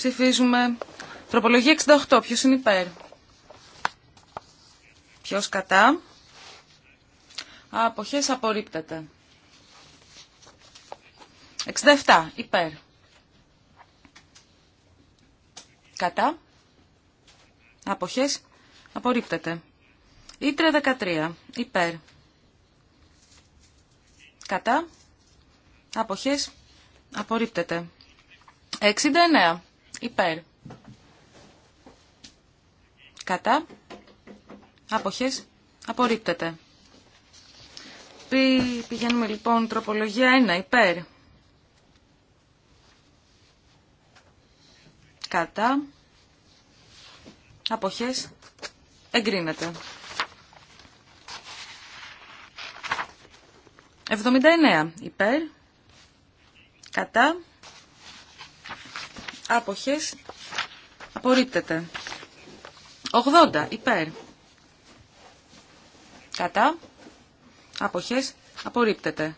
Ψηφίζουμε. Τροπολογία 68. Ποιος είναι υπέρ. Ποιος κατά. Αποχές απορρίπτεται. 67. Υπέρ. Κατά. Αποχές απορρίπτεται. Ήτρε 13. Υπέρ. Κατά. Αποχές απορρίπτεται. 69. Υπέρ. Κατά. Αποχές. Απορρίπτεται. Πηγαίνουμε λοιπόν τροπολογία 1. Υπέρ. Κατά. Αποχές. Εγκρίνεται. 79. Υπέρ. Κατά άποχες απορρίπτεται. 80 υπέρ. Κατά άποχες απορρίπτεται.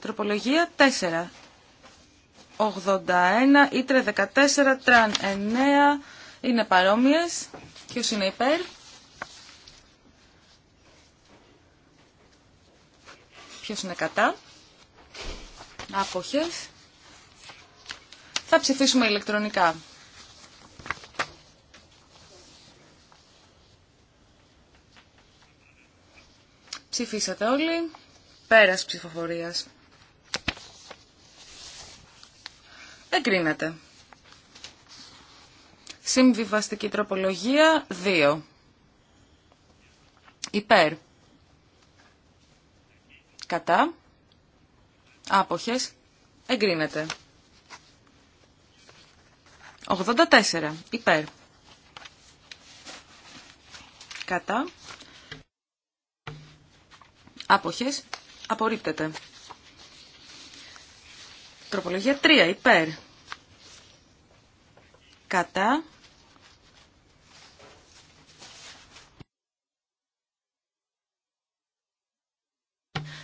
Τροπολογία 4. 81, ήτρε 14, τραν 9, είναι παρόμοιες. Ποιος είναι υπέρ. Ποιος είναι κατά. Άποχες. Θα ψηφίσουμε ηλεκτρονικά. Ψηφίσατε όλοι. Πέρας ψηφοφορίας. Εγκρίνεται. Συμβιβαστική τροπολογία 2. Υπέρ. Κατά. Άποχες. Εγκρίνεται. 84. Υπέρ. Κατά. Άποχες. Απορρίπτεται. Τροπολογία 3. Υπέρ. Κατά.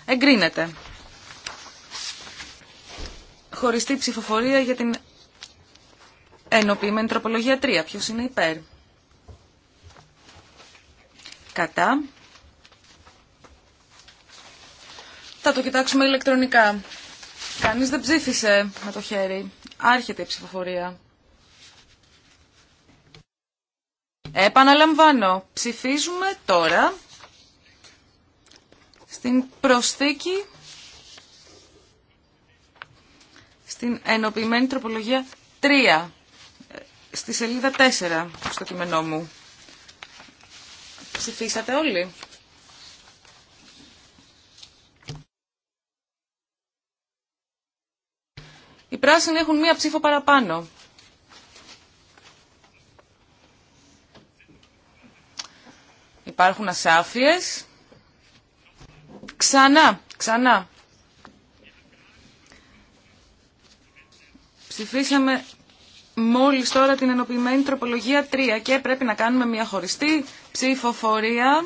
Εγκρίνεται. Χωριστή ψηφοφορία για την Ενοποιημένη τροπολογία 3. Ποιος είναι υπέρ. Κατά. Θα το κοιτάξουμε ηλεκτρονικά. Κανείς δεν ψήφισε με το χέρι. Άρχεται η ψηφοφορία. Επαναλαμβάνω. Ψηφίζουμε τώρα στην προσθήκη στην ενοποιημένη τροπολογία 3 στη σελίδα 4 στο κειμενό μου. Ψηφίσατε όλοι. Οι πράσινοι έχουν μία ψήφο παραπάνω. Υπάρχουν ασάφειες. Ξανά, ξανά. Ψηφίσαμε μόλις τώρα την ενοποιημένη τροπολογία 3 και πρέπει να κάνουμε μια χωριστή ψηφοφορία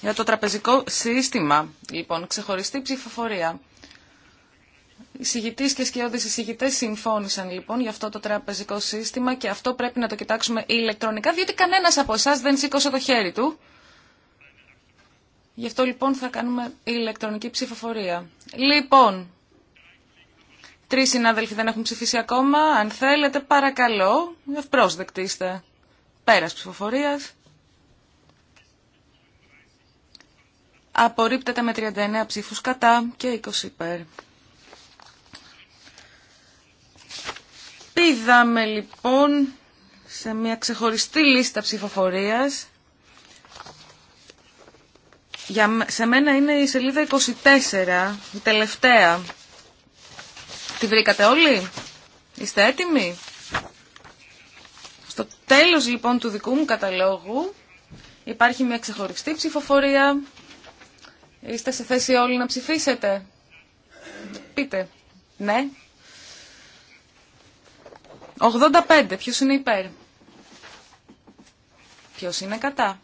για το τραπεζικό σύστημα. Λοιπόν, ξεχωριστή ψηφοφορία. Οι συγητής και οι συγητές συμφώνησαν λοιπόν για αυτό το τραπεζικό σύστημα και αυτό πρέπει να το κοιτάξουμε ηλεκτρονικά, διότι κανένας από εσά δεν σήκωσε το χέρι του. Γι' αυτό λοιπόν θα κάνουμε ηλεκτρονική ψηφοφορία. Λοιπόν, Τρεις συνάδελφοι δεν έχουν ψηφίσει ακόμα. Αν θέλετε, παρακαλώ, ευπρόσδεκτοι είστε. Πέρας ψηφοφορίας. Απορρίπτεται με 39 ψήφους κατά και 20 υπέρ. Πήδαμε λοιπόν σε μια ξεχωριστή λίστα ψηφοφορίας. Για, σε μένα είναι η σελίδα 24, η τελευταία. Τη βρήκατε όλοι? Είστε έτοιμοι? Στο τέλος λοιπόν του δικού μου καταλόγου υπάρχει μια ξεχωριστή ψηφοφορία. Είστε σε θέση όλοι να ψηφίσετε. Πείτε. Ναι. 85. Ποιος είναι υπέρ. Ποιος είναι κατά.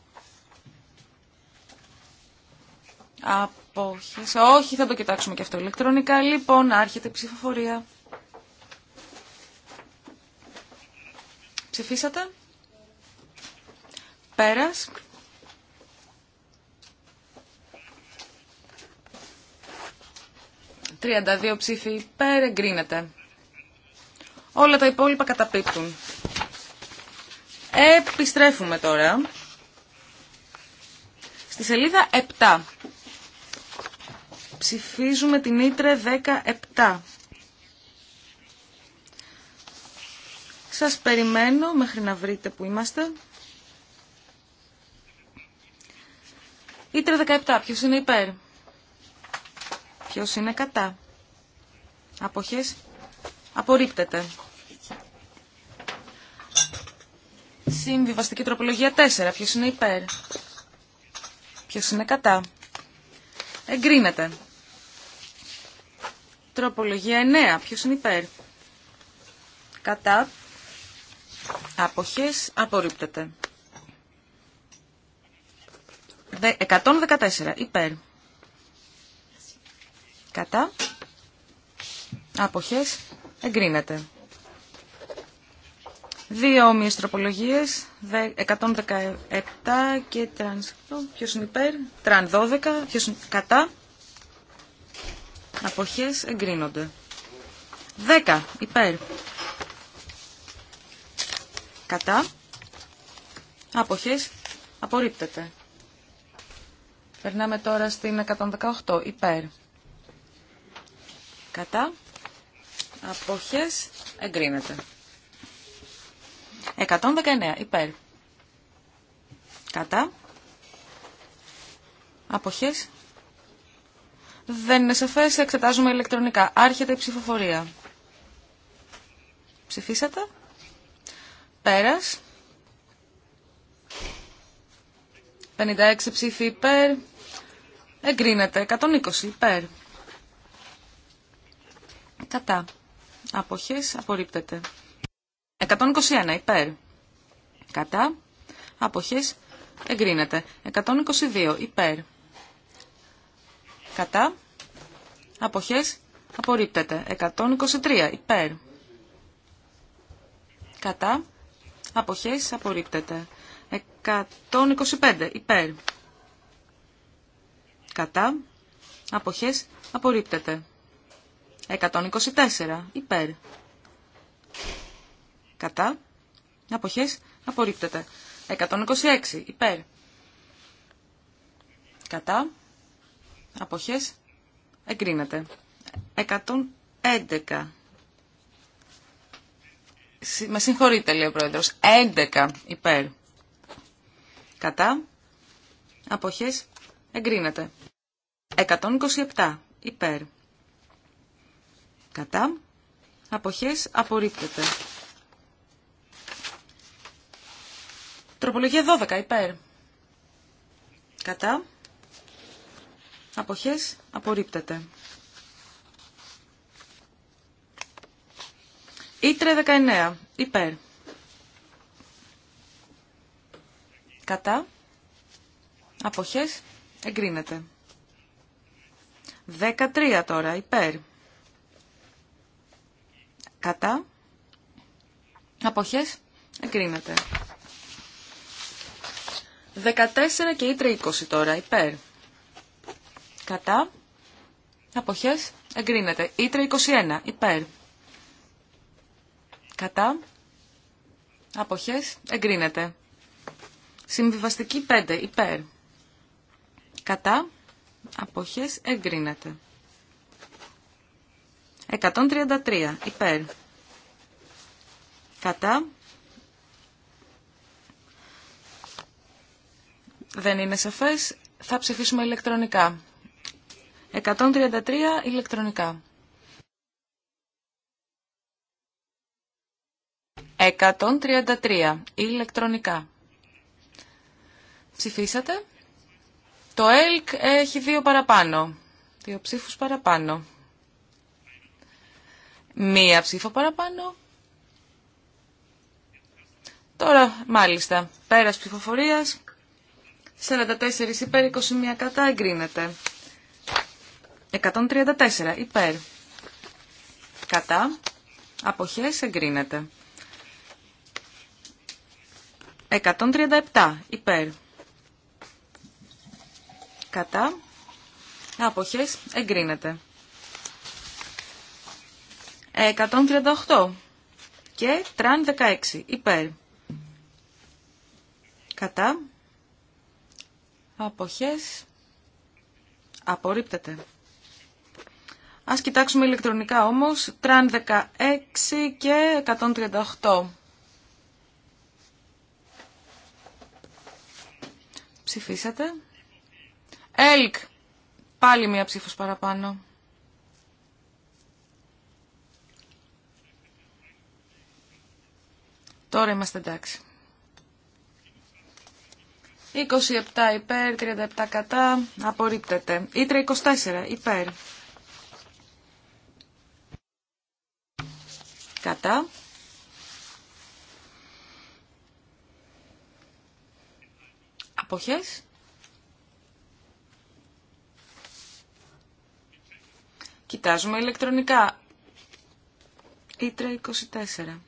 Όχι, όχι, θα το κοιτάξουμε και αυτό ηλεκτρονικά. Λοιπόν, άρχεται η ψηφοφορία. Ψηφίσατε. Πέρας. ...32 ψήφοι Περεγκρίνεται. Όλα τα υπόλοιπα καταπίπτουν. Επιστρέφουμε τώρα... ...στη σελίδα 7 ψηφίζουμε την Ήτρε 17. Σας περιμένω μέχρι να βρείτε που είμαστε. Ήτρε 17. Ποιος είναι υπέρ. Ποιος είναι κατά. Αποχές. Απορρίπτεται. Συμβιβαστική τροπολογία 4. Ποιος είναι υπέρ. Ποιος είναι κατά. Εγκρίνεται. Τροπολογία 9. Ποιος είναι υπέρ. Κατά. Αποχές απορρίπτεται. 114. Υπέρ. Κατά. Αποχές εγκρίνεται. Δύο όμοιες τροπολογίες, 117 και τραν, Ποιο είναι υπέρ, τραν 12, ποιος είναι κατά, Αποχές εγκρίνονται. 10 υπέρ. Κατά. Αποχές απορρίπτεται. Περνάμε τώρα στην 118 υπέρ. Κατά. Αποχές εγκρίνεται. 119 υπέρ. Κατά. Αποχές δεν είναι σαφές, εξετάζουμε ηλεκτρονικά. Άρχεται η ψηφοφορία. Ψηφίσατε. Πέρας. 56 ψήφοι υπέρ. Εγκρίνεται. 120 υπέρ. Κατά. Αποχές απορρίπτεται. 121 υπέρ. Κατά. Αποχές εγκρίνεται. 122 υπέρ. Κατά. Αποχές. Απορρίπτεται. 123. Υπέρ. Κατά. Αποχές. Απορρίπτεται. 125. Υπέρ. Κατά. Αποχές. Απορρίπτεται. 124. Υπέρ. Κατά. Αποχές. Απορρίπτεται. 126. Υπέρ. Κατά αποχές εγκρίνεται. 111. Με συγχωρείτε, λέει ο πρόεδρος. 11 υπέρ. Κατά. Αποχές εγκρίνεται. 127 υπέρ. Κατά. Αποχές απορρίπτεται. Τροπολογία 12 υπέρ. Κατά. Αποχές απορρίπτεται. Ήτρε 19. Υπέρ. Κατά. Αποχές εγκρίνεται. 13 τώρα. Υπέρ. Κατά. Αποχές εγκρίνεται. 14 και ήτρε 20 τώρα. Υπέρ. Κατά. Αποχές. Εγκρίνεται. Ήτρα 21. Υπέρ. Κατά. Αποχές. Εγκρίνεται. Συμβιβαστική 5. Υπέρ. Κατά. Αποχές. Εγκρίνεται. 133. Υπέρ. Κατά. Δεν είναι σαφές. Θα ψηφίσουμε ηλεκτρονικά. 133 ηλεκτρονικά. 133 ηλεκτρονικά. Ψηφίσατε. Το ΕΛΚ έχει δύο παραπάνω. Δύο ψήφους παραπάνω. Μία ψήφο παραπάνω. Τώρα, μάλιστα, πέρας ψηφοφορίας, 44 υπέρ 21 κατά εγκρίνεται. 134 υπέρ. Κατά. Αποχές εγκρίνεται. 137 υπέρ. Κατά. Αποχές εγκρίνεται. 138 και τραν 16 υπέρ. Κατά. Αποχές απορρίπτεται. Ας κοιτάξουμε ηλεκτρονικά όμως, τραν 16 και 138. Ψηφίσατε. ΕΛΚ. Πάλι μία ψήφος παραπάνω. Τώρα είμαστε εντάξει. 27 υπέρ, 37 κατά, απορρίπτεται. Ήτρα 24 υπέρ, Κατά. Αποχές. Κοιτάζουμε ηλεκτρονικά. Ήτρα 24.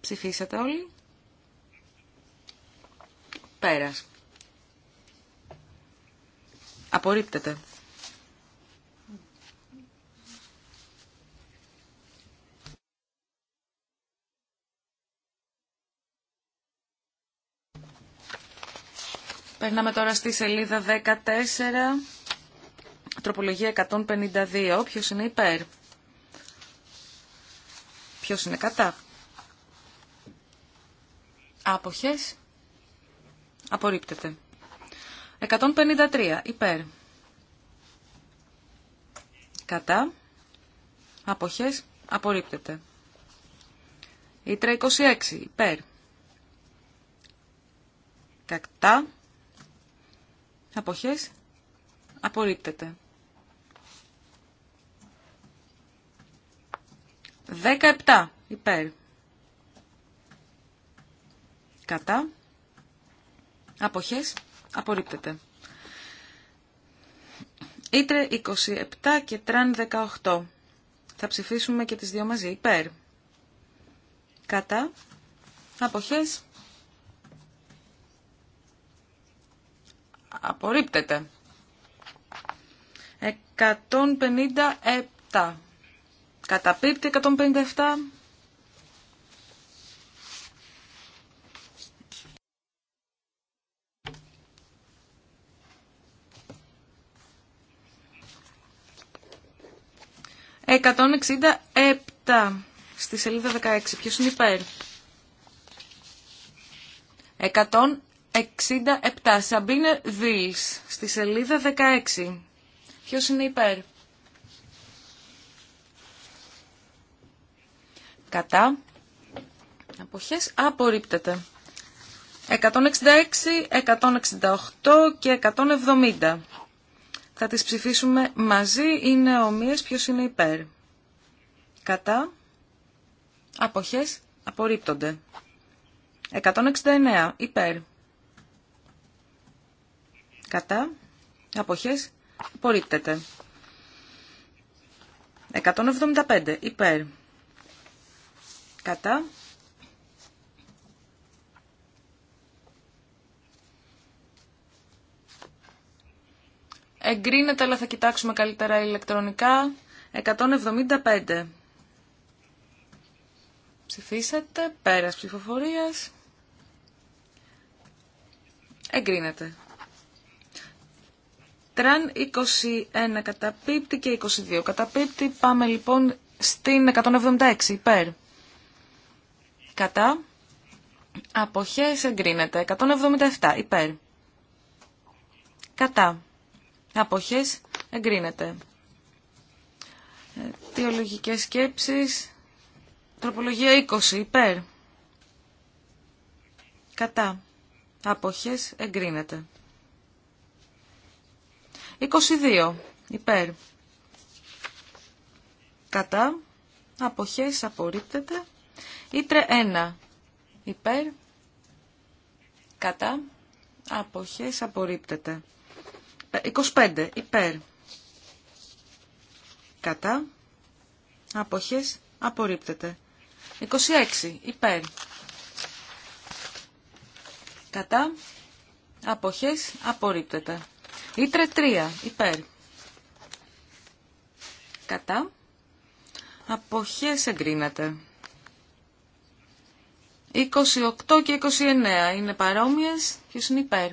Ψηφίσατε όλοι. Πέρας. Απορρίπτεται. Περνάμε τώρα στη σελίδα 14, τροπολογία 152. Ποιος είναι υπέρ. Ποιος είναι κατά. Άποχες. Απορρίπτεται. 153. Υπέρ. Κατά. Αποχές. Απορρίπτεται. Ήτρα 26. Υπέρ. Κατά. Αποχές. Απορρίπτεται. 17 υπέρ. Κατά. Αποχές. Απορρίπτεται. Ήτρε 27 και τραν 18. Θα ψηφίσουμε και τις δύο μαζί. Υπέρ. Κατά. Αποχές. Απορρίπτεται. 157. Καταπίπτει 157. 167. εξήντα επτά στη σελίδα 16. Ποιος είναι υπέρ. Εκατόν 67. Σαμπίνε βίλς στη σελίδα 16. Ποιος είναι υπέρ. Κατά. Αποχές απορρίπτεται. 166, 168 και 170. Θα τις ψηφίσουμε μαζί. Είναι ομοίες ποιος είναι υπέρ. Κατά. Αποχές απορρίπτονται. 169. Υπέρ κατά, αποχές, απορρίπτεται. 175 υπέρ, κατά, Εγκρίνεται, αλλά θα κοιτάξουμε καλύτερα ηλεκτρονικά. 175. Ψηφίσατε. Πέρας ψηφοφορίας. Εγκρίνεται. Τραν 21 καταπίπτει και 22 καταπίπτει. Πάμε λοιπόν στην 176 υπέρ. Κατά. Αποχές εγκρίνεται. 177 υπέρ. Κατά. Αποχές εγκρίνεται. Ε, Τιολογικές σκέψεις. Τροπολογία 20 υπέρ. Κατά. Αποχές εγκρίνεται. 22 υπέρ. Κατά. Αποχές απορρίπτεται. Ήτρε 1 υπέρ. Κατά. Αποχές απορρίπτεται. 25 ε, υπέρ. Κατά. Αποχές απορρίπτεται. 26 υπέρ. Κατά. Αποχές απορρίπτεται. Ήτρε 3. Υπέρ. Κατά. Αποχές εγκρίνατε. 28 και 29 είναι παρόμοιες. και είναι υπέρ.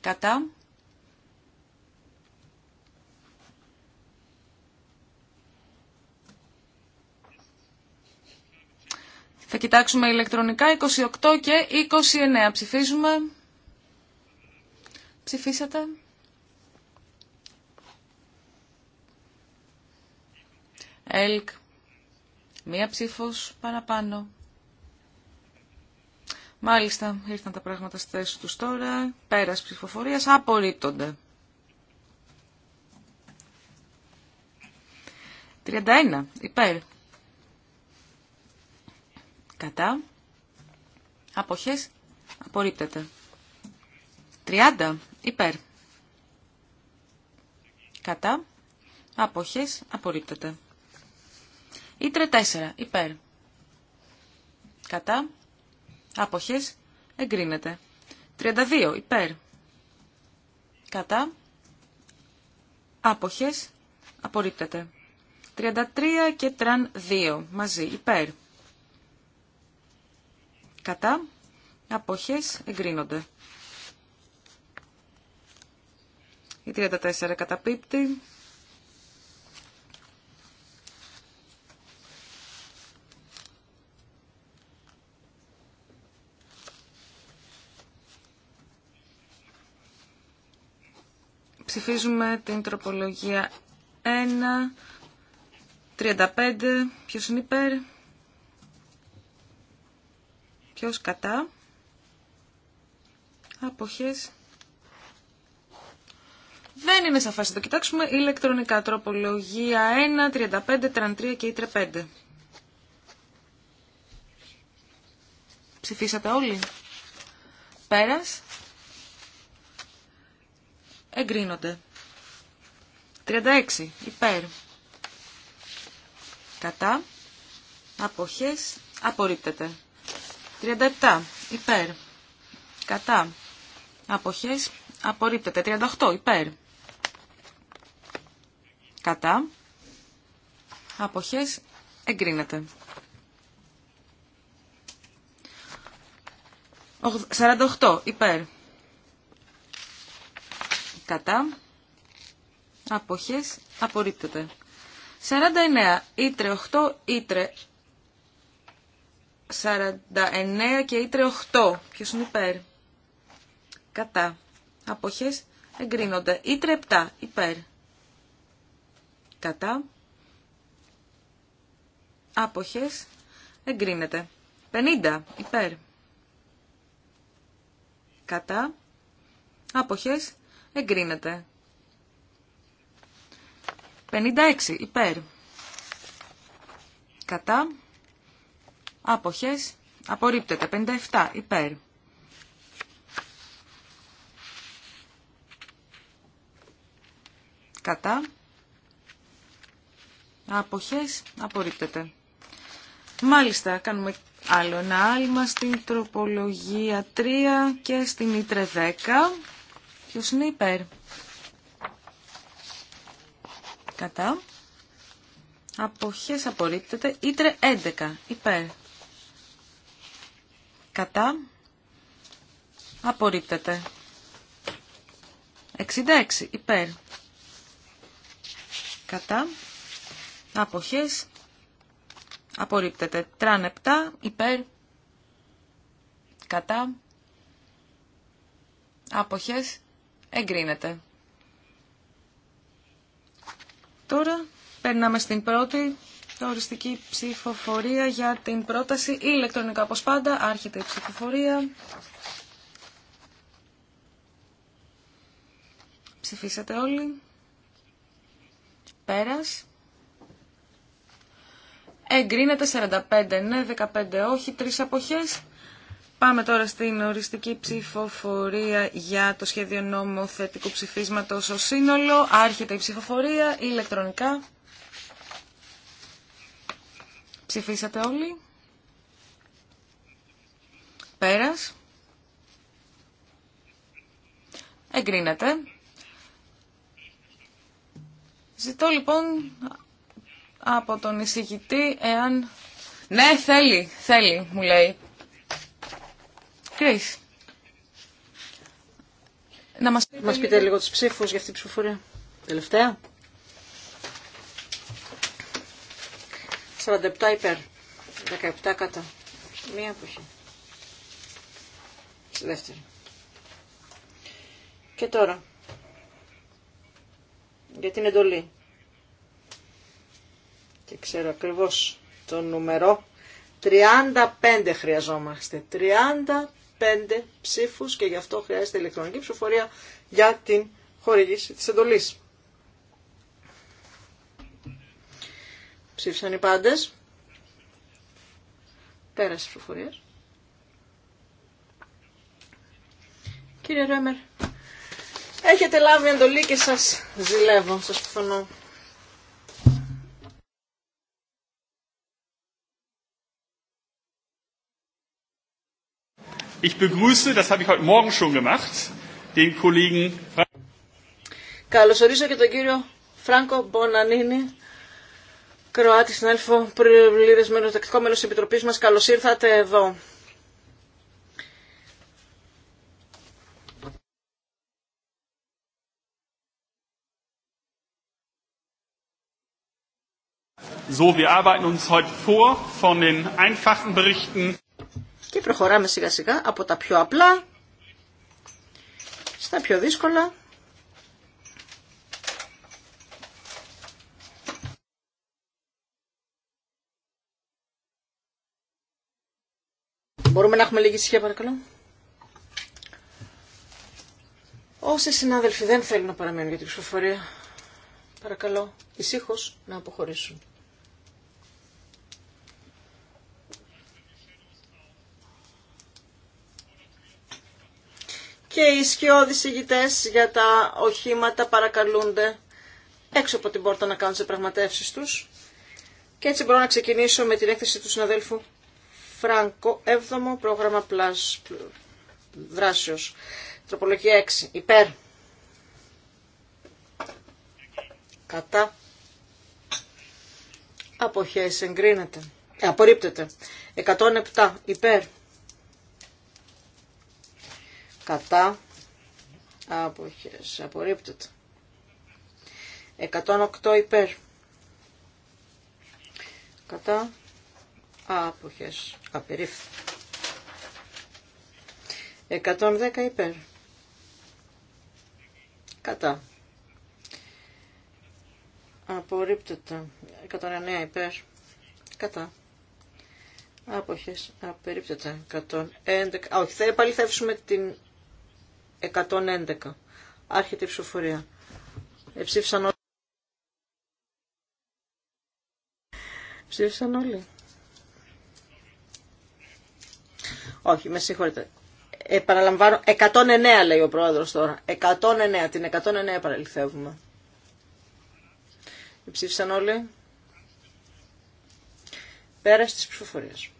Κατά. Θα κοιτάξουμε ηλεκτρονικά 28 και 29. Ψηφίζουμε. Ψηφίσατε. ΕΛΚ. Μία ψήφος παραπάνω. Μάλιστα, ήρθαν τα πράγματα στη θέση τους τώρα. Πέρας ψηφοφορίας απορρίπτονται. 31. Υπέρ. Κατά. Αποχές. Απορρίπτεται. 30. Υπέρ. Κατά. Αποχές. Απορρίπτεται. Ήτρε 4. Υπέρ. Κατά. Αποχές. Εγκρίνεται. 32. Υπέρ. Κατά. Άποχες. Απορρίπτεται. 33 και τραν 2. Μαζί. Υπέρ. Κατά. Αποχές εγκρίνονται. Η 34 καταπίπτει. Ψηφίζουμε την τροπολογία 1, 35, ποιος είναι υπέρ, ποιος κατά, αποχές, δεν είναι σαφέ. Θα το κοιτάξουμε ηλεκτρονικά. Τροπολογία 1, 35, 33 και 35. Ψηφίσατε όλοι. Πέρα, Εγκρίνονται. 36. Υπέρ. Κατά. Αποχές. Απορρίπτεται. 37. Υπέρ. Κατά. Αποχές. Απορρίπτεται. 38. Υπέρ. Κατά. Αποχές εγκρίνεται. 48 υπέρ. Κατά. Αποχές απορρίπτεται. 49 ήτρε 8 ήτρε 49 και ήτρε 8. Ποιος είναι υπέρ. Κατά. Αποχές εγκρίνονται. Ήτρε 7 υπέρ κατά, άποχες, εγκρίνεται. 50 υπέρ, κατά, άποχες, εγκρίνεται. 56 υπέρ, κατά, άποχες, απορρίπτεται. 57 υπέρ. Κατά, Αποχές απορρίπτεται. Μάλιστα, κάνουμε άλλο ένα άλμα στην τροπολογία 3 και στην ήτρε 10. Ποιος είναι υπέρ. Κατά. Αποχές απορρίπτεται. Ήτρε 11. Υπέρ. Κατά. Απορρίπτεται. 66. Υπέρ. Κατά αποχές, απορρίπτεται. τράνεπτα, υπέρ, κατά, αποχές, εγκρίνεται. Τώρα περνάμε στην πρώτη οριστική ψηφοφορία για την πρόταση ή ηλεκτρονικά όπως πάντα. Άρχεται ψηφοφορία. Ψηφίσατε όλοι. Πέρας. Εγκρίνεται 45 ναι, 15 όχι, 3 αποχές. Πάμε τώρα στην οριστική ψηφοφορία για το σχέδιο θετικού ψηφίσματος ως σύνολο. Άρχεται η ψηφοφορία ηλεκτρονικά. Ψηφίσατε όλοι. Πέρας. Εγκρίνεται. Ζητώ λοιπόν από τον εισηγητή εάν... Ναι, θέλει, θέλει, μου λέει. Κρίς. Να μας πείτε, λίγο τις ψήφους για αυτή την ψηφοφορία. Τελευταία. 47 υπέρ. 17 κατά. Μία εποχή. Στη δεύτερη. Και τώρα. Για την εντολή και ξέρω ακριβώς το νούμερο, 35 χρειαζόμαστε. 35 ψήφους και γι' αυτό χρειάζεται ηλεκτρονική ψηφοφορία για την χορηγήση της εντολής. Ψήφισαν οι πάντες. Πέρασε η Κύριε Ρέμερ, έχετε λάβει εντολή και σας ζηλεύω, σας φωνώ. Ich begrüße, das habe ich heute Morgen schon gemacht, den Kollegen. Franco. και τον κύριο Φράνκο Μπονανίνη, Κροάτη τακτικό μέλο τη Επιτροπή μα. Καλώ ήρθατε εδώ. So, wir arbeiten uns heute vor von den einfachen Berichten και προχωράμε σιγά σιγά από τα πιο απλά στα πιο δύσκολα. Μπορούμε να έχουμε λίγη ησυχία παρακαλώ. Όσοι συνάδελφοι δεν θέλουν να παραμείνουν για την ψηφοφορία, παρακαλώ ησύχως να αποχωρήσουν. και οι σκιώδεις ηγητές για τα οχήματα παρακαλούνται έξω από την πόρτα να κάνουν τι πραγματεύσεις τους. Και έτσι μπορώ να ξεκινήσω με την έκθεση του συναδέλφου Φράνκο, 7ο πρόγραμμα πλάσ, δράσεως. Τροπολογία 6. Υπέρ. Κατά. Αποχές εγκρίνεται. Ε, απορρίπτεται. 107. Υπέρ κατά αποχές απορρίπτεται 108 υπέρ κατά άποχες απερίφθη 110 υπέρ κατά απορρίπτεται 109 υπέρ κατά άποχες απερίπτεται 111 όχι θα επαληθεύσουμε την 111. Άρχεται η ψηφοφορία. Εψήφισαν όλοι. Ψήφισαν όλοι. Όχι, με συγχωρείτε. Ε, παραλαμβάνω, 109 λέει ο πρόεδρος τώρα. 109, την 109 παραληθεύουμε. Ψήφισαν όλοι. Πέρας της ψηφοφορίας.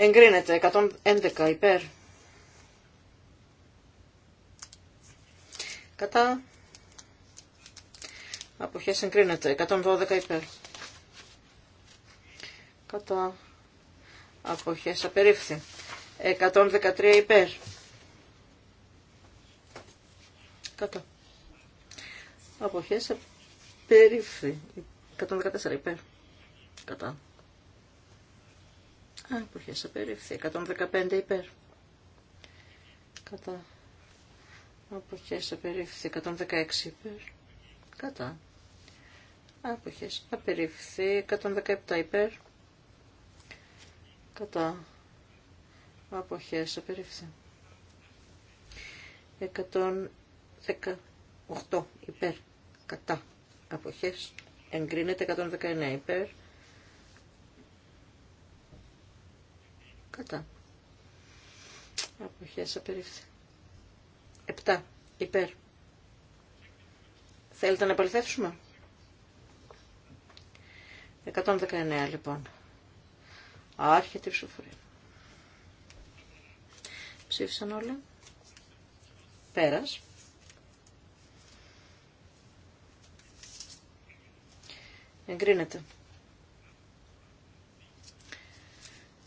Εγκρίνεται 111 υπέρ. Κατά. Αποχές εγκρίνεται 112 υπέρ. Κατά. Αποχές απερίφθη. 113 υπέρ. Κατά. Αποχές απερίφθη. 114 υπέρ. Κατά. Αποχές απερίφθη. 115 υπέρ. Κατά. Αποχές απερίφθη. 116 υπέρ. Κατά. Αποχές απερίφθη. 117 υπέρ. Κατά. Αποχές απερίφθη. 118 υπέρ. Κατά. Αποχές εγκρίνεται 119 υπέρ. Κατά. Αποχές απερίφθη. 7. Υπέρ. Θέλετε να επαληθεύσουμε. 119 λοιπόν. Άρχεται η ψηφοφορία. Ψήφισαν όλοι. Πέρας. Εγκρίνεται.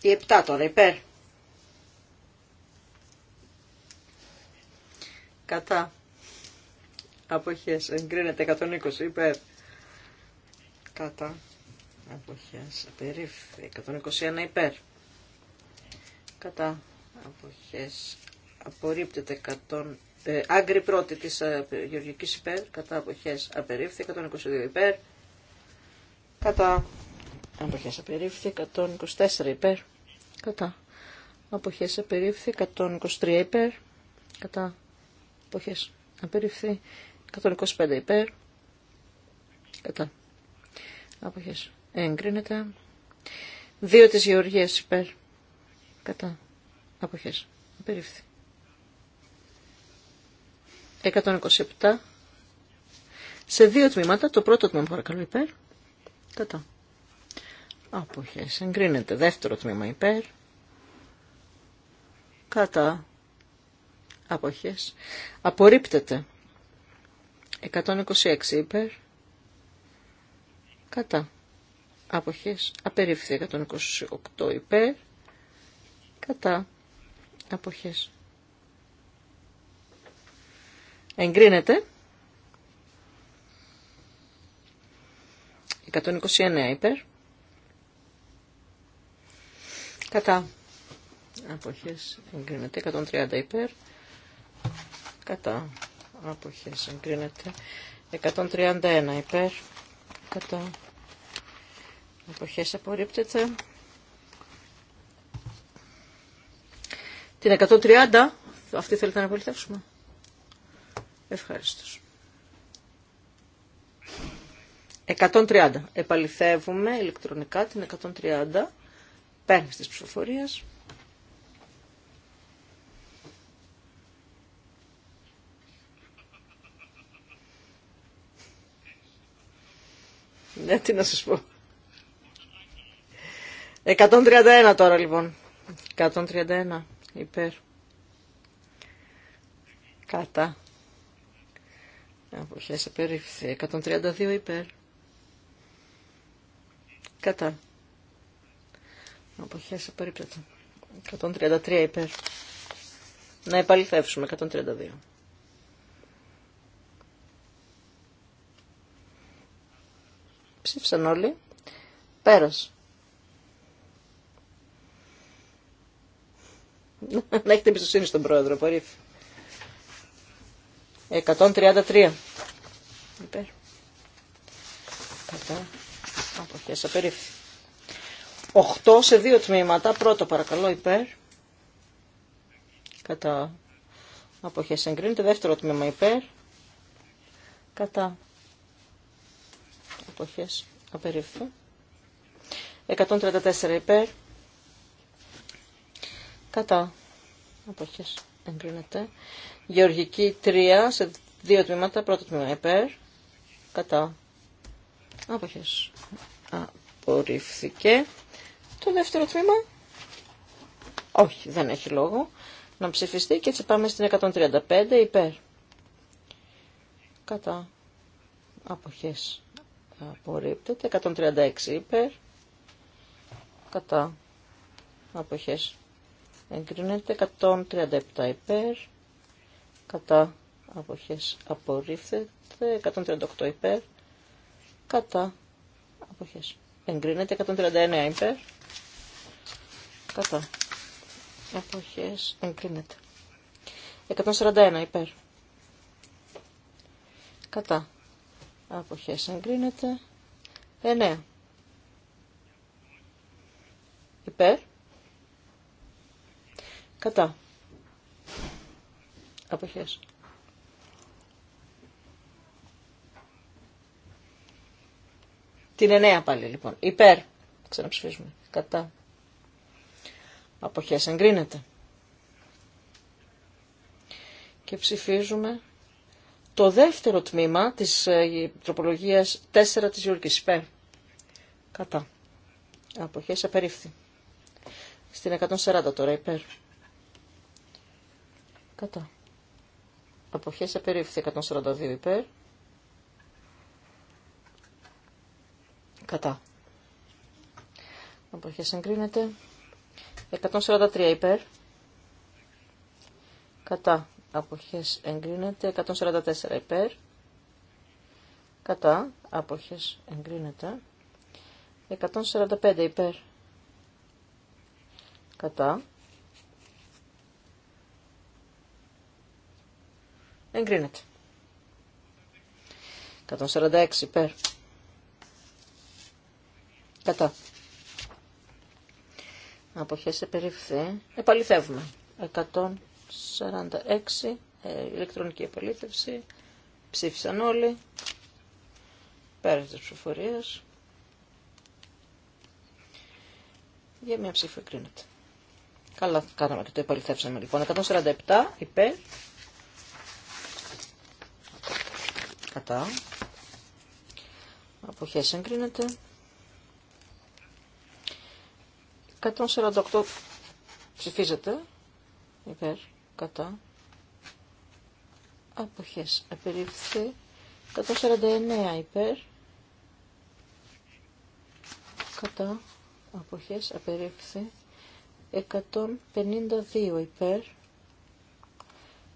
Η 7 τώρα υπέρ. Κατά. Αποχές. Εγκρίνεται 120 υπέρ. Κατά. Αποχές. Απερίφθη. 121 υπέρ. Κατά. Αποχές. Απορρίπτεται 100. Ε, άγκρη πρώτη της ε, Γεωργικής υπέρ. Κατά. Αποχές. Απερίφθη. 122 υπέρ. Κατά. Αποχές απερίφθη 124 υπέρ. Κατά. Αποχές απερίφθη 123 υπέρ. Κατά. Αποχές απερίφθη 125 υπέρ. Κατά. Αποχές εγκρίνεται. Δύο της Γεωργίας υπέρ. Κατά. Αποχές απερίφθη. 127 σε δύο τμήματα. Το πρώτο τμήμα παρακαλώ υπέρ. Κατά. Αποχές εγκρίνεται. Δεύτερο τμήμα υπέρ. Κατά. Αποχές. Απορρίπτεται. 126 υπέρ. Κατά. Αποχές. Απερίφθη 128 υπέρ. Κατά. Αποχές. Εγκρίνεται. 129 υπέρ Κατά. Αποχές εγκρίνεται. 130 υπέρ. Κατά. Αποχές εγκρίνεται. 131 υπέρ. Κατά. Αποχές απορρίπτεται. Την 130, αυτή θέλετε να απολυτεύσουμε. Ευχαριστώ. 130. Επαληθεύουμε ηλεκτρονικά την 130. Πέρας στις ψηφοφορίες. Ναι, τι να σας πω. 131 τώρα λοιπόν. 131 υπέρ. Κατά. Αποχές απερίφθη. 132 υπέρ. Κατά σε απορρίπτεται. 133 υπέρ. Να επαληθεύσουμε. 132. Ψήφισαν όλοι. Πέρας. Να έχετε εμπιστοσύνη στον πρόεδρο, απορρίφη. 133. Υπέρ. Κατά. Αποχέσα, 8 σε δύο τμήματα. Πρώτο παρακαλώ υπέρ. Κατά αποχές εγκρίνεται. Δεύτερο τμήμα υπέρ. Κατά αποχές απερίφθη. 134 υπέρ. Κατά αποχές εγκρίνεται. Γεωργική 3 σε δύο τμήματα. Πρώτο τμήμα υπέρ. Κατά αποχές απορρίφθηκε. Το δεύτερο τμήμα, όχι, δεν έχει λόγο να ψηφιστεί και έτσι πάμε στην 135 υπέρ. Κατά αποχές απορρίπτεται, 136 υπέρ. Κατά αποχές εγκρίνεται, 137 υπέρ. Κατά αποχές απορρίφθεται, 138 υπέρ. Κατά αποχές εγκρίνεται, 139 υπέρ Κατά. Αποχές εγκρίνεται. 141 υπέρ. Κατά. Αποχές εγκρίνεται. 9. Υπέρ. Κατά. Αποχές. Την 9 πάλι λοιπόν. Υπέρ. Ξαναψηφίζουμε. Κατά. Αποχές εγκρίνεται. Και ψηφίζουμε το δεύτερο τμήμα της ε, τροπολογίας 4 της Γιώργης Κατά. Αποχές απερίφθη. Στην 140 τώρα υπέρ. Κατά. Αποχές απερίφθη 142 υπέρ. Κατά. Αποχές εγκρίνεται. 143 υπέρ. Κατά. Αποχές εγκρίνεται. 144 υπέρ. Κατά. Αποχές εγκρίνεται. 145 υπέρ. Κατά. Εγκρίνεται. 146 υπέρ. Κατά. Αποχές περιφθεί. Επαληθεύουμε. 146 ε, ηλεκτρονική επαλήθευση. Ψήφισαν όλοι. Πέρασε τις ψηφοφορίες. Για μια ψήφο εκκρίνεται. Καλά κάναμε και το επαληθεύσαμε λοιπόν. 147 υπέ. Κατά. Αποχές εγκρίνεται. 148 ψηφίζεται υπέρ, κατά, αποχές, απερίφθη, 149 υπέρ, κατά, αποχές, απερίφθη, 152 υπέρ,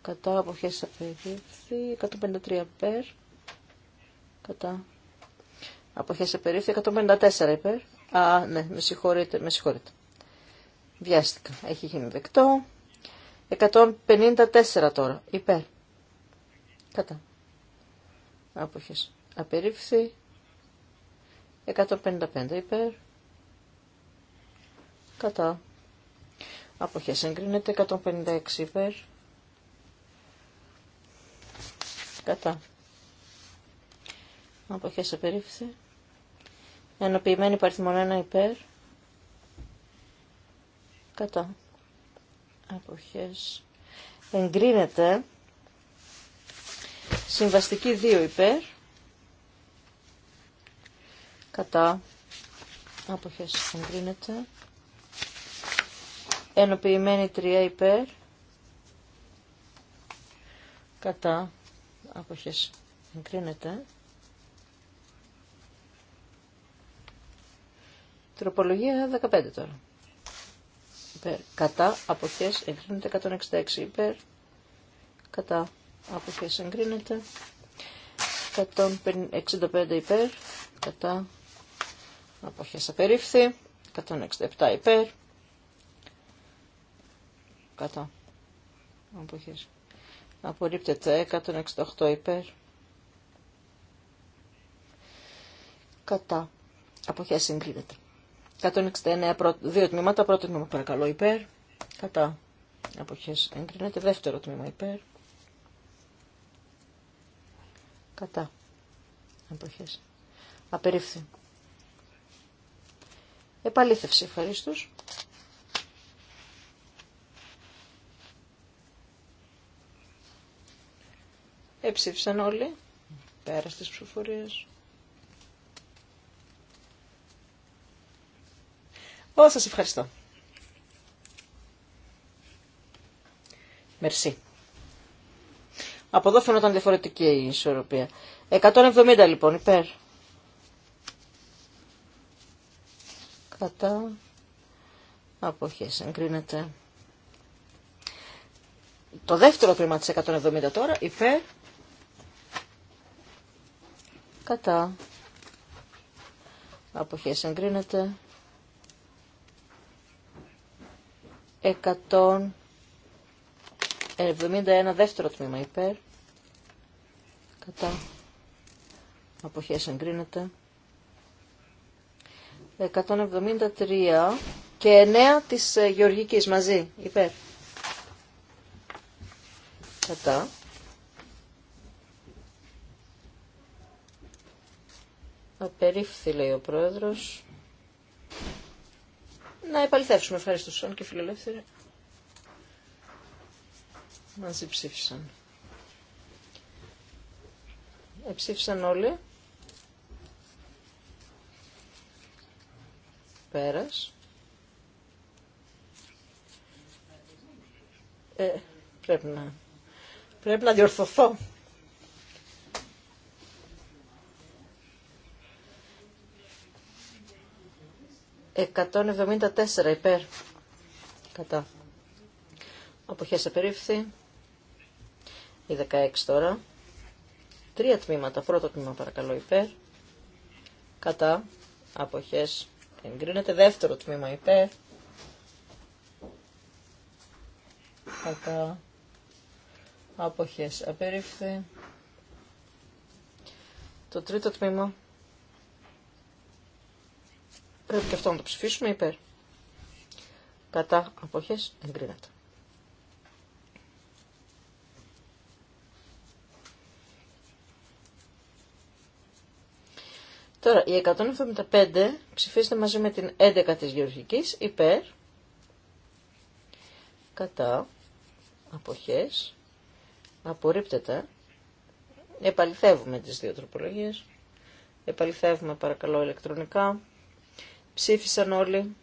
κατά, αποχές, απερίφθη, 153 υπέρ, κατά, αποχές, απερίφθη, 154 υπέρ, Α, ναι, με συγχωρείτε, με συγχωρείτε. Βιάστηκα, έχει γίνει δεκτό. 154 τώρα, υπέρ. Κατά. Άποχες. Απερίφθη. 155 υπέρ. Κατά. Αποχές εγκρίνεται 156 υπέρ. Κατά. Αποχές απερίφθη ενοποιημένη παριθμόν υπέρ κατά αποχές εγκρίνεται συμβαστική δύο υπέρ κατά αποχές εγκρίνεται ενοποιημένη 3 υπέρ κατά αποχές εγκρίνεται Τροπολογία 15 τώρα. Υπέρ. Κατά αποχές εγκρίνεται 166 υπέρ. Κατά αποχές εγκρίνεται 165 υπέρ. Κατά αποχές απερίφθη 167 υπέρ. Κατά αποχές. Απορρίπτεται 168 υπέρ. Κατά αποχές εγκρίνεται. 169 δύο τμήματα. Πρώτο τμήμα παρακαλώ υπέρ. Κατά. εποχές εγκρίνεται. Δεύτερο τμήμα υπέρ. Κατά. εποχές Απερίφθη. Επαλήθευση. Ευχαριστώ. Εψήφισαν όλοι. Πέρα στις ψηφοφορίες. Ω, σας ευχαριστώ. Μερσή. Από εδώ φαινόταν διαφορετική η ισορροπία. 170 λοιπόν, υπέρ. Κατά. Αποχές, εγκρίνεται. Το δεύτερο τμήμα της 170 τώρα, υπέρ. Κατά. Αποχές, εγκρίνεται. 171 δεύτερο τμήμα υπέρ. Κατά. Αποχές εγκρίνεται. 173 και 9 της ε, γεωργικής μαζί υπέρ. Κατά. Απερίφθη λέει ο πρόεδρος να επαληθεύσουμε. Ευχαριστώ σαν και φιλελεύθεροι. Μαζί ψήφισαν. Εψήφισαν όλοι. Πέρας. Ε, πρέπει να... Πρέπει να διορθωθώ. 174 υπέρ. Κατά. Αποχές απερίφθη. Η 16 τώρα. Τρία τμήματα. Πρώτο τμήμα παρακαλώ υπέρ. Κατά. Αποχές εγκρίνεται. Δεύτερο τμήμα υπέρ. Κατά. Αποχές απερίφθη. Το τρίτο τμήμα Πρέπει και αυτό να το ψηφίσουμε υπέρ. Κατά αποχές εγκρίνεται. Τώρα, η 175 ψηφίστε μαζί με την 11 της γεωργικής υπέρ, κατά, αποχές, απορρίπτεται, επαληθεύουμε τις δύο τροπολογίες, επαληθεύουμε παρακαλώ ηλεκτρονικά. Ψήφισαν όλοι.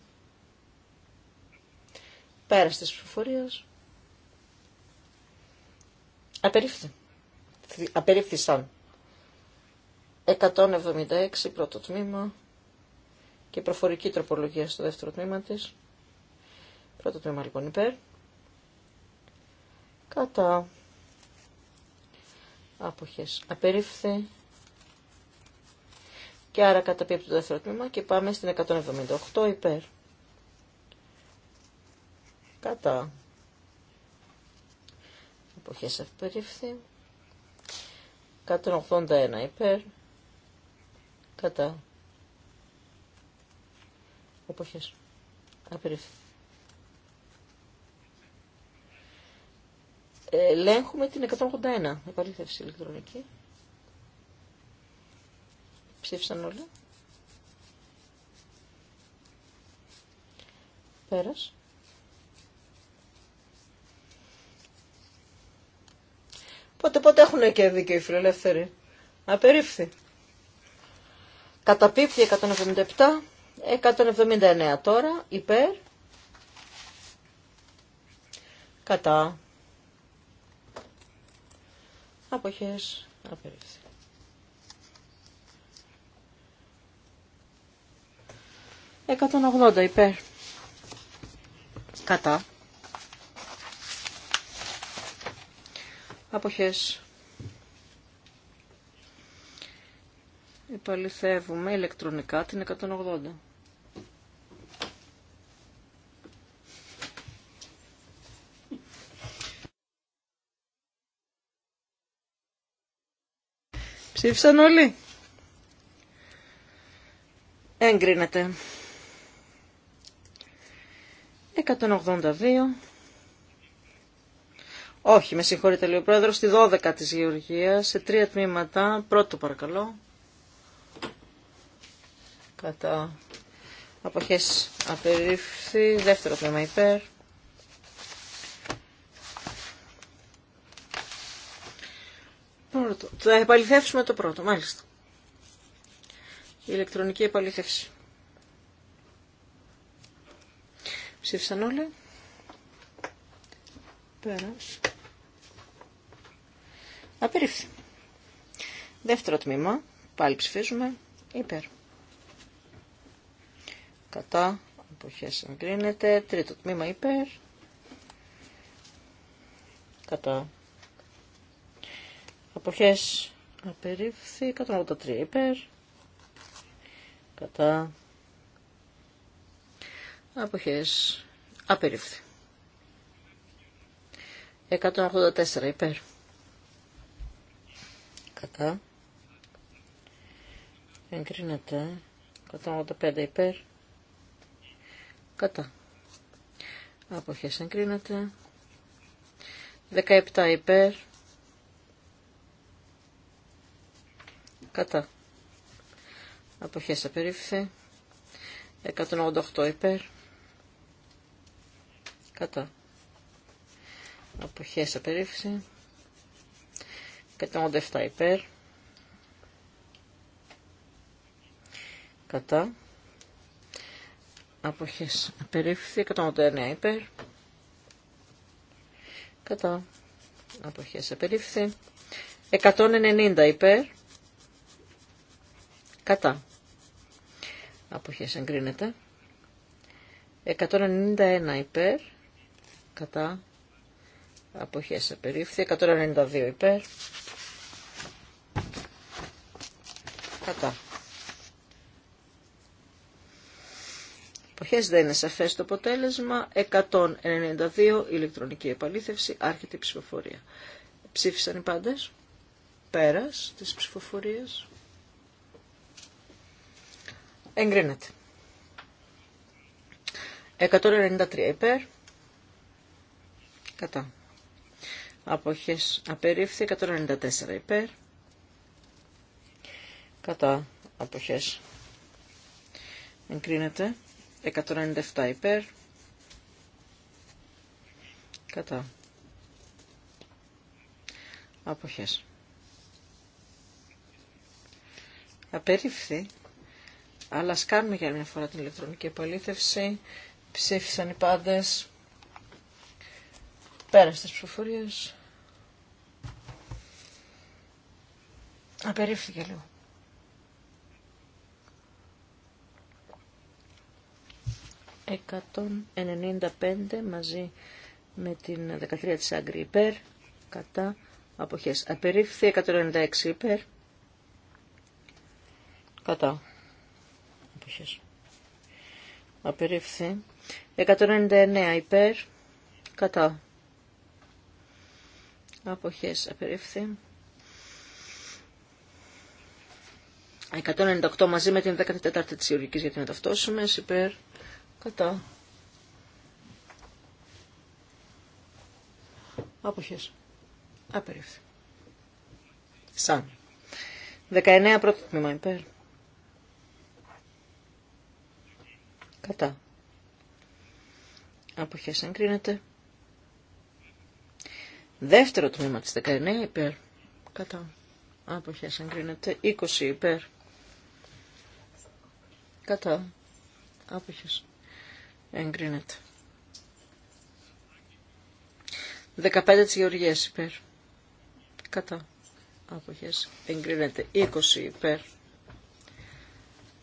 Πέρας της ψηφοφορίες. Απερίφθη. Απερίφθησαν. 176 πρώτο τμήμα και προφορική τροπολογία στο δεύτερο τμήμα της. Πρώτο τμήμα λοιπόν υπέρ. Κατά. Άποχες. Απερίφθη και άρα καταπίπτει το δεύτερο τμήμα και πάμε στην 178 υπέρ. Κατά. Εποχές απερίφθη. 181 υπέρ. Κατά. Εποχές. Απερίφθη. Ελέγχουμε την 181 επαλήθευση ηλεκτρονική. Ψήφισαν όλοι. Πέρας. Πότε πότε έχουν και δίκαιο οι φιλελεύθεροι. Απερίφθη. Καταπίπτει 177, 179 τώρα, υπέρ, κατά, αποχές, απερίφθη. 180 υπέρ. Κατά. Αποχές. Επαληθεύουμε ηλεκτρονικά την 180. Ψήφισαν όλοι. Έγκρινεται. 182. Όχι, με συγχωρείτε λέει ο πρόεδρος, στη 12 της Γεωργίας, σε τρία τμήματα. Πρώτο παρακαλώ. Κατά αποχές απερίφθη. Δεύτερο τμήμα υπέρ. Πρώτο. Θα επαληθεύσουμε το πρώτο, μάλιστα. Η ηλεκτρονική επαληθεύση. Ψήφισαν όλοι. Πέρας. Απερίφθη. Δεύτερο τμήμα. Πάλι ψηφίζουμε. Υπέρ. Κατά. Αποχές εγκρίνεται. Τρίτο τμήμα υπέρ. Κατά. Αποχές απερίφθη. 183 υπέρ. Κατά. Αποχές. Απερίφθη. 184 υπέρ. Κατά. Εγκρίνεται. 185 υπέρ. Κατά. Αποχές εγκρίνεται. 17 υπέρ. Κατά. Αποχές απερίφθη. 188 υπέρ. Κατά. Αποχές απερίφθη. 187 υπέρ. Κατά. Αποχές απερίφθη. 189 υπέρ. Κατά. Αποχές απερίφθη. 190 υπέρ. Κατά. Αποχές εγκρίνεται. 191 υπέρ κατά αποχές απερίφθη 192 υπέρ κατά αποχές δεν είναι σαφές το αποτέλεσμα 192 ηλεκτρονική επαλήθευση άρχεται η ψηφοφορία ψήφισαν οι πάντες πέρας της ψηφοφορίας εγκρίνεται 193 υπέρ Κατά. Αποχές απερίφθη 194 υπέρ. Κατά. Αποχές. Εγκρίνεται. 197 υπέρ. Κατά. Αποχές. Απερίφθη. Αλλά σκάνουμε για μια φορά την ηλεκτρονική επαλήθευση. Ψήφισαν οι πάντες. Πέρα τις ψηφοφορίες. Απερίφθηκε λίγο. 195 μαζί με την 13 της Άγκρη υπέρ, κατά αποχές. Απερίφθη 196 υπέρ, κατά αποχές. Απερίφθη 199 υπέρ, κατά αποχές απερίφθη. 198 μαζί με την 14η της για γιατί να ταυτόσουμε, υπέρ, κατά. Αποχές. Απερίφθη. Σαν. 19 πρώτο τμήμα υπέρ. Κατά. Αποχές εγκρίνεται. Δεύτερο τμήμα της 19 υπέρ. Κατά. Άποχες εγκρίνεται. 20 υπέρ. Κατά. Άποχες εγκρίνεται. 15 της Γεωργίας υπέρ. Κατά. Άποχες εγκρίνεται. 20 υπέρ.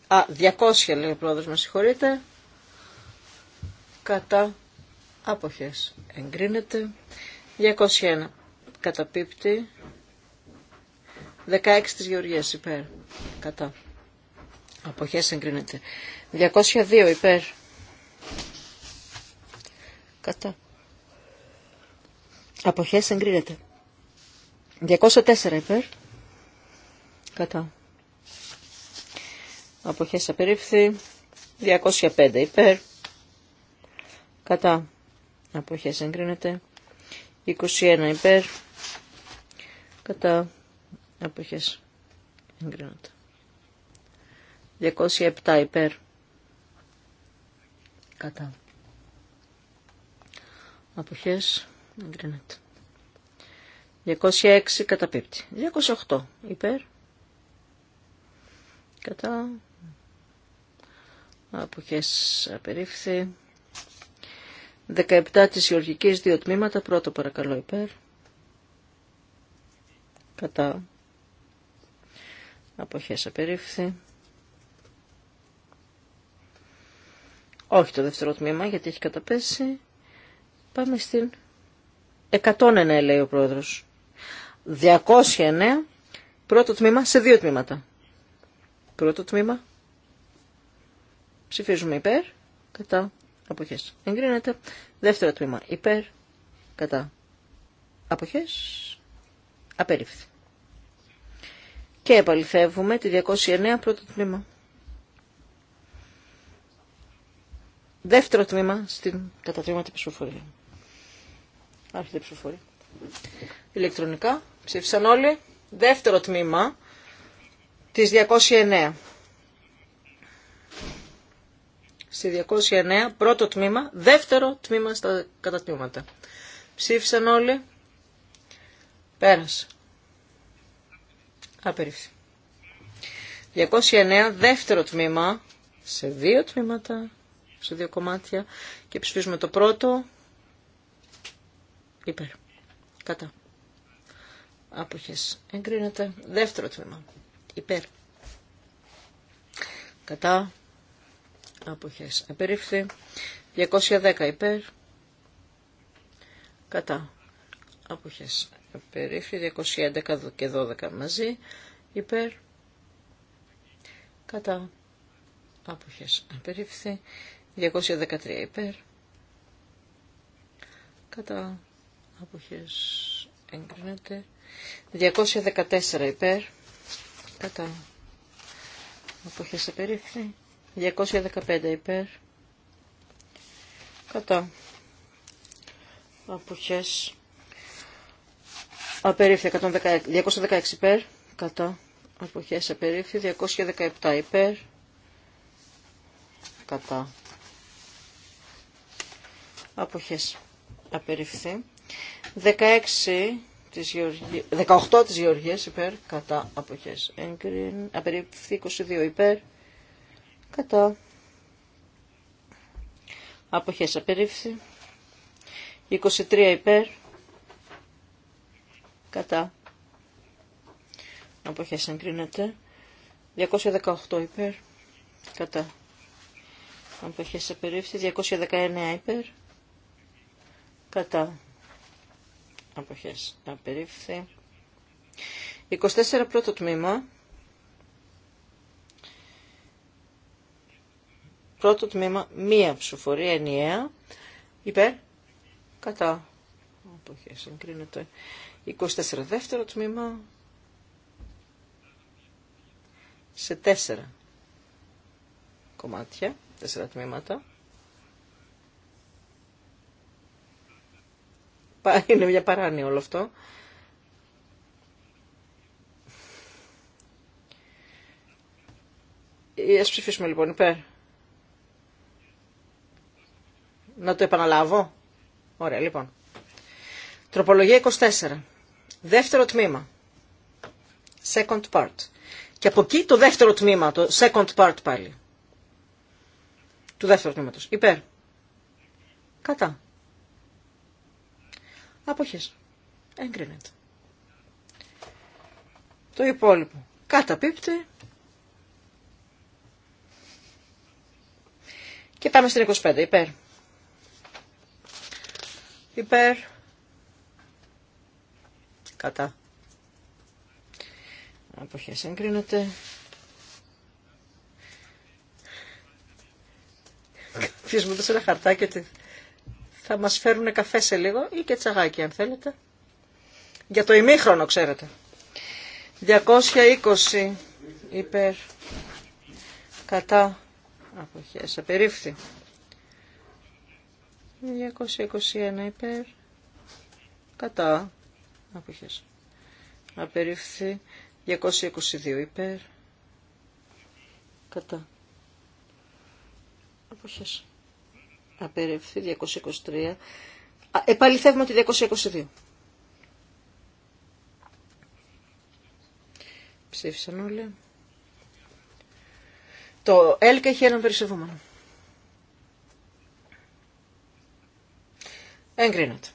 Α, 200 λέει ο πρόεδρος, με συγχωρείτε. Κατά. Άποχες εγκρίνεται. 201 καταπίπτει. 16 της Γεωργίας υπέρ. Κατά. Αποχές εγκρίνεται. 202 υπέρ. Κατά. Αποχές εγκρίνεται. 204 υπέρ. Κατά. Αποχές απερίφθη. 205 υπέρ. Κατά. Αποχές εγκρίνεται. 21 υπέρ κατά αποχές εγκρίνονται 207 υπέρ κατά αποχές εγκρίνεται 206 πίπτη. 208 υπέρ κατά αποχές απερίφθη 17 της Γεωργικής, δύο τμήματα. Πρώτο παρακαλώ υπέρ. Κατά. Αποχές απερίφθη. Όχι το δεύτερο τμήμα γιατί έχει καταπέσει. Πάμε στην 109 λέει ο πρόεδρος. 209 πρώτο τμήμα σε δύο τμήματα. Πρώτο τμήμα ψηφίζουμε υπέρ. Κατά αποχές εγκρίνεται. Δεύτερο τμήμα υπέρ, κατά, αποχές απερίφθη. Και επαληθεύουμε τη 209 πρώτο τμήμα. Δεύτερο τμήμα στην κατατμήματη ψηφοφορία. Άρχεται ψηφοφορία. Ηλεκτρονικά ψήφισαν όλοι. Δεύτερο τμήμα της 209. Στη 209, πρώτο τμήμα, δεύτερο τμήμα στα κατατμήματα. Ψήφισαν όλοι. Πέρασε. Απερίφθη. 209, δεύτερο τμήμα, σε δύο τμήματα, σε δύο κομμάτια και ψηφίζουμε το πρώτο υπέρ. Κατά. Άποχες. Εγκρίνεται. Δεύτερο τμήμα. Υπέρ. Κατά αποχές απερίφθη 210 υπέρ κατά αποχές απερίφθη 211 και 12 μαζί υπέρ κατά άποχες απερίφθη 213 υπέρ κατά άποχες εγκρίνεται 214 υπέρ κατά άποχες απερίφθη 215 υπέρ. Κατά. Αποχές. Απερίφθη 216 υπέρ. Κατά. Αποχές απερίφθη. 217 υπέρ. Κατά. Αποχές απερίφθη. 16 της 18 της Γεωργίας υπέρ. Κατά. Αποχές. Εγκριν. Απερίφθη 22 υπέρ κατά αποχές απερίφθη 23 υπέρ κατά αποχές εγκρίνεται 218 υπέρ κατά αποχές απερίφθη 219 υπέρ κατά αποχές απερίφθη 24 πρώτο τμήμα Πρώτο τμήμα, μία ψηφοφορία ενιαία. Υπέρ, κατά. Αποχές, εγκρίνεται. 24 δεύτερο τμήμα. Σε τέσσερα κομμάτια, τέσσερα τμήματα. Είναι μια ψηφοφορια ενιαια υπερ κατα 24 όλο αυτό. Ε, ας ψηφίσουμε λοιπόν υπέρ. Να το επαναλάβω. Ωραία, λοιπόν. Τροπολογία 24. Δεύτερο τμήμα. Second part. Και από εκεί το δεύτερο τμήμα, το second part πάλι. Του δεύτερου τμήματος. Υπέρ. Κατά. Αποχές. Εγκρίνεται. Το υπόλοιπο. Καταπίπτει. Και πάμε στην 25. Υπέρ υπέρ κατά αποχές εγκρίνεται Κάποιος μου δώσε ένα χαρτάκι ότι θα μας φέρουν καφέ σε λίγο ή και τσαγάκι αν θέλετε. Για το ημίχρονο ξέρετε. 220 υπέρ κατά αποχές απερίφθη. 221 υπέρ. Κατά. Αποχές. Απερίφθη. 222 υπέρ. Κατά. Αποχές. Απερίφθη. 223. επαληθεύουμε τη 222. Ψήφισαν όλοι. Το ΕΛΚ έχει έναν περισσευόμενο. Εγκρίνεται.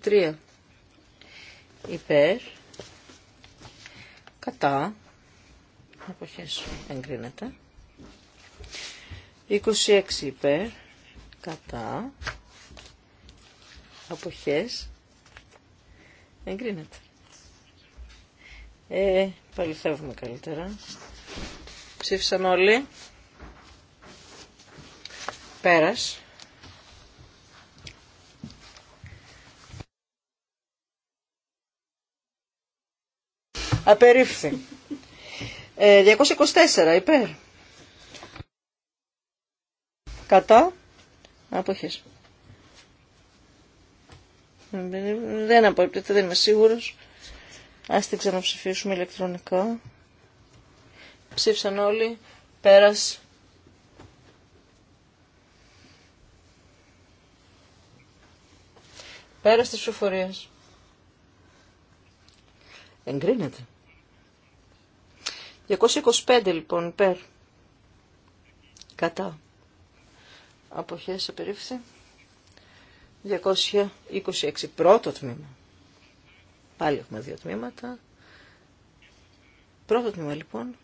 223 υπέρ, κατά, αποχές εγκρίνεται. 26 υπέρ, κατά, αποχές εγκρίνεται. Ε, παληθεύουμε καλύτερα. Ψήφισαν όλοι. Πέρας. Απερίφθη. 224 ε, υπέρ. Κατά. Αποχές. Δεν απορρίπτεται, δεν είμαι σίγουρος. Ας την ξαναψηφίσουμε ηλεκτρονικά. Ψήφισαν όλοι. Πέρας. Πέρας της ψηφοφορίας. Εγκρίνεται. 225 λοιπόν, υπέρ. Κατά. Αποχές απερίφθη. 226 πρώτο τμήμα. Πάλι έχουμε δύο τμήματα. Πρώτο τμήμα λοιπόν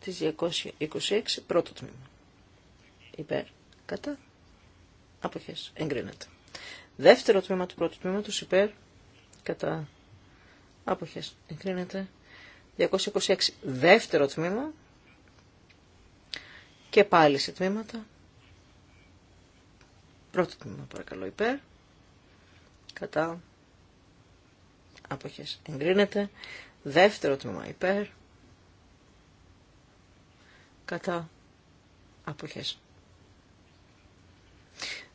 της 226 πρώτο τμήμα. Υπέρ. Κατά. Αποχές. Εγκρίνεται. Δεύτερο τμήμα του πρώτου τμήματος υπέρ. Κατά. Αποχές. Εγκρίνεται. 226 δεύτερο τμήμα και πάλι σε τμήματα. Πρώτο τμήμα παρακαλώ υπέρ. Κατά. Αποχές εγκρίνεται. Δεύτερο τμήμα υπέρ. Κατά. Αποχές.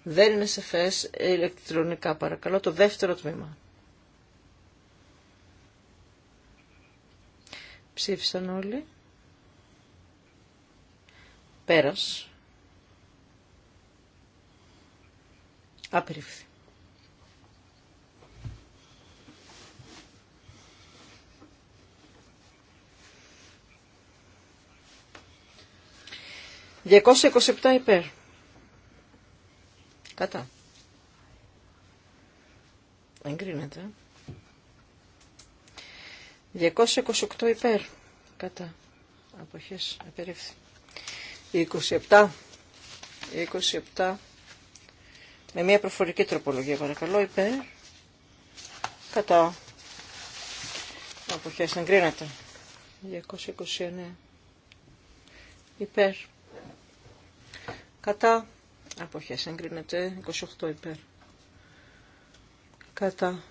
Δεν είναι σε φες ηλεκτρονικά παρακαλώ το δεύτερο τμήμα. Ψήφισαν όλοι. Πέρας. Απερίφθη. Διακόσια υπέρ. Κατά. Εγκρίνεται. 228 υπέρ. Κατά. Αποχές. Απερίφθη. 27. 27. Με μια προφορική τροπολογία παρακαλώ υπέρ. Κατά. Αποχές. Εγκρίνεται. 229. Υπέρ. Κατά. Αποχές. Εγκρίνεται. 28 υπέρ. Κατά.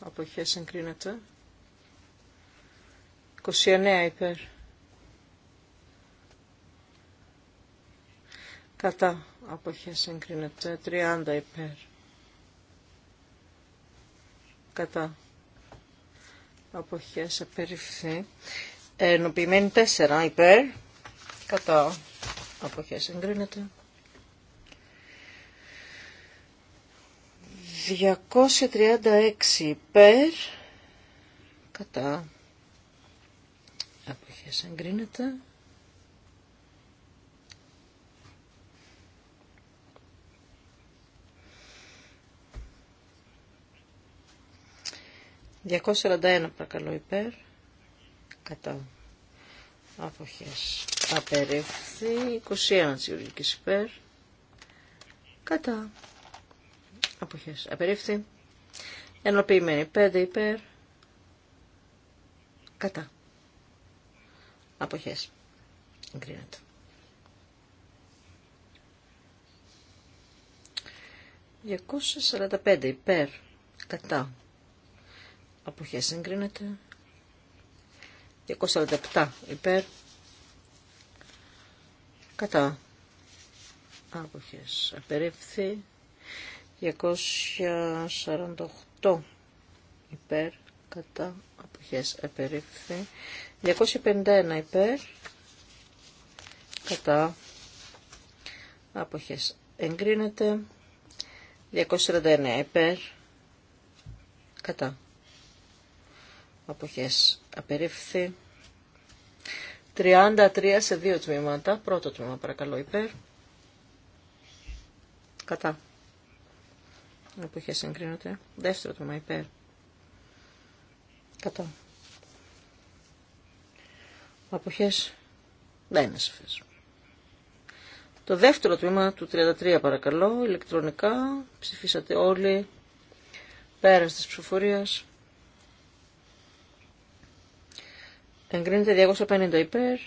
Αποχές. Εγκρίνεται. 29 υπέρ. Κατά αποχές εγκρίνεται. 30 υπέρ. Κατά αποχές απεριφθεί. Ενοποιημένη 4 υπέρ. Κατά αποχές συγκρίνεται 236 υπέρ. Κατά εγκρίνεται. «241 παρακαλώ υπέρ, κατά αποχές απερίφθη, 21 της υπέρ, κατά αποχές απερίφθη, ενοποιημένη 5 υπέρ, κατά Αποχές. Εγκρίνεται. 245 υπέρ. Κατά. Αποχές εγκρίνεται. 247 υπέρ. Κατά. Αποχές απερίφθη. 248 υπέρ κατά αποχές απερίφθη 251 υπέρ κατά αποχές εγκρίνεται 249 υπέρ κατά αποχές απερίφθη 33 σε δύο τμήματα πρώτο τμήμα παρακαλώ υπέρ κατά αποχές εγκρίνεται δεύτερο τμήμα υπέρ Κατά. Αποχές δεν ναι, είναι σαφές. Το δεύτερο τμήμα του 33 παρακαλώ, ηλεκτρονικά, ψηφίσατε όλοι, πέρας της ψηφοφορίας. Εγκρίνεται 250 υπέρ,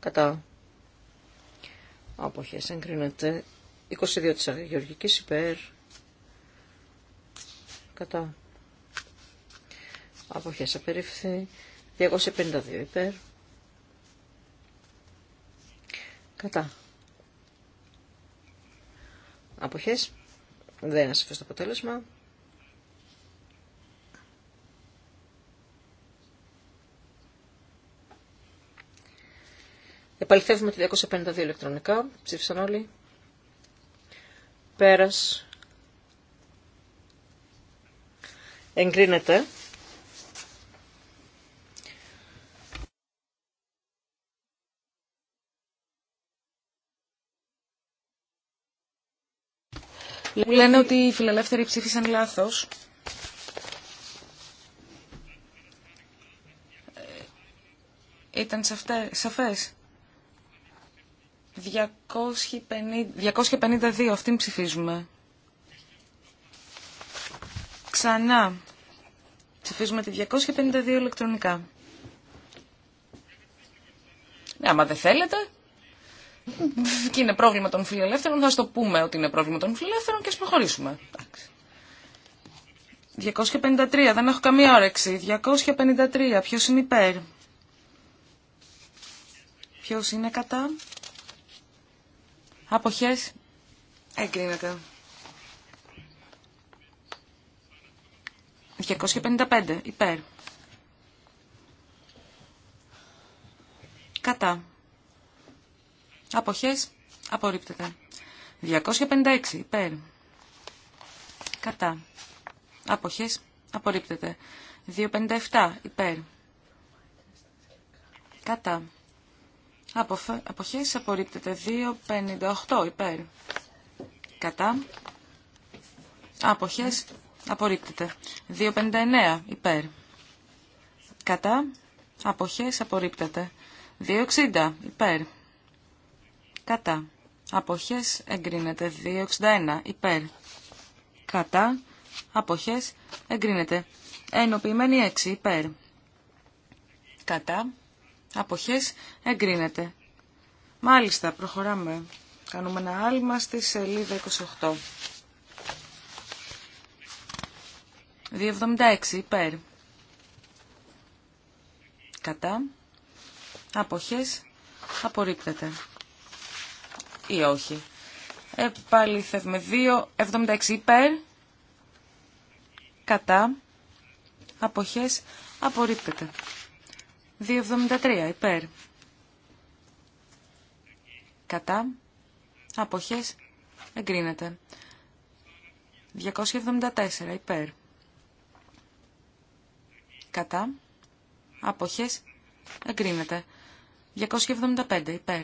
κατά αποχές εγκρίνεται 22 της Αγιοργικής υπέρ, κατά αποχές απερίφθη 252 υπέρ κατά αποχές δεν είναι το αποτέλεσμα Επαληθεύουμε τη 252 ηλεκτρονικά. Ψήφισαν όλοι. Πέρας. Εγκρίνεται. Μου λένε ότι οι φιλελεύθεροι ψήφισαν λάθος. Ε, ήταν σαφές. 250, 252, αυτήν ψηφίζουμε. Ξανά. Ψηφίζουμε τη 252 ηλεκτρονικά. Ναι, άμα δεν θέλετε, και είναι πρόβλημα των φιλελεύθερων, θα στο πούμε ότι είναι πρόβλημα των φιλελεύθερων και ας προχωρήσουμε. 253, δεν έχω καμία όρεξη. 253, ποιος είναι υπέρ. Ποιος είναι κατά. Αποχές. Εγκρίνεται. 255, υπέρ. Κατά. Αποχές. Απορρίπτεται. 256 υπέρ. Κατά. Αποχές. Απορρίπτεται. 257 υπέρ. Κατά. Αποφε... Αποχές. Απορρίπτεται. 258 υπέρ. Κατά. Αποχές. Απορρίπτεται. 259 υπέρ. Κατά. Αποχές. Απορρίπτεται. 260 υπέρ κατά. Αποχές εγκρίνεται 261 υπέρ. Κατά. Αποχές εγκρίνεται. Ενοποιημένη 6 υπέρ. Κατά. Αποχές εγκρίνεται. Μάλιστα, προχωράμε. Κάνουμε ένα άλμα στη σελίδα 28. 276 υπέρ. Κατά. Αποχές απορρίπτεται ή όχι. 2, 2,76 υπέρ. Κατά. Αποχές. Απορρίπτεται. 2,73 υπέρ. Κατά. Αποχές. Εγκρίνεται. 274 υπέρ. Κατά. Αποχές. Εγκρίνεται. 275 υπέρ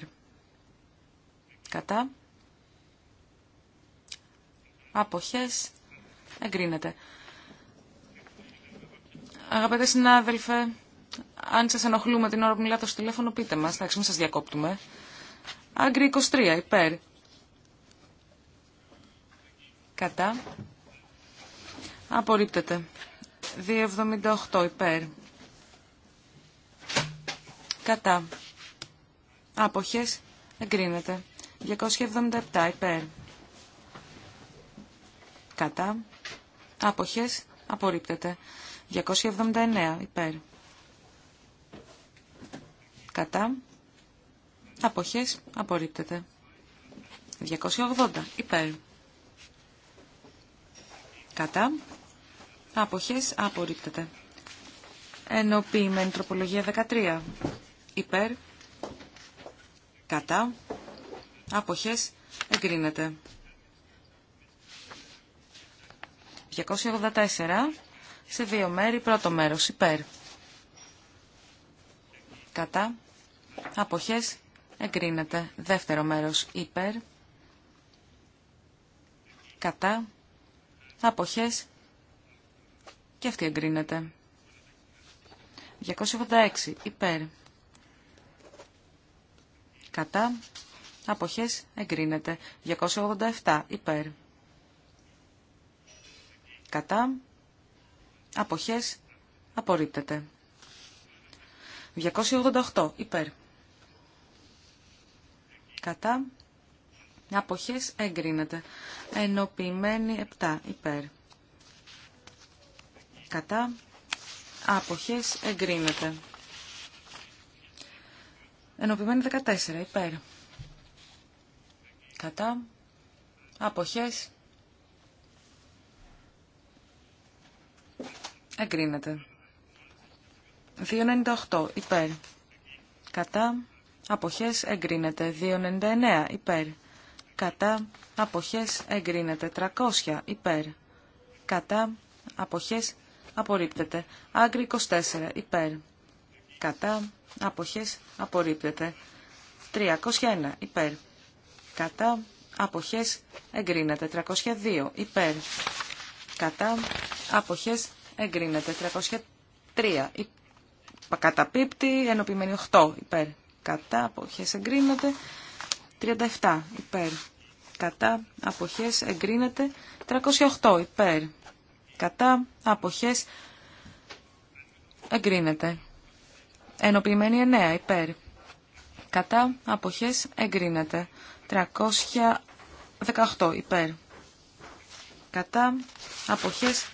κατά, αποχές, εγκρίνεται. Αγαπητέ συνάδελφε, αν σας ενοχλούμε την ώρα που μιλάτε στο τηλέφωνο, πείτε μας, εντάξει, μην σας διακόπτουμε. Άγκρι 23, υπέρ. Κατά. Απορρίπτεται. 2,78 υπέρ. Κατά. Άποχες. Εγκρίνεται. 277 υπέρ. Κατά. Άποχες. Απορρίπτεται. 279 υπέρ. Κατά. Αποχές. Απορρίπτεται. 280 υπέρ. Κατά. Άποχες. Απορρίπτεται. Ενοποιημένη τροπολογία 13. Υπέρ. Κατά. Αποχές εγκρίνεται. 284 σε δύο μέρη, πρώτο μέρος υπέρ. Κατά. Αποχές εγκρίνεται. Δεύτερο μέρος υπέρ. Κατά. Αποχές και αυτή εγκρίνεται. 286 υπέρ. Κατά. Αποχές εγκρίνεται. 287 υπέρ. Κατά. Αποχές απορρίπτεται. 288 υπέρ. Κατά. Αποχές εγκρίνεται. Ενοποιημένη 7 υπέρ. Κατά. Αποχές εγκρίνεται. Ενοποιημένη 14 υπέρ κατά, αποχές, εγκρίνεται. 2,98 υπέρ, κατά, αποχές, εγκρίνεται. 2,99 υπέρ, κατά, αποχές, εγκρίνεται. 300 υπέρ, κατά, αποχές, απορρίπτεται. Άγκρι 24 υπέρ, κατά, αποχές, απορρίπτεται. 301 υπέρ κατά, αποχές, εγκρίνεται. 402 υπέρ, κατά, αποχές, εγκρίνεται. 303 καταπίπτει, ενωπημένη 8 υπέρ, κατά, αποχές, εγκρίνεται. 37 υπέρ, κατά, αποχές, εγκρίνεται. 308 υπέρ, κατά, αποχές, εγκρίνεται. Ενοποιημένη 9 υπέρ, κατά, αποχές, εγκρίνεται. 318 υπέρ. Κατά αποχές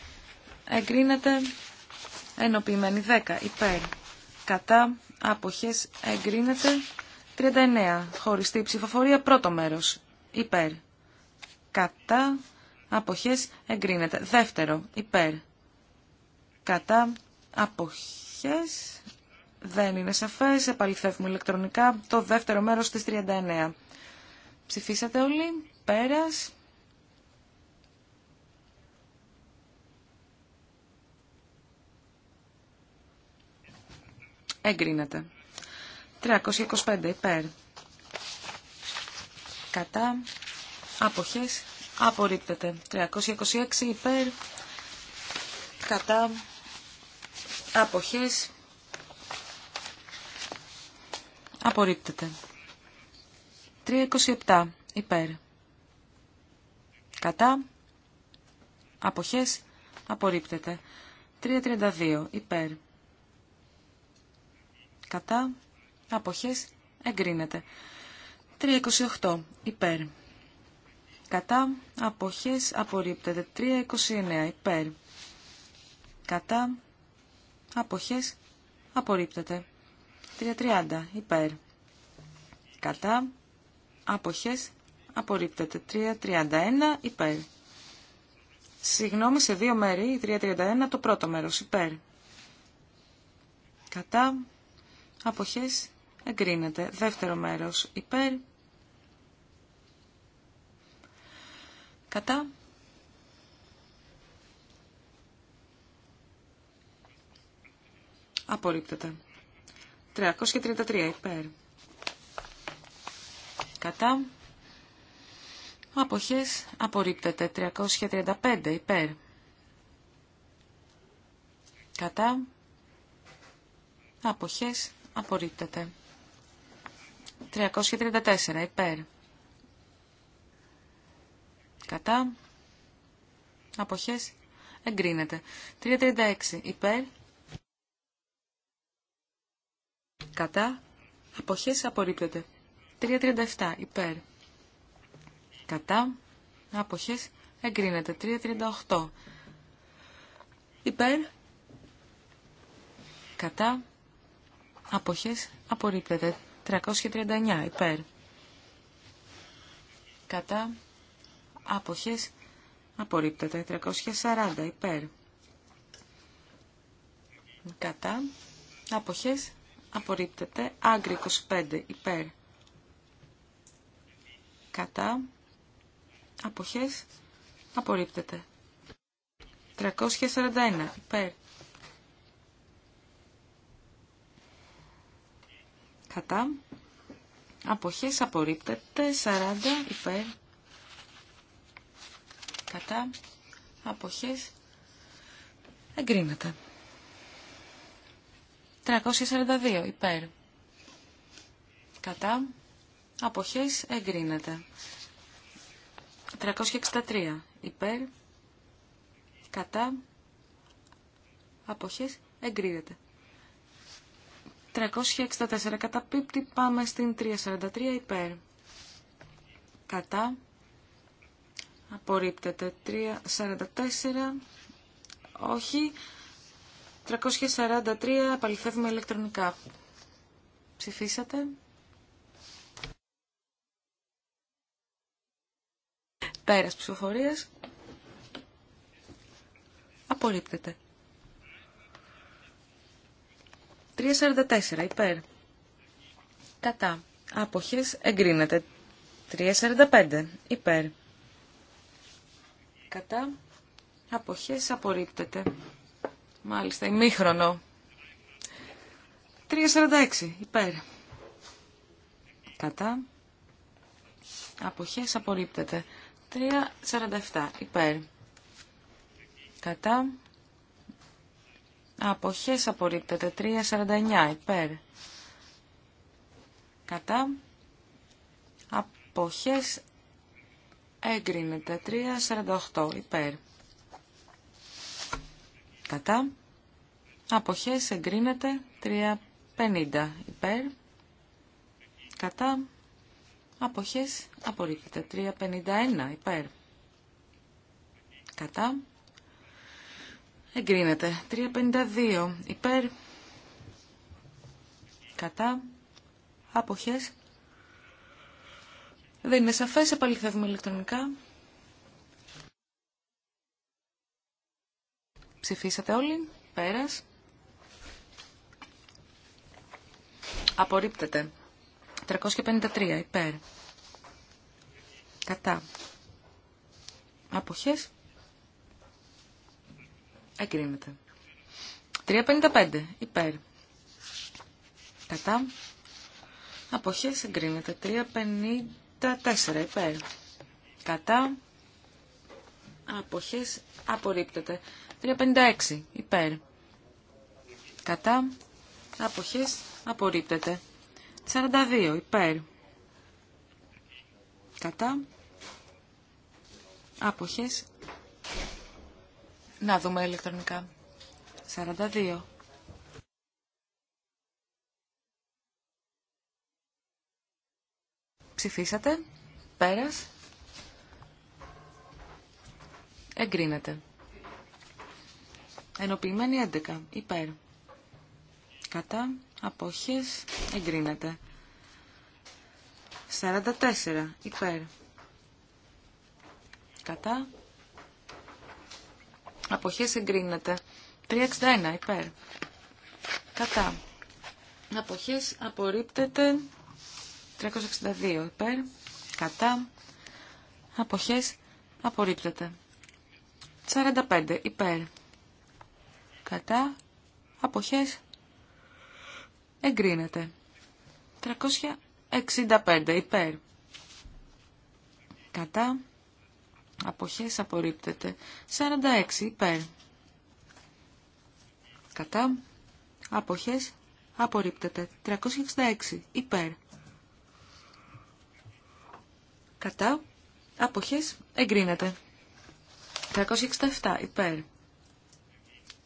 εγκρίνεται ενοποιημένη 10 υπέρ. Κατά αποχές εγκρίνεται 39 χωριστή ψηφοφορία πρώτο μέρος υπέρ. Κατά αποχές εγκρίνεται δεύτερο υπέρ. Κατά αποχές δεν είναι σαφές επαληθεύουμε ηλεκτρονικά το δεύτερο μέρος της 39. Ψηφίσατε όλοι. Πέρας. εγκρίνατε. 325 υπέρ. Κατά. Αποχές. Απορρίπτεται. 326 υπέρ. Κατά. Αποχές. Απορρίπτεται. 327 υπέρ. Κατά. Αποχές. Απορρίπτεται. 332 υπέρ. Κατά. Αποχές. Εγκρίνεται. 328 υπέρ. Κατά. Αποχές. Απορρίπτεται. 329 υπέρ. Κατά. Αποχές. Απορρίπτεται. 330 υπέρ. Κατά αποχές απορρίπτεται. 3.31 υπέρ. Συγγνώμη, σε δύο μέρη, 3.31 το πρώτο μέρος υπέρ. Κατά αποχές εγκρίνεται. Δεύτερο μέρος υπέρ. Κατά απορρίπτεται. 333 υπέρ κατά, αποχές απορρίπτεται 335 υπέρ, κατά, αποχές απορρίπτεται 334 υπέρ, κατά, αποχές εγκρίνεται 336 υπέρ, κατά, αποχές απορρίπτεται 3.37 υπέρ. Κατά. Άποχες. Εγκρίνεται. 3.38 υπέρ. Κατά. Άποχες. Απορρίπτεται. 339 υπέρ. Κατά. Άποχες. Απορρίπτεται. 340 υπέρ. Κατά. Άποχες. Απορρίπτεται. Άγκρι 25 υπέρ κατά, αποχές, απορρίπτεται. 341 υπέρ, κατά, αποχές, απορρίπτεται. 40 υπέρ, κατά, αποχές, εγκρίνεται. 342 υπέρ, κατά, αποχές εγκρίνεται. 363 υπέρ, κατά, αποχές εγκρίνεται. 364 κατά πάμε στην 343 υπέρ. Κατά. Απορρίπτεται. 344. Όχι. 343 απαληθεύουμε ηλεκτρονικά. Ψηφίσατε. Πέρας ψηφοφορίας. Απορρίπτεται. 3.44 υπέρ. Κατά. Άποχες εγκρίνεται. 3.45 υπέρ. Κατά. Αποχές απορρίπτεται. Μάλιστα, ημίχρονο. 3.46 υπέρ. Κατά. Αποχές απορρίπτεται. 3.47 υπέρ. Κατά. Αποχές απορρίπτεται. 3.49 υπέρ. Κατά. Αποχές έγκρινεται. 3.48 υπέρ. Κατά. Αποχές εγκρίνεται. 3.50 υπέρ. Κατά. Αποχές απορρίπτεται. 351 υπέρ. Κατά. Εγκρίνεται. 352 υπέρ. Κατά. Αποχές. Δεν είναι σαφές. Επαληθεύουμε ηλεκτρονικά. Ψηφίσατε όλοι. Πέρας. Απορρίπτεται. 353 υπέρ. Κατά. Αποχές. Εγκρίνεται. 355 υπέρ. Κατά. Αποχές εγκρίνεται. 354 υπέρ. Κατά. Αποχές απορρίπτεται. 356 υπέρ. Κατά. Αποχές απορρίπτεται. 42 υπέρ. Κατά. Άποχες. Να δούμε ηλεκτρονικά. 42. Ψηφίσατε. Πέρας. Εγκρίνεται. Ενοποιημένη 11. Υπέρ. Κατά. Αποχής εγκρίνεται. 44 υπέρ. Κατά. Αποχές εγκρίνεται. 361 υπέρ. Κατά. Αποχές απορρίπτεται. 362 υπέρ. Κατά. Αποχές απορρίπτεται. 45 υπέρ. Κατά. Αποχές Εγκρίνεται. 365 υπέρ. Κατά. Αποχές απορρίπτεται. 46 υπέρ. Κατά. Αποχές απορρίπτεται. 366 υπέρ. Κατά. Αποχές εγκρίνεται. 367 υπέρ.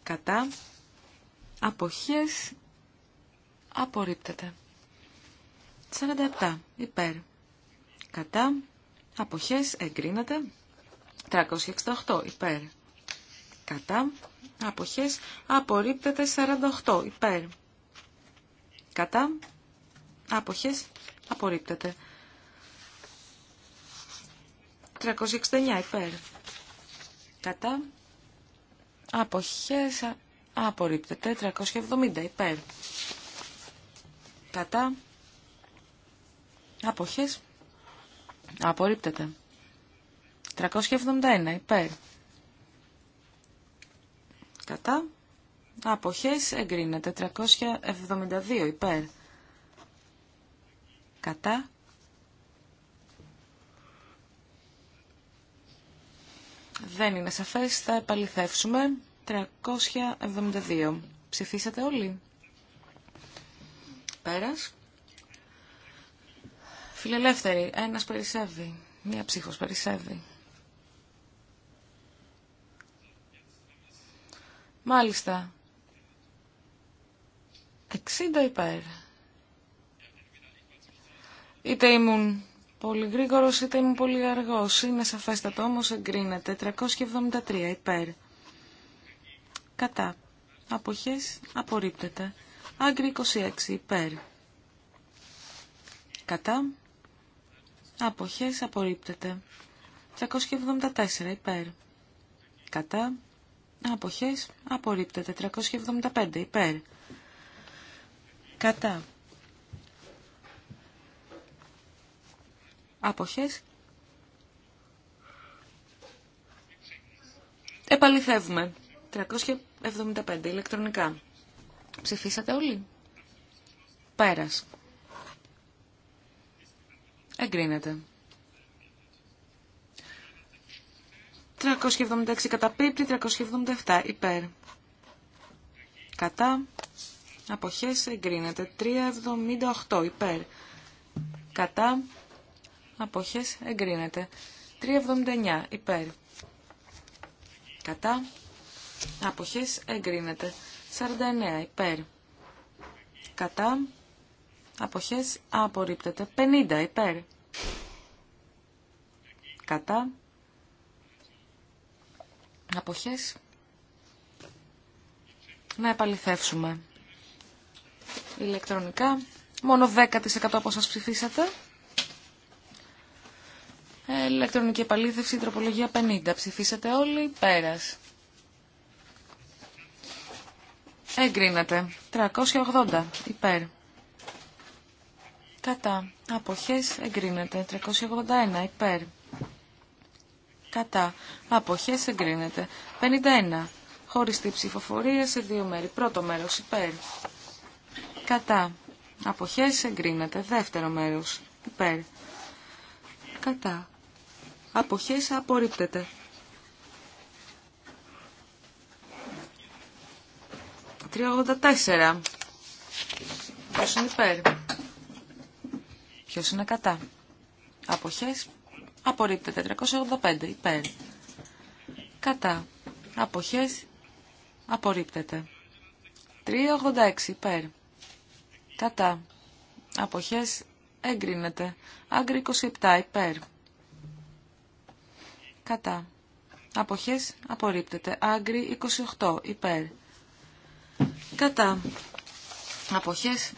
Κατά. Αποχές Απορρίπτεται. 47. Υπέρ. Κατά. Αποχές. Εγκρίνεται. 368. Υπέρ. Κατά. Αποχές. Απορρίπτεται. 48. Υπέρ. Κατά. Αποχές. Απορρίπτεται. 369. Υπέρ. Κατά. Αποχές. Απορρίπτεται. 370. Υπέρ κατά, αποχές, απορρίπτεται. 371 υπέρ, κατά, αποχές, εγκρίνεται. 372 υπέρ, κατά, Δεν είναι σαφές, θα επαληθεύσουμε. 372. Ψηφίσατε όλοι. Πέρας. Φιλελεύθερη. Ένας περισσεύει. Μία ψυχός περισσεύει. Μάλιστα. 60 υπέρ. Είτε ήμουν πολύ γρήγορος είτε ήμουν πολύ αργός. Είναι σαφέστατο όμως εγκρίνεται. 473 υπέρ. Κατά. Αποχές απορρίπτεται. Άγκρι 26 υπέρ. Κατά. Αποχές απορρίπτεται. 374 υπέρ. Κατά. Αποχές απορρίπτεται. 375 υπέρ. Κατά. Αποχές. Επαληθεύουμε. 375 ηλεκτρονικά. Ψηφίσατε όλοι. Πέρας. Εγκρίνεται. 376 πίπτη, 377 υπέρ. Κατά. Αποχές εγκρίνεται. 378 υπέρ. Κατά. Αποχές εγκρίνεται. 379 υπέρ. Κατά. Αποχές εγκρίνεται. 49 υπέρ. Κατά. Αποχές απορρίπτεται. 50 υπέρ. Κατά. Αποχές. Να επαληθεύσουμε. Ηλεκτρονικά. Μόνο 10% από σας ψηφίσατε. ηλεκτρονική επαλήθευση, τροπολογία 50. Ψηφίσατε όλοι, πέρας. Εγκρίνεται. 380 υπέρ. Κατά. Αποχές εγκρίνεται. 381 υπέρ. Κατά. Αποχές εγκρίνεται. 51. Χωριστή ψηφοφορία σε δύο μέρη. Πρώτο μέρος υπέρ. Κατά. Αποχές εγκρίνεται. Δεύτερο μέρος υπέρ. Κατά. Αποχές απορρίπτεται. 384. Ποιος είναι υπέρ. Ποιος είναι κατά. Αποχές. Απορρίπτεται. 385. Υπέρ. Κατά. Αποχές. Απορρίπτεται. 386. Υπέρ. Κατά. Αποχές. Εγκρίνεται. Άγκρι 27. Υπέρ. Κατά. Αποχές. Απορρίπτεται. Άγκρι 28. Υπέρ. Κατά. Αποχές.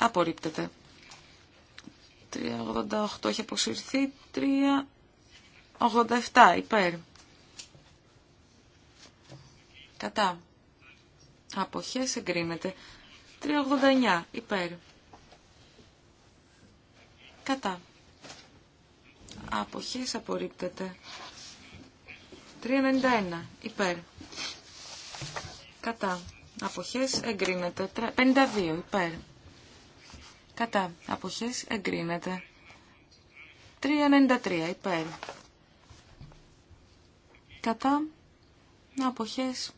Απορρίπτεται. 388 έχει αποσυρθεί. 387 υπέρ. Κατά. Αποχές εγκρίνεται. 389 υπέρ. Κατά. Αποχές απορρίπτεται. 391 υπέρ. Κατά αποχές εγκρίνεται. 52 υπέρ. Κατά αποχές εγκρίνεται. 393 υπέρ. Κατά αποχές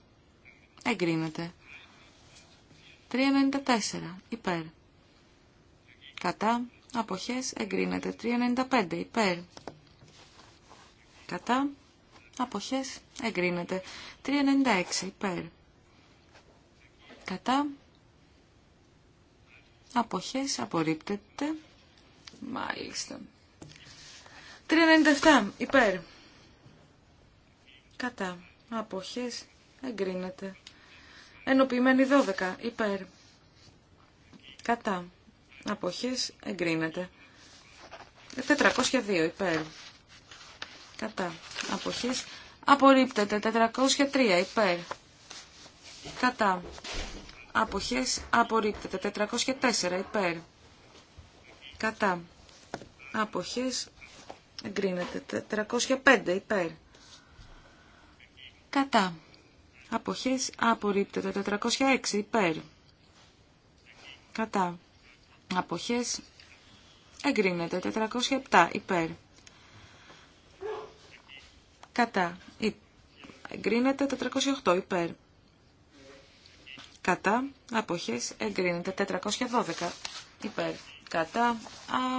εγκρίνεται. 394 υπέρ. Κατά αποχές εγκρίνεται. 395 υπέρ. Κατά αποχές εγκρίνεται. 396 υπέρ κατά αποχές απορρίπτεται μάλιστα 397 υπέρ κατά αποχές εγκρίνεται ενοποιημένη 12 υπέρ κατά αποχές εγκρίνεται 402 υπέρ κατά αποχές απορρίπτεται 403 υπέρ κατά αποχές απορρίπτεται. 404 υπέρ. Κατά. Αποχές εγκρίνεται. 405 υπέρ. Κατά. Αποχές απορρίπτεται. 406 υπέρ. Κατά. Αποχές εγκρίνεται. 407 υπέρ. Κατά. Εγκρίνεται. 408 υπέρ κατά αποχές εγκρίνεται 412 υπέρ κατά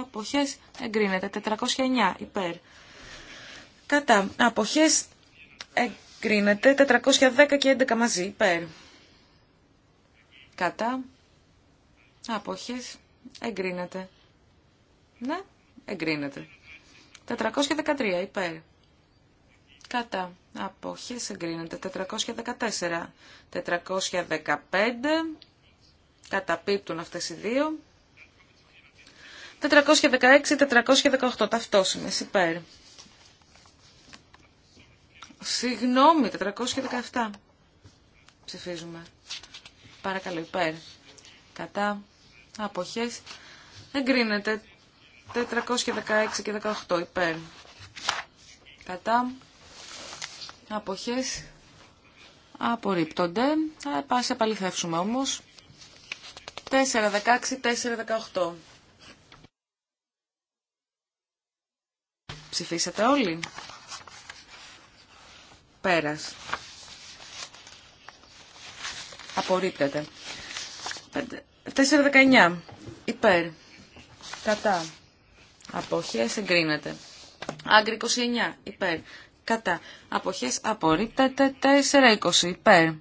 αποχές εγκρίνεται 409 υπέρ κατά αποχές εγκρίνεται 410 και 11 μαζί υπέρ κατά αποχές εγκρίνεται ναι εγκρίνεται 413 υπέρ κατά αποχές εγκρίνεται 414 415 καταπίπτουν αυτές οι δύο 416-418 ταυτόσημες υπέρ Συγγνώμη, 417 ψηφίζουμε. Παρακαλώ, υπέρ. Κατά. Αποχές. Εγκρίνεται. 416 και 18 υπέρ. Κατά αποχές απορρίπτονται. Θα ε, πας επαληθεύσουμε όμως. 4-16-4-18. Ψηφίσατε όλοι. Πέρας. Απορρίπτεται. 4-19. Υπέρ. Κατά. Αποχές εγκρίνεται. Άγκρη 29. Υπέρ κατά αποχές απορρίπτεται 420 υπέρ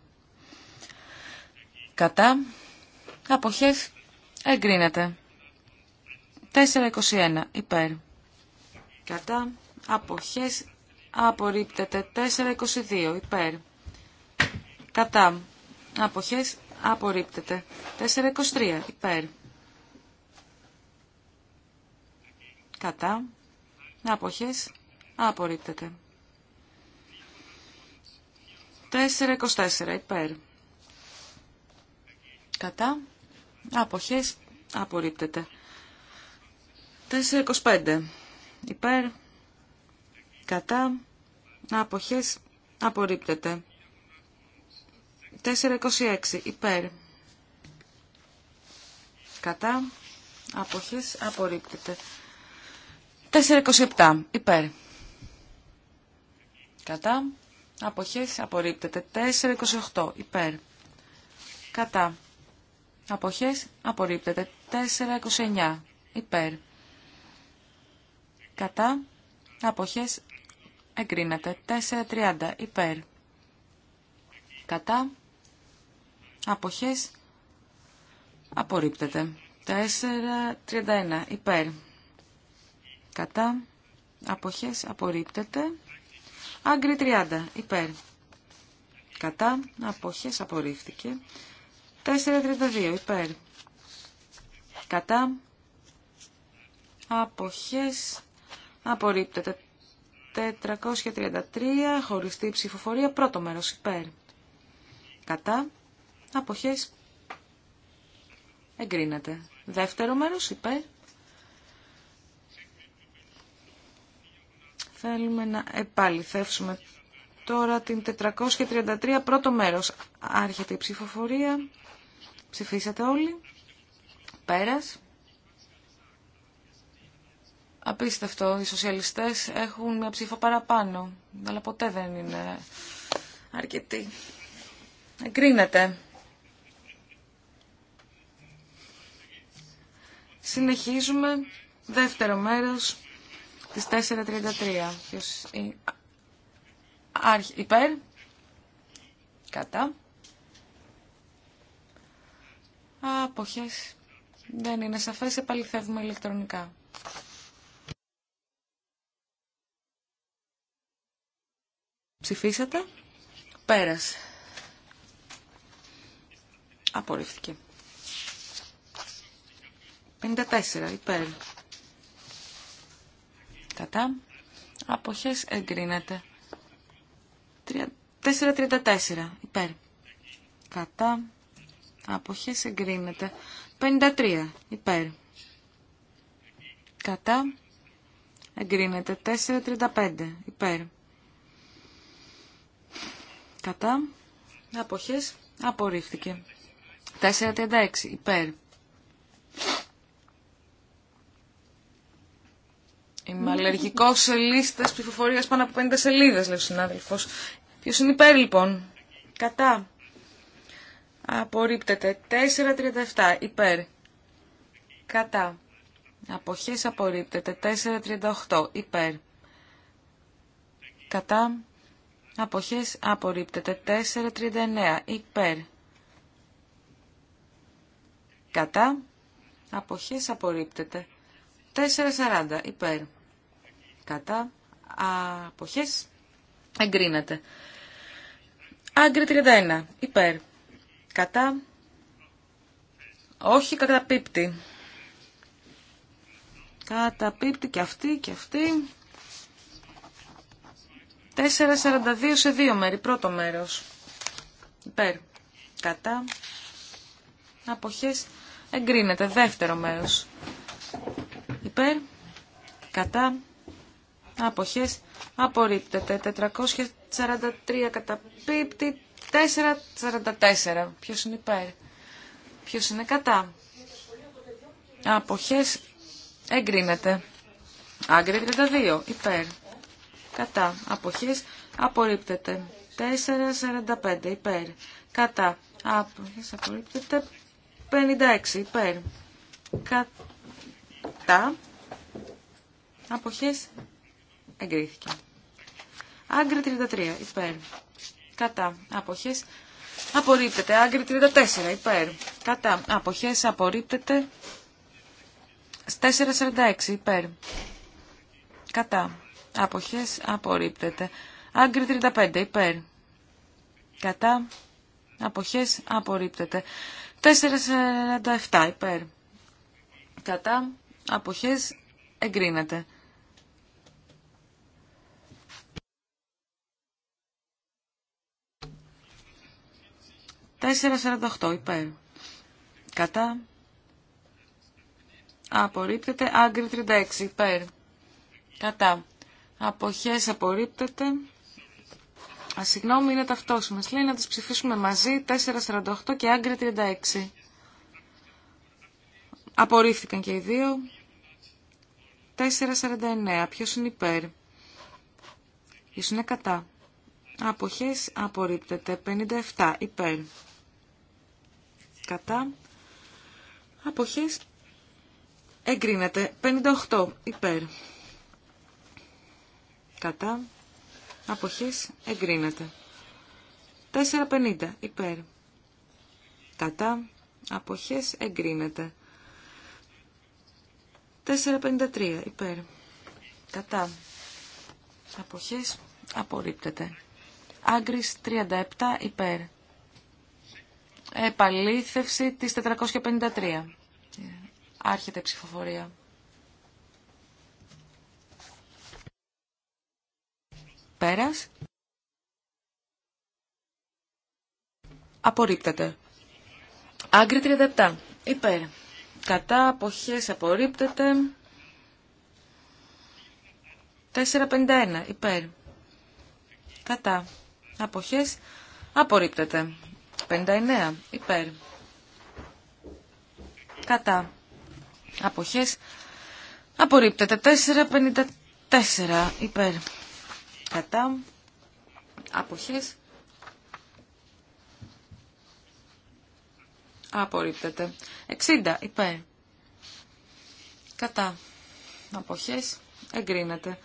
κατά αποχές εγκρίνεται 421 υπέρ κατά αποχές απορρίπτεται 422 υπέρ κατά αποχές απορρίπτεται 423 υπέρ κατά αποχές απορρίπτεται 4-24 υπέρ. Κατά. Αποχές. Απορρίπτεται. 25 υπέρ. Κατά. Αποχές. Απορρίπτεται. 426 υπέρ. Κατά. Αποχές. Απορρίπτεται. 27, υπέρ. Κατά. Αποχές απορρίπτεται. 428 υπέρ. Κατά. Αποχές απορρίπτεται. 429 υπέρ. Κατά. Αποχές εγκρίνεται. 430 υπέρ. Κατά. Αποχές απορρίπτεται. 431 υπέρ. Κατά. Αποχές απορρίπτεται. Άγκρι 30. Υπέρ. Κατά. Αποχές. Απορρίφθηκε. 4.32. Υπέρ. Κατά. Αποχές. Απορρίπτεται. 433. Χωριστή ψηφοφορία. Πρώτο μέρος. Υπέρ. Κατά. Αποχές. Εγκρίνεται. Δεύτερο μέρος. Υπέρ. Θέλουμε να επαληθεύσουμε τώρα την 433 πρώτο μέρος. Άρχεται η ψηφοφορία. Ψηφίσατε όλοι. Πέρας. Απίστευτο. Οι σοσιαλιστές έχουν μια ψήφο παραπάνω. Αλλά ποτέ δεν είναι αρκετή. Εγκρίνεται. Συνεχίζουμε. Δεύτερο μέρος της 433. Ποιος υπέρ, κατά. Αποχές. Δεν είναι σαφές, επαληθεύουμε ηλεκτρονικά. Ψηφίσατε. Πέρασε. Απορρίφθηκε. 54, υπέρ. Κατά. Αποχές εγκρίνεται. 4.34. Υπέρ. Κατά. Αποχές εγκρίνεται. 53. Υπέρ. Κατά. Εγκρίνεται. 4.35. Υπέρ. Κατά. Αποχές απορρίφθηκε. 4.36. Υπέρ. Είμαι αλλεργικό σε λίστε ψηφοφορία πάνω από 50 σελίδε, λέει ο συνάδελφο. Ποιο είναι υπέρ, λοιπόν. Κατά. Απορρίπτεται. 4.37. Υπέρ. Κατά. Αποχέ απορρίπτεται. 4.38. Υπέρ. Κατά. αποχέ, απορρίπτεται. 4.39. Υπέρ. Κατά. Αποχές απορρίπτεται. 4.40. Υπέρ κατά αποχές εγκρίνεται. Άγκρι 31 υπέρ κατά όχι κατά Κατά πίπτη και αυτή και αυτή. 4.42 σε δύο μέρη. Πρώτο μέρος. Υπέρ. Κατά. Αποχές. Εγκρίνεται. Δεύτερο μέρος. Υπέρ. Κατά. Αποχές απορρίπτεται. 443 καταπίπτει. 444. Ποιος είναι υπέρ. Ποιος είναι κατά. Αποχές εγκρίνεται. Άγκρι 32. Υπέρ. Κατά. Αποχές απορρίπτεται. 445. Υπέρ. Κατά. Αποχές απορρίπτεται. 56. Υπέρ. Κατά. Αποχές εγκρίθηκε. Άγκρι 33 υπέρ. Κατά Αποχέ. απορρίπτεται. Άγκρι 34 υπέρ. Κατά Αποχέ. απορρίπτεται. 446 υπέρ. Κατά απόχέ, απορρίπτεται. Άγκρι 35 υπέρ. Κατά αποχέ, απορρίπτεται. 447 υπέρ. Κατά Αποχέ. εγκρίνεται. 448 υπέρ. Κατά. Απορρίπτεται. Άγκρι 36 υπέρ. Κατά. Αποχές απορρίπτεται. Α, συγγνώμη, είναι ταυτόσιμε. Λέει να τις ψηφίσουμε μαζί 448 και άγκρι 36. Απορρίφθηκαν και οι δύο. 449. Ποιος είναι υπέρ. Ποιος είναι κατά. Αποχές απορρίπτεται 57 υπέρ. Κατά. Αποχές εγκρίνεται 58 υπέρ. Κατά. Αποχές εγκρίνεται. 450 υπέρ. Κατά. Αποχές εγκρίνεται. 453 υπέρ. Κατά. Αποχές απορρίπτεται. Άγκρις 37 υπέρ. Επαλήθευση της 453. Άρχεται η ψηφοφορία. Πέρας. Απορρίπτεται. Άγκρι 37. Υπέρ. Κατά αποχές απορρίπτεται. 451. Υπέρ. Κατά αποχές απορρίπτεται. 59 υπέρ κατά αποχές απορρίπτεται. 454 υπέρ κατά αποχές απορρίπτεται. 60 υπέρ κατά αποχές εγκρίνεται.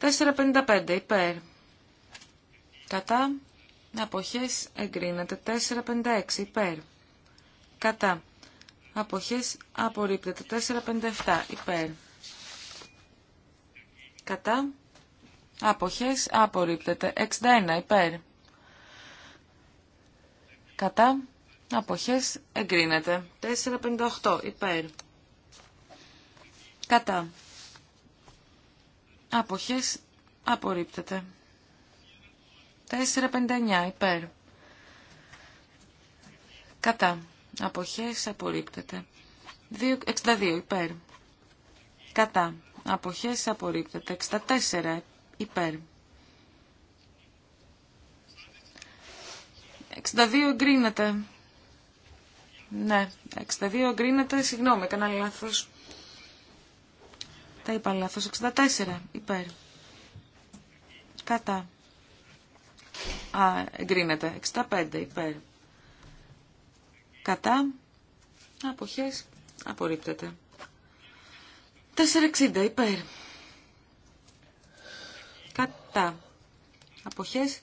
455 υπέρ Κατά. Αποχές εγκρίνεται. 456 υπέρ. Κατά. Αποχές απορρίπτεται. 457 υπέρ. Κατά. Αποχές απορρίπτεται. 61 υπέρ. Κατά. Αποχές εγκρίνεται. 458 υπέρ. Κατά. Αποχές απορρίπτεται. 4,59 υπέρ. Κατά. Αποχές απορρίπτεται. 62 υπέρ. Κατά. Αποχές απορρίπτεται. 64 υπέρ. 62 εγκρίνεται. Ναι, 62 εγκρίνεται. Συγγνώμη, έκανα λάθος. Τα είπα λάθος. 64 υπέρ. Κατά. Α, εγκρίνεται. 65 υπέρ. Κατά. Αποχές. Απορρίπτεται. 460 υπέρ. Κατά. Αποχές.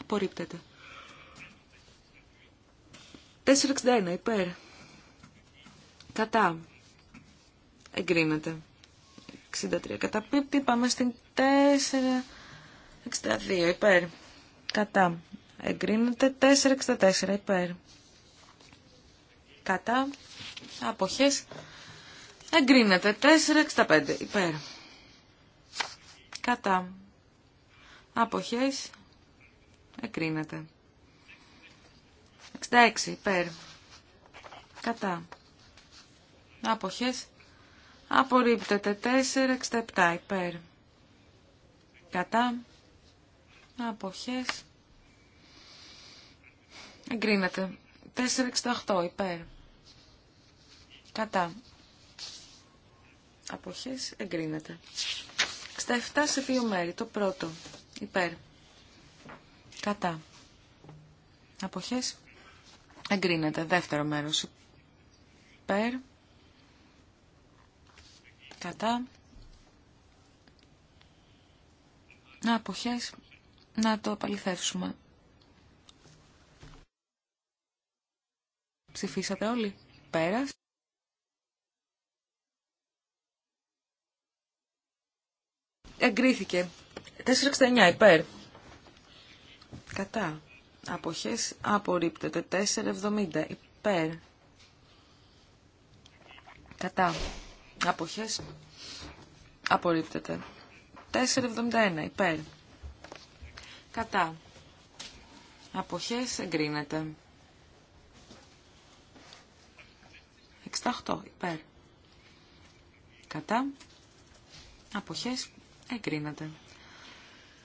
Απορρίπτεται. 461 υπέρ. Κατά. Εγκρίνεται. 63 πίπτη. Πάμε στην 4... 62 υπέρ. Κατά. Εγκρίνεται 464 υπέρ. Κατά. Αποχές. Εγκρίνεται 465 υπέρ. Κατά. Αποχέ. Εγκρίνεται. 66 υπέρ. Κατά. Αποχές. Απορρίπτεται 467 υπέρ. Κατά. Αποχές. Εγκρίνεται. 468 υπέρ. Κατά. Αποχές εγκρίνεται. 67 σε δύο μέρη. Το πρώτο. Υπέρ. Κατά. Αποχές εγκρίνεται. Δεύτερο μέρος. Υπέρ. Κατά. Αποχές να το απαληθεύσουμε. Ψηφίσατε όλοι. Πέρας. Εγκρίθηκε. 469 υπέρ. Κατά. Αποχές απορρίπτεται. 470 υπέρ. Κατά. Αποχές απορρίπτεται. 471 υπέρ. Κατά. Αποχές εγκρίνεται. 68 υπέρ. Κατά. Αποχές εγκρίνεται.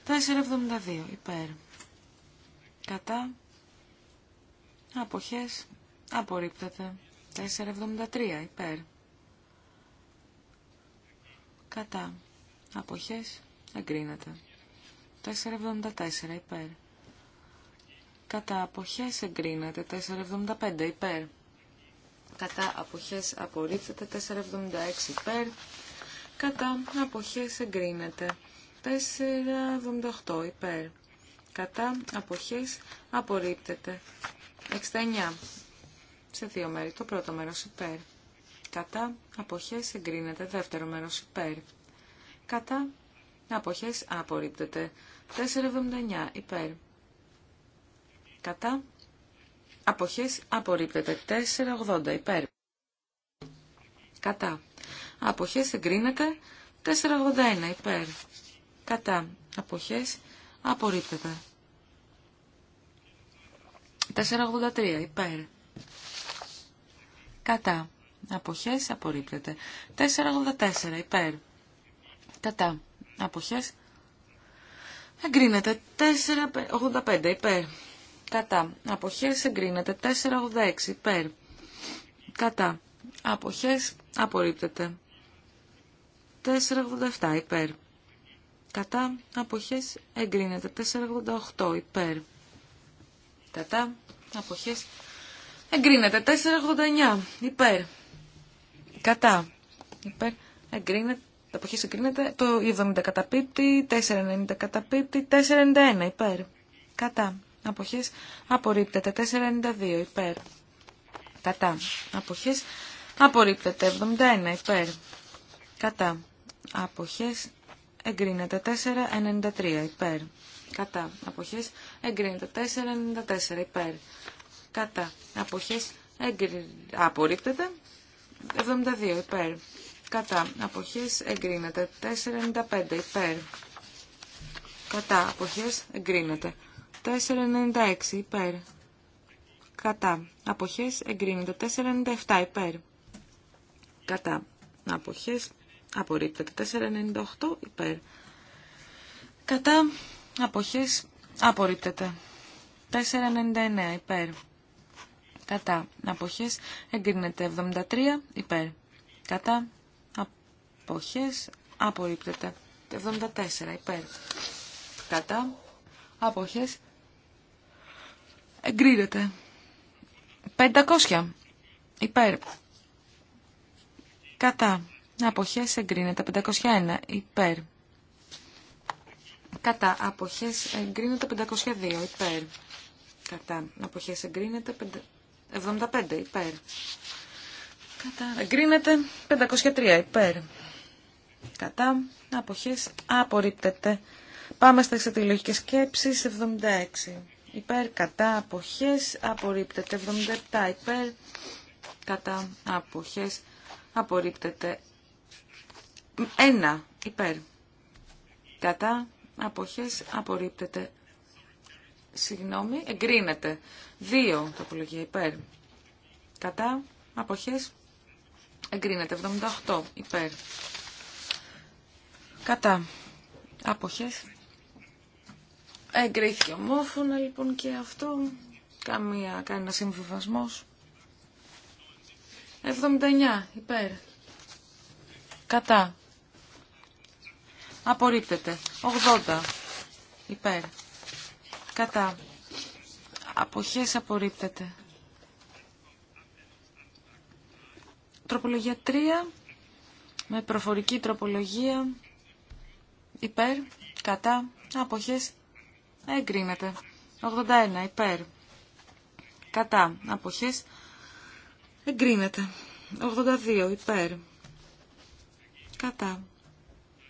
4,72 υπέρ. Κατά. Αποχές απορρίπτεται. 4,73 υπέρ. Κατά. Αποχές εγκρίνεται. 4,74 υπέρ. Κατά αποχές εγκρίνεται 4,75 υπέρ. Κατά αποχές απορρίπτεται 4,76 υπέρ. Κατά αποχές εγκρίνεται 4,78 υπέρ. Κατά αποχές απορρίπτεται 69 σε δύο μέρη. Το πρώτο μέρος υπέρ. Κατά αποχές εγκρίνεται δεύτερο μέρος υπέρ. Κατά αποχές απορρίπτεται 4,79 υπέρ. Κατά. Αποχές απορρίπτεται. 4,80 υπέρ. Κατά. Αποχές εγκρίνεται. 4,81 υπέρ. Κατά. Αποχές απορρίπτεται. 4,83 υπέρ. Κατά. Αποχές απορρίπτεται. 4,84 υπέρ. Κατά. Αποχές Εγκρίνεται 4,85 υπέρ. Κατά. Αποχές εγκρίνεται 4,86 υπέρ. Κατά. Αποχές απορρίπτεται. 4,87 υπέρ. Κατά. Αποχές εγκρίνεται 4,88 υπέρ. Κατά. Αποχές εγκρίνεται 4,89 υπέρ. Κατά. Υπέρ. Εγκρίνεται εποχή εγκρίνεται. Το 70 καταπίπτει, 490 καταπίπτει, 491 υπέρ. Κατά. Αποχέ απορρίπτεται. 492 υπέρ. Κατά. Αποχέ απορρίπτεται. 71 υπέρ. Κατά. Αποχέ εγκρίνεται. 493 υπέρ. Κατά. Αποχέ εγκρίνεται. 494 υπέρ. Κατά. απόχέ. εγκρίνεται. Απορρίπτεται. 72 υπέρ κατά αποχές εγκρίνεται 4,95 υπέρ κατά αποχές εγκρίνεται 4,96 υπέρ κατά αποχές εγκρίνεται 4,97 υπέρ κατά αποχές απορρίπτεται 4,98 υπέρ κατά αποχές απορρίπτεται 4,99 υπέρ κατά αποχές εγκρίνεται 73 υπέρ κατά αποχές απορρίπτεται. 74 υπέρ κατά αποχές εγκρίνεται. 500 υπέρ κατά αποχές εγκρίνεται. 501 υπέρ κατά αποχές εγκρίνεται. 502 υπέρ κατά αποχές εγκρίνεται. 75 υπέρ. Κατά. Εγκρίνεται 503 υπέρ κατά, αποχές, απορρίπτεται. Πάμε στα εξατηλογικές σκέψει. 76. Υπέρ, κατά, αποχές, απορρίπτεται. 77. Υπέρ, κατά, αποχές, απορρίπτεται. 1. Υπέρ, κατά, αποχές, απορρίπτεται. Συγγνώμη, εγκρίνεται. 2. Τοπολογία υπέρ. Κατά, αποχές, εγκρίνεται. 78. Υπέρ. Κατά. Άποχες. Εγκρίθηκε ομόφωνα λοιπόν και αυτό. Καμία, κανένα συμβιβασμός. 79 υπέρ. Κατά. Απορρίπτεται. 80 υπέρ. Κατά. Αποχές απορρίπτεται. Τροπολογία 3 με προφορική τροπολογία υπέρ, κατά, αποχές, εγκρίνεται. 81 υπέρ, κατά, αποχές, εγκρίνεται. 82 υπέρ, κατά,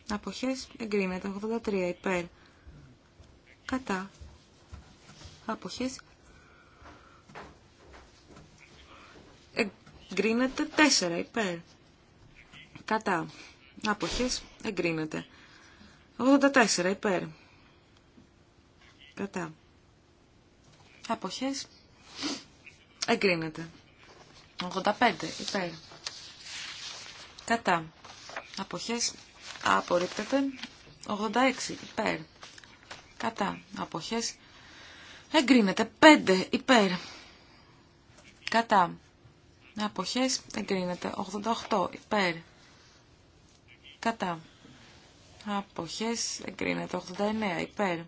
αποχές, εγκρίνεται. 83 υπέρ, κατά, αποχές, εγκρίνεται. 4 υπέρ, κατά, αποχές, εγκρίνεται. 84 υπέρ. Κατά. Αποχές. Εγκρίνεται. 85 υπέρ. Κατά. Αποχές. Απορρίπτεται. 86 υπέρ. Κατά. Αποχές. Εγκρίνεται. 5 υπέρ. Κατά. Αποχές. Εγκρίνεται. 88 υπέρ. Κατά. Αποχές εγκρίνεται. 89 υπέρ.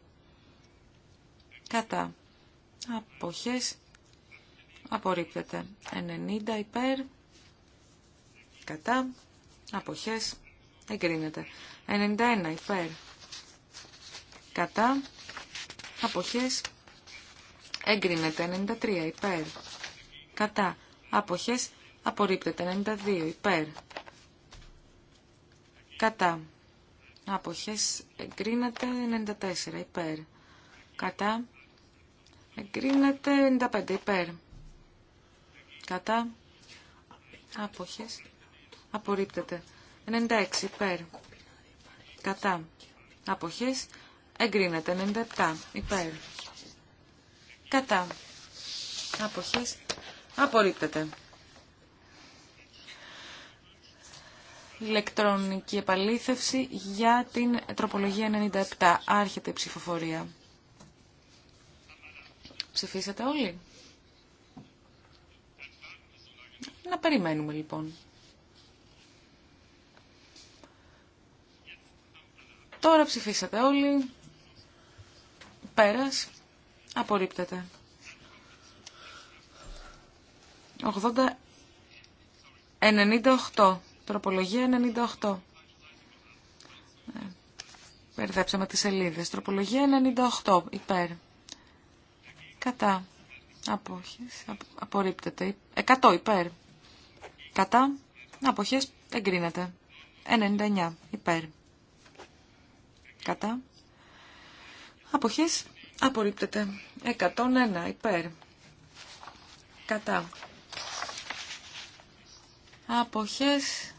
Κατά. Αποχές απορρίπτεται. 90 υπέρ. Κατά. Αποχές εγκρίνεται. 91 υπέρ. Κατά. Αποχές εγκρίνεται. 93 υπέρ. Κατά. Αποχές απορρίπτεται. 92 υπέρ. Κατά. Άποχες εγκρίνεται 94 υπέρ. Κατά. Εγκρίνεται 95 υπέρ. Κατά. Άποχες. Απορρίπτεται. 96 υπέρ. Κατά. Άποχες. Εγκρίνεται 97 υπέρ. Κατά. Άποχες. Απορρίπτεται. ηλεκτρονική επαλήθευση για την τροπολογία 97. Άρχεται η ψηφοφορία. Ψηφίσατε όλοι. Να περιμένουμε λοιπόν. Τώρα ψηφίσατε όλοι. Πέρας. Απορρίπτεται. 80. 98. Τροπολογία 98. Ναι. Περδέψαμε τις σελίδες. Τροπολογία 98. Υπέρ. Κατά. Απόχες. Απορρίπτεται. 100 υπέρ. Κατά. Απόχες. Εγκρίνεται. 99 υπέρ. Κατά. Αποχές. Απορρίπτεται. 101 υπέρ. Κατά. Αποχές.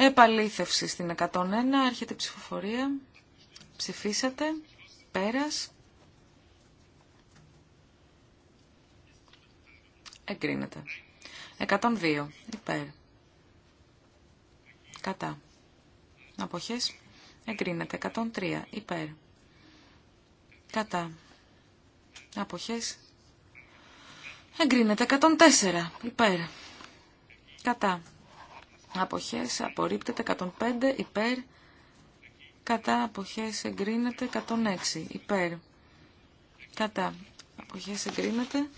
Επαλήθευση στην 101, έρχεται ψηφοφορία. Ψηφίσατε. Πέρας. Εγκρίνεται. 102. Υπέρ. Κατά. Αποχές. Εγκρίνεται. 103. Υπέρ. Κατά. Αποχές. Εγκρίνεται. 104. Υπέρ. Κατά αποχές απορρίπτεται 105 υπέρ κατά αποχές εγκρίνεται 106 υπέρ κατά αποχές εγκρίνεται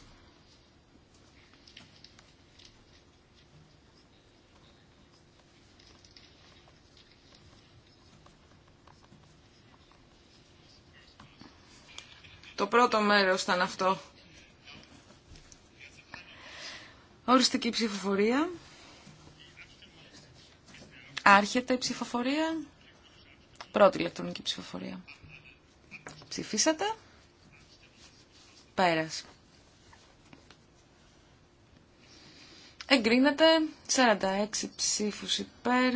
Το πρώτο μέρος ήταν αυτό. Οριστική ψηφοφορία. Άρχεται η ψηφοφορία. Πρώτη ηλεκτρονική ψηφοφορία. Ψηφίσατε. Πέρας. Εγκρίνεται 46 ψήφους υπέρ.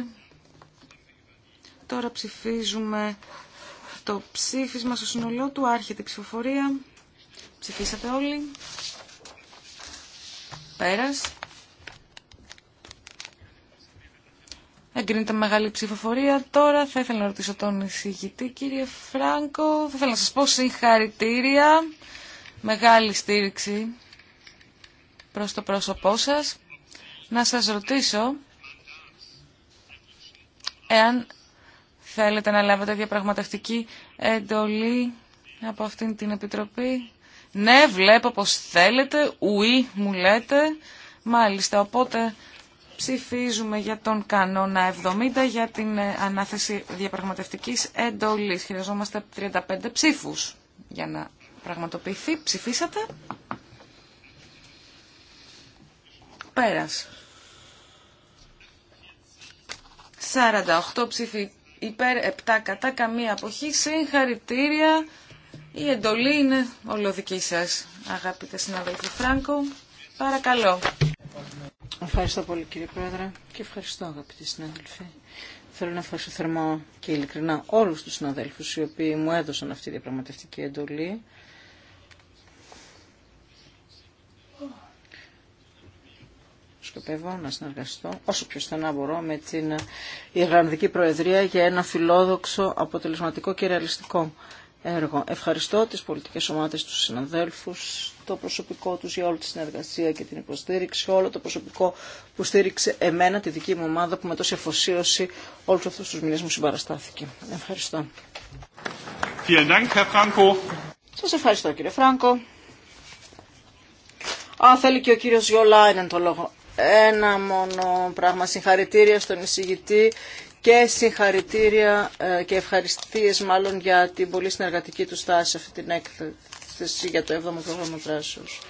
Τώρα ψηφίζουμε το ψήφισμα στο συνολό του. Άρχεται η ψηφοφορία. Ψηφίσατε όλοι. Πέρας. Εγκρίνεται μεγάλη ψηφοφορία. Τώρα θα ήθελα να ρωτήσω τον εισηγητή, κύριε Φράγκο. Θα ήθελα να σας πω συγχαρητήρια. Μεγάλη στήριξη προς το πρόσωπό σας. Να σας ρωτήσω εάν θέλετε να λάβετε διαπραγματευτική εντολή από αυτήν την Επιτροπή. Ναι, βλέπω πως θέλετε, ουί μου λέτε. Μάλιστα, οπότε ψηφίζουμε για τον κανόνα 70 για την ε, ανάθεση διαπραγματευτικής εντολής. Χρειαζόμαστε 35 ψήφους για να πραγματοποιηθεί. Ψηφίσατε. Πέρας. 48 ψήφοι υπέρ, 7 κατά, καμία αποχή. Συγχαρητήρια. Η εντολή είναι ολοδική σας, αγαπητέ συναδέλφοι Φράγκο. Παρακαλώ. Ευχαριστώ πολύ κύριε Πρόεδρε και ευχαριστώ αγαπητοί συνάδελφοι. Θέλω να ευχαριστώ θερμά και ειλικρινά όλους τους συναδέλφους οι οποίοι μου έδωσαν αυτή τη διαπραγματευτική εντολή. Σκοπεύω να συνεργαστώ όσο πιο στενά μπορώ με την Ιρλανδική Προεδρία για ένα φιλόδοξο, αποτελεσματικό και ρεαλιστικό έργο. Ευχαριστώ τις πολιτικές ομάδες, τους συναδέλφους, το προσωπικό τους για όλη τη συνεργασία και την υποστήριξη, όλο το προσωπικό που στήριξε εμένα, τη δική μου ομάδα που με τόση εφοσίωση όλους αυτούς τους μήνες μου συμπαραστάθηκε. Ευχαριστώ. Σας ευχαριστώ κύριε Φράγκο. Α, θέλει και ο κύριος Γιολάινεν το λόγο. Ένα μόνο πράγμα συγχαρητήρια στον εισηγητή και συγχαρητήρια ε, και ευχαριστίες μάλλον για την πολύ συνεργατική του στάση αυτή την έκθεση για το 7ο πρόγραμμα δράσεως.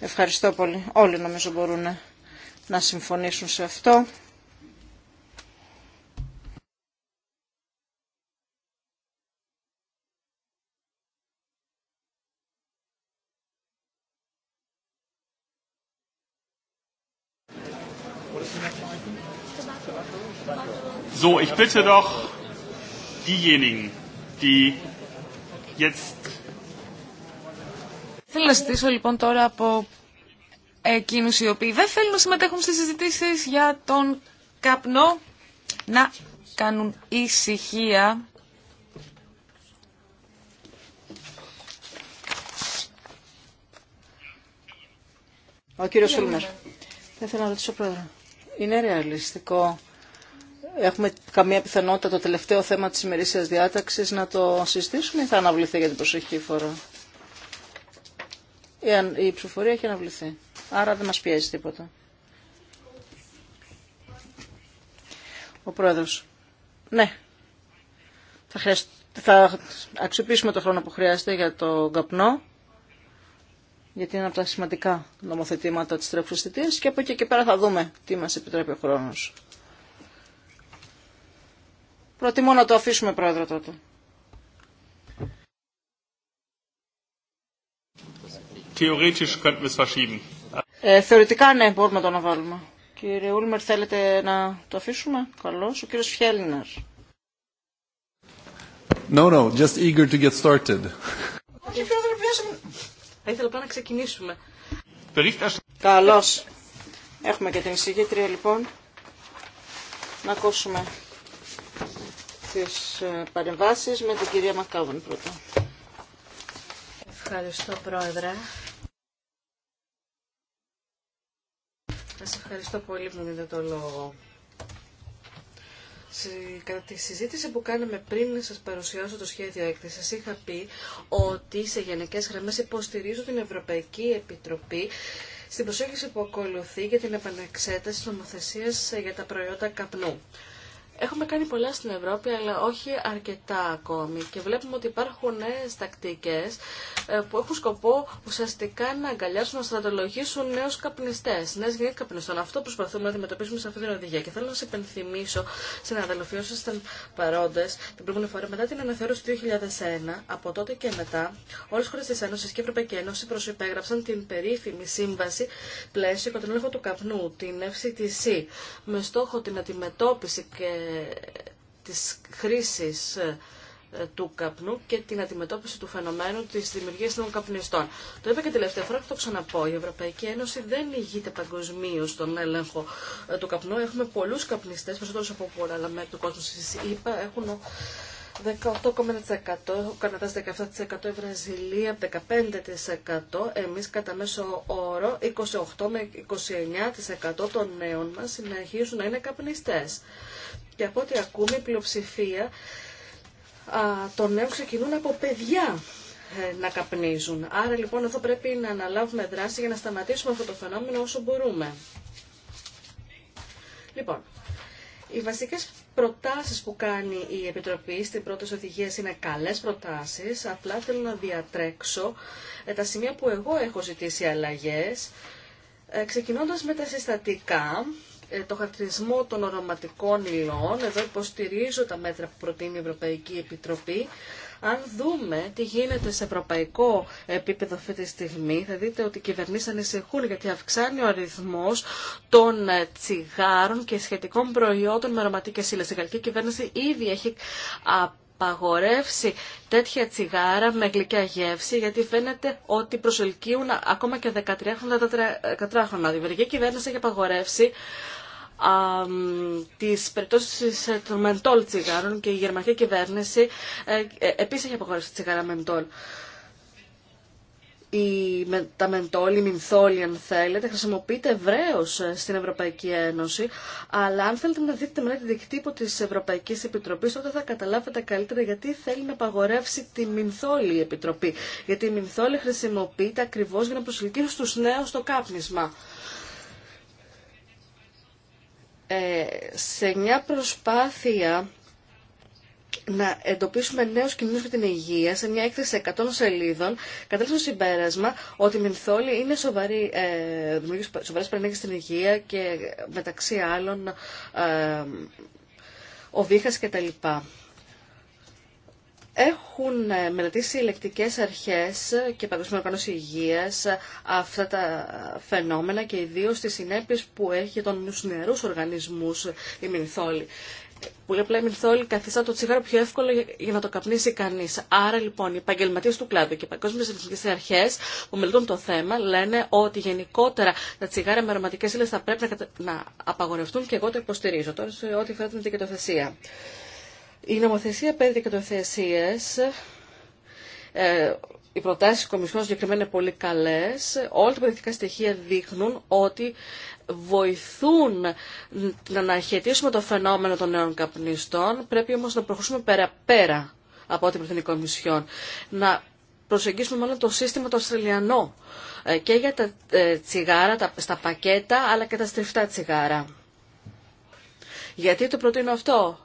Ευχαριστώ πολύ. Όλοι νομίζω μπορούν να συμφωνήσουν σε αυτό. So, ich bitte doch diejenigen, die jetzt. Θέλω να ζητήσω λοιπόν τώρα από εκείνους οι οποίοι δεν θέλουν να συμμετέχουν στις συζητήσεις για τον καπνό να κάνουν ησυχία. Ο κύριος Σούλμερ. Θα ήθελα να ρωτήσω πρόεδρο. Είναι ρεαλιστικό έχουμε καμία πιθανότητα το τελευταίο θέμα της ημερήσιας διάταξης να το συζητήσουμε ή θα αναβληθεί για την προσεχή φορά. Η ψηφοφορία έχει αναβληθεί. Άρα δεν μας πιέζει τίποτα. Ο πρόεδρος. Ναι. Θα, θα αξιοποιήσουμε το χρόνο που χρειάζεται για το καπνό. Γιατί είναι από τα σημαντικά νομοθετήματα της τρέχουσας Και από εκεί και πέρα θα δούμε τι μας επιτρέπει ο χρόνος. Προτιμώ να το αφήσουμε πρόεδρο τότε. Ε, θεωρητικά ναι, μπορούμε να το αναβάλουμε. Κύριε Ούλμερ, θέλετε να το αφήσουμε. Καλώς. Ο κύριος Φιέλνερ. No, no, just eager to get started. να ξεκινήσουμε. Καλώς. Έχουμε και την εισηγήτρια, λοιπόν. Να ακούσουμε τις ε, παρεμβάσεις με την κυρία Μακάβων πρώτα. Ευχαριστώ Πρόεδρε. Σας ευχαριστώ πολύ που μου το λόγο. Κατά τη συζήτηση που κάναμε πριν να σας παρουσιάσω το σχέδιο έκθεση, είχα πει ότι σε γενικές γραμμές υποστηρίζω την Ευρωπαϊκή Επιτροπή στην προσέγγιση που ακολουθεί για την επανεξέταση νομοθεσίας για τα προϊόντα καπνού. Έχουμε κάνει πολλά στην Ευρώπη, αλλά όχι αρκετά ακόμη. Και βλέπουμε ότι υπάρχουν νέε τακτικέ ε, που έχουν σκοπό ουσιαστικά να αγκαλιάσουν, να στρατολογήσουν νέου καπνιστέ, νέε γενιέ καπνιστών. Αυτό προσπαθούμε να αντιμετωπίσουμε σε αυτή την οδηγία. Και θέλω να σα υπενθυμίσω, συναδελφοί, όσοι ήταν παρόντε την προηγούμενη φορά, μετά την αναθεώρηση του 2001, από τότε και μετά, όλε οι χώρε τη Ένωση και η Ευρωπαϊκή Ένωση προσυπέγραψαν την περίφημη σύμβαση πλαίσιο κατά τον του καπνού, την FCTC, με στόχο την αντιμετώπιση της χρήσης ε, του καπνού και την αντιμετώπιση του φαινομένου της δημιουργίας των καπνιστών. Το είπα και τελευταία φορά και το ξαναπώ. Η Ευρωπαϊκή Ένωση δεν ηγείται παγκοσμίω στον έλεγχο ε, του καπνού. Έχουμε πολλούς καπνιστές, περισσότερους από πολλά, αλλά μέρη του κόσμου στις έχουν 18,1%, ο Καναδάς 17%, η Βραζιλία 15%, εμείς κατά μέσο όρο 28 με 29% των νέων μας συνεχίζουν να είναι καπνιστές και από ό,τι ακούμε η πλειοψηφία των νέων ξεκινούν από παιδιά ε, να καπνίζουν. Άρα λοιπόν εδώ πρέπει να αναλάβουμε δράση για να σταματήσουμε αυτό το φαινόμενο όσο μπορούμε. Λοιπόν, οι βασικές προτάσεις που κάνει η Επιτροπή στην πρώτη οδηγία είναι καλές προτάσεις, απλά θέλω να διατρέξω ε, τα σημεία που εγώ έχω ζητήσει αλλαγές, ε, ξεκινώντας με τα συστατικά ε, το χαρακτηρισμό των οροματικών υλών. Εδώ υποστηρίζω τα μέτρα που προτείνει η Ευρωπαϊκή Επιτροπή. Αν δούμε τι γίνεται σε ευρωπαϊκό επίπεδο αυτή τη στιγμή, θα δείτε ότι οι κυβερνήσει ανησυχούν γιατί αυξάνει ο αριθμό των ε, τσιγάρων και σχετικών προϊόντων με αρωματικέ ύλε. Η γαλλική κυβέρνηση ήδη έχει απαγορεύσει τέτοια τσιγάρα με γλυκιά γεύση, γιατί φαίνεται ότι προσελκύουν ακόμα και 13 χρόνια, χρόνια. Η κυβέρνηση έχει απαγορεύσει τι περιπτώσει ε, των μεντόλ τσιγάρων και η γερμανική κυβέρνηση ε, ε, επίση έχει τη τσιγάρα μεντόλ. Η, με, τα μεντόλ, η μυνθόλη αν θέλετε, χρησιμοποιείται ευρέω στην Ευρωπαϊκή Ένωση, αλλά αν θέλετε να δείτε μετά την δικτύπο τη Ευρωπαϊκή Επιτροπή, τότε θα καταλάβετε καλύτερα γιατί θέλει να απαγορεύσει τη μυνθόλη η Επιτροπή. Γιατί η μυνθόλη χρησιμοποιείται ακριβώ για να προσελκύσει του νέου το κάπνισμα. Ε, σε μια προσπάθεια να εντοπίσουμε νέους κινδύνου για την υγεία σε μια έκθεση 100 σελίδων, κατέληξε στο συμπέρασμα ότι η μυνθόλη είναι σοβαρή, ε, δημιουργεί σοβαρές παρενέργειες στην υγεία και μεταξύ άλλων ε, ο βήχας κτλ έχουν ε, μελετήσει οι λεκτικές αρχές και η Παγκοσμία Οργάνωση Υγείας ε, αυτά τα φαινόμενα και ιδίως τις συνέπειες που έχει για τους νερούς οργανισμούς ε, η μυνθόλη. Πολύ απλά η μυνθόλη καθιστά το τσιγάρο πιο εύκολο για να το καπνίσει κανεί. Άρα λοιπόν οι επαγγελματίε του κλάδου και οι παγκόσμιε ρυθμιστικέ αρχέ που μελετούν το θέμα λένε ότι γενικότερα τα τσιγάρα με αρωματικέ ύλε θα πρέπει να απαγορευτούν και εγώ το υποστηρίζω. Τώρα σε ό,τι φέρνει την δικαιοθεσία. Η νομοθεσία περί το ε, οι προτάσει της Κομισιόν συγκεκριμένα είναι πολύ καλέ. Όλα τα πολιτικά στοιχεία δείχνουν ότι βοηθούν να αναχαιτήσουμε το φαινόμενο των νέων καπνιστών. Πρέπει όμω να προχωρήσουμε πέρα-πέρα από ό,τι προτείνει η Κομισιόν. Να προσεγγίσουμε μάλλον το σύστημα το Αυστραλιανό ε, και για τα ε, τσιγάρα, τα, στα πακέτα, αλλά και τα στριφτά τσιγάρα. Γιατί το προτείνω αυτό.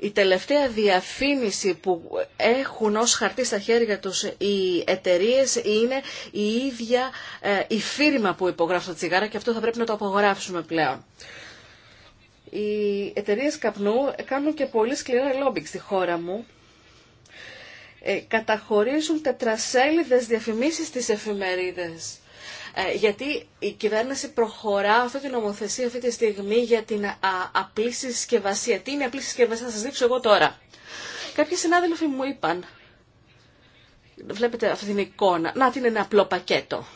η τελευταία διαφήμιση που έχουν ως χαρτί στα χέρια τους οι εταιρείε είναι η ίδια ε, η φύρημα που υπογράφει τα τσιγάρα και αυτό θα πρέπει να το απογράψουμε πλέον. Οι εταιρείε καπνού κάνουν και πολύ σκληρά λόμπινγκ στη χώρα μου. Ε, καταχωρίζουν τετρασέλιδες διαφημίσεις στις εφημερίδες ε, γιατί η κυβέρνηση προχωρά αυτή την νομοθεσία αυτή τη στιγμή για την απλή συσκευασία. Τι είναι απλή συσκευασία, θα σας δείξω εγώ τώρα. Κάποιοι συνάδελφοι μου είπαν, βλέπετε αυτή την εικόνα, να την είναι ένα απλό πακέτο.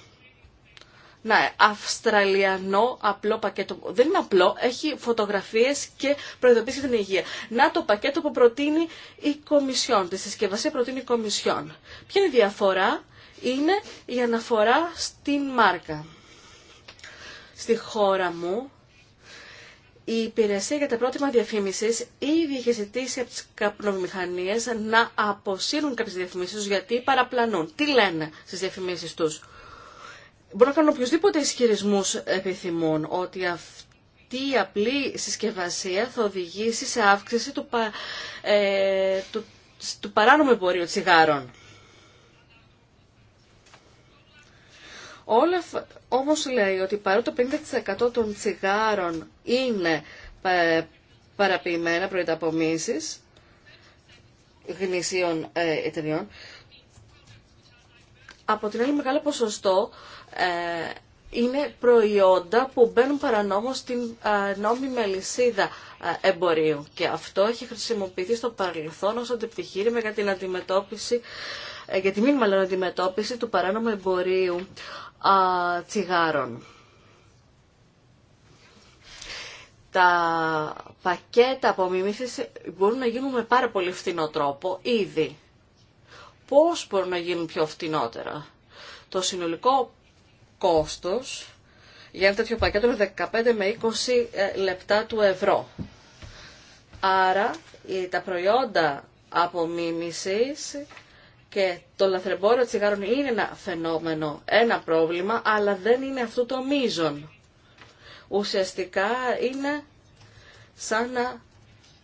Να, αυστραλιανό απλό πακέτο. Δεν είναι απλό, έχει φωτογραφίες και προειδοποίηση για την υγεία. Να το πακέτο που προτείνει η Κομισιόν, τη συσκευασία προτείνει η Κομισιόν. Ποια είναι η διαφορά είναι η αναφορά στην μάρκα. Στη χώρα μου, η υπηρεσία για τα πρότυπα διαφήμιση ήδη είχε ζητήσει από τι καπνοβιομηχανίε να αποσύρουν κάποιε διαφημίσει γιατί παραπλανούν. Τι λένε στι διαφημίσει του. Μπορούν να κάνουν οποιοδήποτε ισχυρισμού επιθυμούν ότι αυτή η απλή συσκευασία θα οδηγήσει σε αύξηση του, πα, ε, του, του παράνομου εμπορίου τσιγάρων. Όλα όμως λέει ότι παρότι το 50% των τσιγάρων είναι ε, παραποιημένα προϊταπομίσεις γνησίων ε, εταιριών, από την άλλη μεγάλο ποσοστό ε, είναι προϊόντα που μπαίνουν παρανόμως στην νόμιμη αλυσίδα εμπορίου. Και αυτό έχει χρησιμοποιηθεί στο παρελθόν ως αντεπιχείρημα για την αντιμετώπιση ε, για τη μήνυμα αντιμετώπιση του παράνομου εμπορίου α, τσιγάρων. Τα πακέτα απομιμήσεις μπορούν να γίνουν με πάρα πολύ φθηνό τρόπο ήδη. Πώς μπορούν να γίνουν πιο φθηνότερα. Το συνολικό κόστος για ένα τέτοιο πακέτο είναι 15 με 20 ε, λεπτά του ευρώ. Άρα τα προϊόντα απομίμησης και το λαθρεμπόριο τσιγάρων είναι ένα φαινόμενο, ένα πρόβλημα, αλλά δεν είναι αυτό το μείζον. Ουσιαστικά είναι σαν να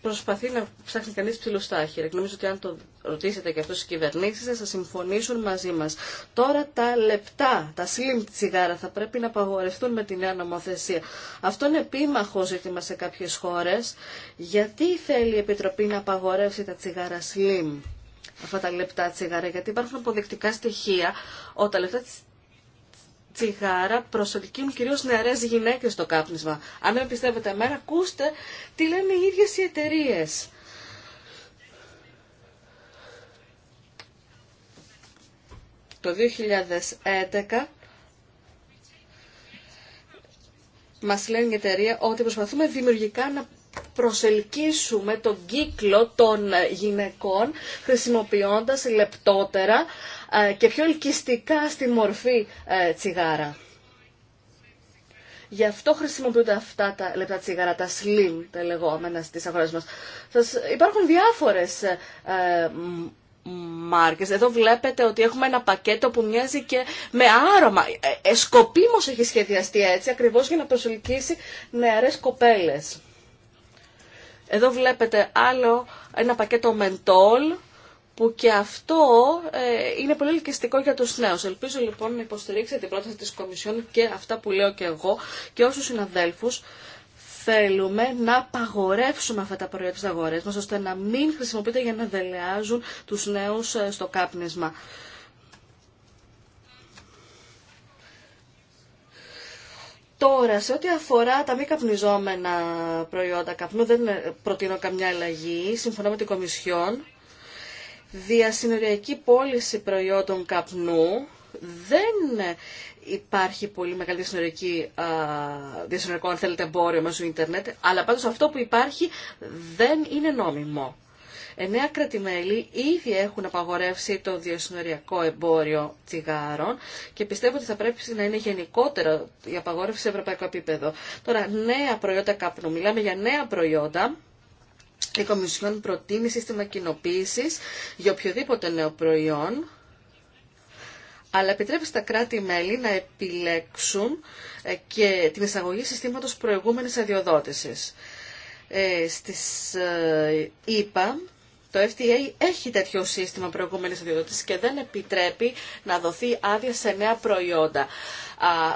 προσπαθεί να ψάχνει κανείς ψηλοστάχυρα. Νομίζω ότι αν το ρωτήσετε και αυτούς οι κυβερνήσεις θα συμφωνήσουν μαζί μας. Τώρα τα λεπτά, τα slim τσιγάρα θα πρέπει να απαγορευτούν με τη νέα νομοθεσία. Αυτό είναι επίμαχο ζήτημα σε κάποιες χώρες. Γιατί θέλει η Επιτροπή να απαγορεύσει τα τσιγάρα slim αυτά τα λεπτά τσιγάρα, γιατί υπάρχουν αποδεικτικά στοιχεία ότι τα λεπτά τσιγάρα προσελκύουν κυρίω νεαρέ γυναίκε στο κάπνισμα. Αν δεν πιστεύετε εμένα, ακούστε τι λένε οι ίδιε οι εταιρείε. Το 2011 μας λένε η εταιρεία ότι προσπαθούμε δημιουργικά να προσελκύσουμε τον κύκλο των γυναικών χρησιμοποιώντας λεπτότερα ε, και πιο ελκυστικά στη μορφή ε, τσιγάρα. Γι' αυτό χρησιμοποιούνται αυτά τα λεπτά τσιγάρα, τα slim, τα λεγόμενα στις αγορές μας. υπάρχουν διάφορες ε, μάρκες. Εδώ βλέπετε ότι έχουμε ένα πακέτο που μοιάζει και με άρωμα. Ε, ε έχει σχεδιαστεί έτσι, ακριβώς για να προσελκύσει νεαρές κοπέλες. Εδώ βλέπετε άλλο ένα πακέτο μεντόλ που και αυτό ε, είναι πολύ ελκυστικό για τους νέους. Ελπίζω λοιπόν να υποστηρίξετε την πρόταση της Κομισιόν και αυτά που λέω και εγώ και όσους συναδέλφους θέλουμε να παγορεύσουμε αυτά τα προϊόντα στις αγορές μας ώστε να μην χρησιμοποιείται για να δελεάζουν τους νέους ε, στο κάπνισμα. Τώρα, σε ό,τι αφορά τα μη καπνιζόμενα προϊόντα καπνού, δεν προτείνω καμιά αλλαγή, συμφωνώ με την Κομισιόν. Διασυνοριακή πώληση προϊόντων καπνού δεν υπάρχει πολύ μεγάλη διασυνοριακή, διασυνοριακό αν θέλετε εμπόριο μέσω ίντερνετ, αλλά πάντως αυτό που υπάρχει δεν είναι νόμιμο. Εννέα κρατημέλη ήδη έχουν απαγορεύσει το διασυνοριακό εμπόριο τσιγάρων και πιστεύω ότι θα πρέπει να είναι γενικότερο η απαγόρευση σε ευρωπαϊκό επίπεδο. Τώρα, νέα προϊόντα καπνού. Μιλάμε για νέα προϊόντα η Κομισιόν προτείνει σύστημα κοινοποίηση για οποιοδήποτε νέο προϊόν, αλλά επιτρέπει στα κράτη-μέλη να επιλέξουν ε, και την εισαγωγή συστήματος προηγούμενης αδειοδότησης. Ε, στις ε, το FDA έχει τέτοιο σύστημα προηγούμενη αδειοδότησης και δεν επιτρέπει να δοθεί άδεια σε νέα προϊόντα.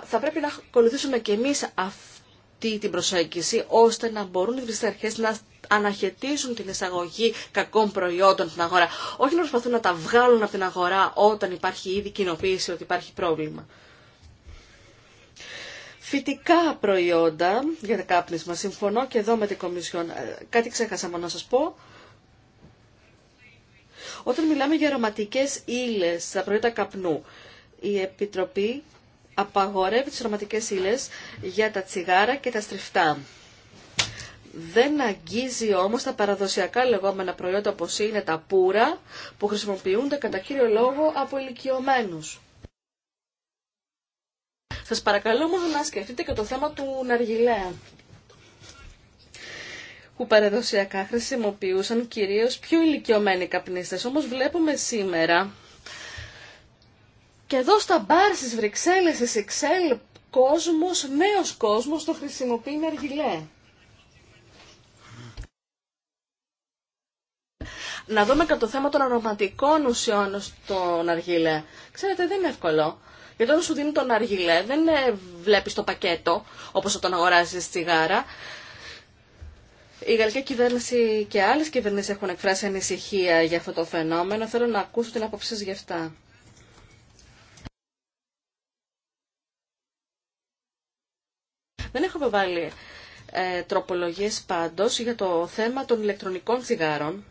θα πρέπει να ακολουθήσουμε και εμεί αυτή την προσέγγιση, ώστε να μπορούν οι αρχέ να αναχαιτίζουν την εισαγωγή κακών προϊόντων στην αγορά. Όχι να προσπαθούν να τα βγάλουν από την αγορά όταν υπάρχει ήδη κοινοποίηση ότι υπάρχει πρόβλημα. Φυτικά προϊόντα για τα κάπνισμα. Συμφωνώ και εδώ με την Κομισιόν. Ε, κάτι ξέχασα μόνο να σας πω. Όταν μιλάμε για αρωματικές ύλες στα προϊόντα καπνού, η Επιτροπή απαγορεύει τις αρωματικές ύλες για τα τσιγάρα και τα στριφτά. Δεν αγγίζει όμως τα παραδοσιακά λεγόμενα προϊόντα όπως είναι τα πουρα που χρησιμοποιούνται κατά κύριο λόγο από ηλικιωμένους. Σας παρακαλώ όμως να σκεφτείτε και το θέμα του ναργιλέα που παραδοσιακά χρησιμοποιούσαν κυρίως πιο ηλικιωμένοι καπνίστες. Όμως βλέπουμε σήμερα και εδώ στα μπαρ στις Βρυξέλλες, στις Εξέλ, κόσμος, νέος κόσμος το χρησιμοποιεί με αργυλέ. Να δούμε κατά το θέμα των αρωματικών ουσιών στον αργυλέ. Ξέρετε, δεν είναι εύκολο. Γιατί όταν σου δίνει τον αργυλέ, δεν ε, βλέπεις το πακέτο, όπως όταν αγοράζεις τσιγάρα. Η γαλλική κυβέρνηση και άλλες κυβερνήσεις έχουν εκφράσει ανησυχία για αυτό το φαινόμενο. Θέλω να ακούσω την άποψή σας γι' αυτά. Δεν έχω βάλει ε, τροπολογίες πάντως για το θέμα των ηλεκτρονικών τσιγάρων.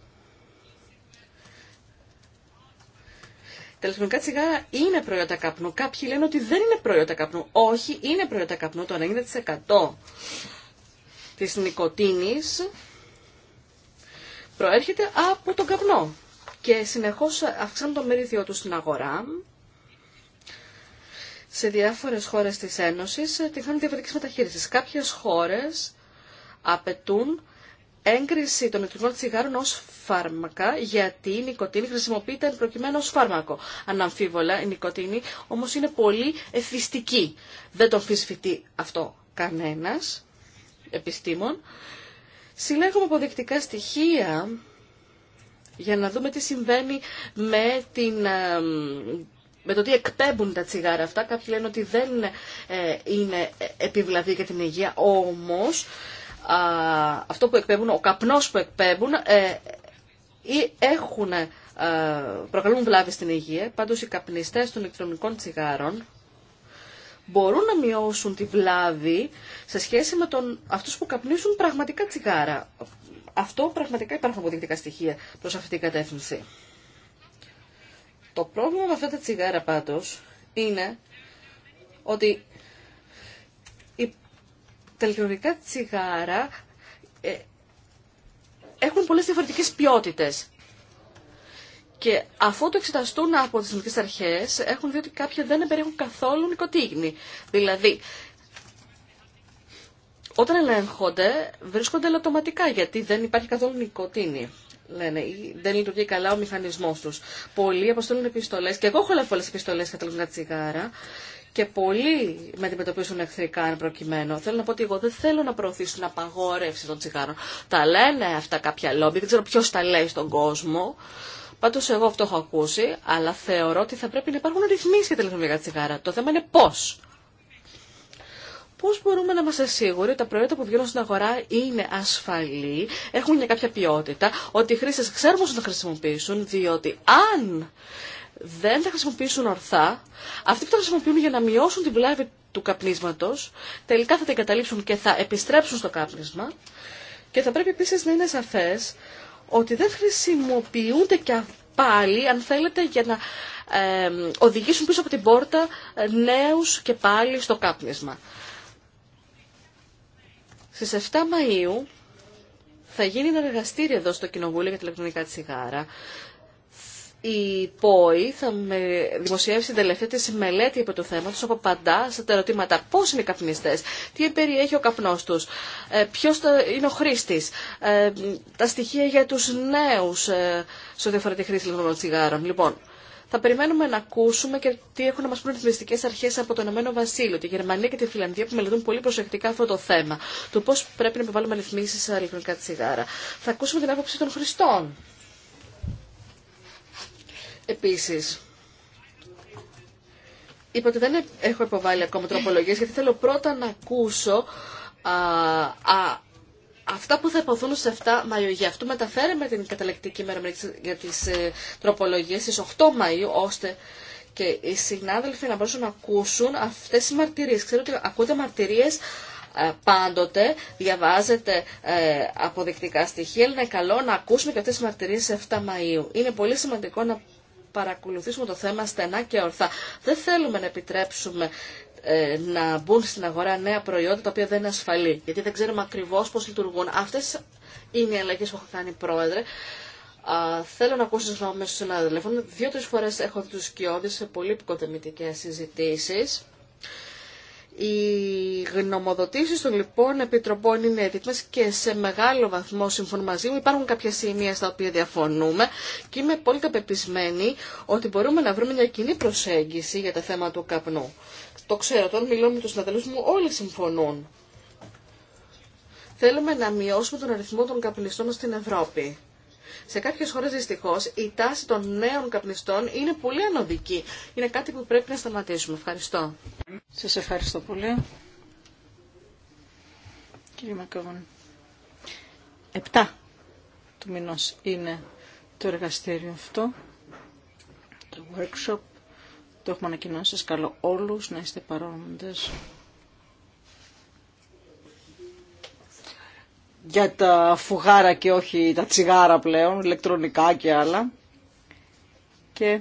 Τα ηλεκτρονικά τσιγάρα είναι προϊόντα καπνού. Κάποιοι λένε ότι δεν είναι προϊόντα καπνού. Όχι, είναι προϊόντα καπνού το 90% της νικοτίνης προέρχεται από τον καπνό και συνεχώς αυξάνουν το μερίδιό του στην αγορά. Σε διάφορες χώρες της Ένωσης τη διαφορετική διαφορετικές μεταχείρισης. Κάποιες χώρες απαιτούν έγκριση των ηλεκτρικών τσιγάρων ως φάρμακα, γιατί η νοικοτήνη χρησιμοποιείται εν προκειμένου ως φάρμακο. Αναμφίβολα η νοικοτήνη όμως είναι πολύ εθιστική. Δεν τον φυσφυτεί αυτό κανένας επιστήμων, συλλέγουμε αποδεικτικά στοιχεία για να δούμε τι συμβαίνει με, την, ε, με το τι εκπέμπουν τα τσιγάρα αυτά. Κάποιοι λένε ότι δεν ε, είναι επιβλαβή για την υγεία, όμως αυτό που εκπέμπουν, ο καπνός που εκπέμπουν, ε, ή έχουν, προκαλούν βλάβη στην υγεία. Πάντως οι καπνιστές των ηλεκτρονικών τσιγάρων μπορούν να μειώσουν τη βλάβη σε σχέση με τον, αυτούς που καπνίζουν πραγματικά τσιγάρα. Αυτό πραγματικά υπάρχουν αποδεικτικά στοιχεία προς αυτή την κατεύθυνση. Το πρόβλημα με αυτά τα τσιγάρα πάντως είναι ότι οι τελειωνικά τσιγάρα ε, έχουν πολλές διαφορετικές ποιότητες. Και αφού το εξεταστούν από τι εθνικές αρχέ, έχουν δει ότι κάποιοι δεν περιέχουν καθόλου νοικοτήγνη. Δηλαδή, όταν ελέγχονται, βρίσκονται ελαττωματικά, γιατί δεν υπάρχει καθόλου νοικοτήνη. Λένε, ή δεν λειτουργεί καλά ο μηχανισμό του. Πολλοί αποστέλουν επιστολέ, και εγώ έχω λάβει πολλέ επιστολέ κατά τσιγάρα, και πολλοί με αντιμετωπίζουν εχθρικά εν προκειμένου. Θέλω να πω ότι εγώ δεν θέλω να προωθήσω την απαγόρευση των τσιγάρων. Τα λένε αυτά κάποια λόμπι, δεν ξέρω ποιο τα λέει στον κόσμο. Πάντω εγώ αυτό έχω ακούσει, αλλά θεωρώ ότι θα πρέπει να υπάρχουν ρυθμίσει για τα ηλεκτρονικά τσιγάρα. Το θέμα είναι πώ. Πώ μπορούμε να είμαστε σίγουροι ότι τα προϊόντα που βγαίνουν στην αγορά είναι ασφαλή, έχουν μια κάποια ποιότητα, ότι οι χρήστε ξέρουν πώ να χρησιμοποιήσουν, διότι αν δεν τα χρησιμοποιήσουν ορθά, αυτοί που τα χρησιμοποιούν για να μειώσουν την βλάβη του καπνίσματο, τελικά θα την καταλήψουν και θα επιστρέψουν στο κάπνισμα. Και θα πρέπει επίση να είναι σαφέ, ότι δεν χρησιμοποιούνται και πάλι, αν θέλετε, για να οδηγήσουν πίσω από την πόρτα ε, νέους και πάλι στο κάπνισμα. Στις 7 Μαΐου θα γίνει ένα εργαστήριο εδώ στο Κοινοβούλιο για τα ηλεκτρονικά τσιγάρα η ΠΟΗ θα δημοσιεύσει την τελευταία τη μελέτη από το θέμα του απαντά σε τα ερωτήματα πώς είναι οι καπνιστές, τι περιέχει ο καπνός τους, ε, ποιος είναι ο χρήστης, ε, τα στοιχεία για τους νέους ε, σε ό,τι αφορά τη χρήση των τσιγάρων. Λοιπόν, θα περιμένουμε να ακούσουμε και τι έχουν να μα πούν οι ρυθμιστικέ αρχέ από το Ηνωμένο Βασίλειο, τη Γερμανία και τη Φιλανδία που μελετούν πολύ προσεκτικά αυτό το θέμα. Το πώ πρέπει να επιβάλλουμε ρυθμίσει σε ηλεκτρονικά τσιγάρα. Θα ακούσουμε την άποψη των χρηστών Επίσης, είπα ότι δεν έχω υποβάλει ακόμα τροπολογίες γιατί θέλω πρώτα να ακούσω α, α, αυτά που θα υποθούν σε 7 Μαΐου. Γι' αυτό μεταφέρεμε την καταλεκτική μέρα για τις ε, τροπολογίες στις 8 Μαΐου, ώστε και οι συνάδελφοι να μπορούν να ακούσουν αυτές τις μαρτυρίες. Ξέρω ότι ακούτε μαρτυρίες ε, πάντοτε, διαβάζετε ε, αποδεικτικά στοιχεία, είναι καλό να ακούσουμε και αυτές τις μαρτυρίες σε 7 Μαΐου. Είναι πολύ σημαντικό να παρακολουθήσουμε το θέμα στενά και ορθά. Δεν θέλουμε να επιτρέψουμε ε, να μπουν στην αγορά νέα προϊόντα τα οποία δεν είναι ασφαλή. Γιατί δεν ξέρουμε ακριβώ πώ λειτουργούν. Αυτέ είναι οι αλλαγέ που έχω κάνει, Πρόεδρε. Α, θέλω να ακούσω τι γνώμε του συναδέλφων. Δύο-τρει φορέ έχω δει του σκιώδει σε πολύ επικοδομητικέ συζητήσει. Οι γνωμοδοτήσει των λοιπόν επιτροπών είναι έτοιμε και σε μεγάλο βαθμό συμφωνώ μαζί μου. Υπάρχουν κάποια σημεία στα οποία διαφωνούμε και είμαι πολύ καπεπισμένη ότι μπορούμε να βρούμε μια κοινή προσέγγιση για τα θέματα του καπνού. Το ξέρω, όταν μιλώ με του συναδέλφου μου, όλοι συμφωνούν. Θέλουμε να μειώσουμε τον αριθμό των καπνιστών στην Ευρώπη. Σε κάποιε χώρε δυστυχώ η τάση των νέων καπνιστών είναι πολύ ανωδική. Είναι κάτι που πρέπει να σταματήσουμε. Ευχαριστώ. Σα ευχαριστώ πολύ. Κύριε Μακαβόν. Επτά του μηνό είναι το εργαστήριο αυτό, το workshop. Το έχουμε ανακοινώσει. Σας καλώ όλους να είστε παρόντες. για τα φουγάρα και όχι τα τσιγάρα πλέον, ηλεκτρονικά και άλλα. Και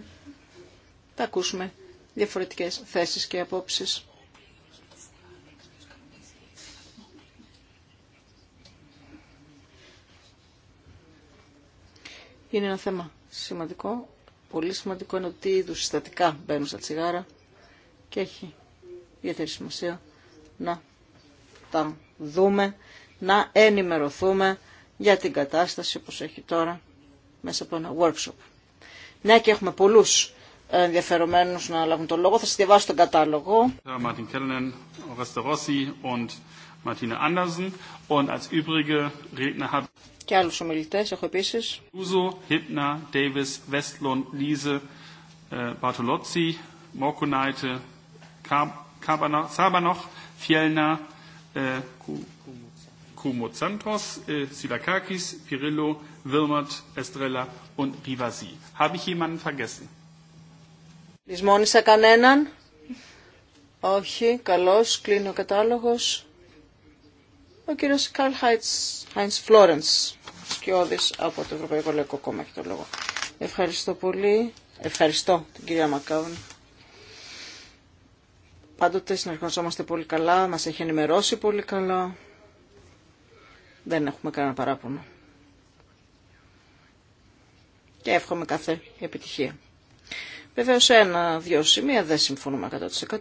θα ακούσουμε διαφορετικές θέσεις και απόψεις. Είναι ένα θέμα σημαντικό. Πολύ σημαντικό είναι ότι είδου συστατικά μπαίνουν στα τσιγάρα και έχει ιδιαίτερη σημασία να τα δούμε να ενημερωθούμε για την κατάσταση που έχει τώρα μέσα από ένα workshop. Ναι και έχουμε πολλούς ενδιαφερομένους να λάβουν τον λόγο. Θα σας διαβάσω τον κατάλογο. Martin Kellenen, und Martina Andersen und als übrige Redner και άλλους ομιλητές έχω επίσης. Χίπνα, Ντέιβις, Βέστλον, Λίζε, Μπαρτολότσι, Μόκουνάιτε, Morkonaite, Φιέλνα, Κουμπού. Koumoutsantos, äh, Silakakis, Pirillo, Wilmot, Estrella und Rivasi. Habe ich jemanden vergessen? Λυσμόνισα κανέναν. Όχι, καλώς, κλείνει ο κατάλογος. Ο κύριος Καρλ Χάιντς Φλόρενς, σκιώδης από το Ευρωπαϊκό Λαϊκό Κόμμα, έχει το λόγο. Ευχαριστώ πολύ. Ευχαριστώ την κυρία Μακάβων. Πάντοτε συνεργαζόμαστε πολύ καλά, μας έχει ενημερώσει πολύ καλά δεν έχουμε κανένα παράπονο. Και εύχομαι κάθε επιτυχία. Βεβαίως σε ένα-δυο σημεία δεν συμφωνούμε 100%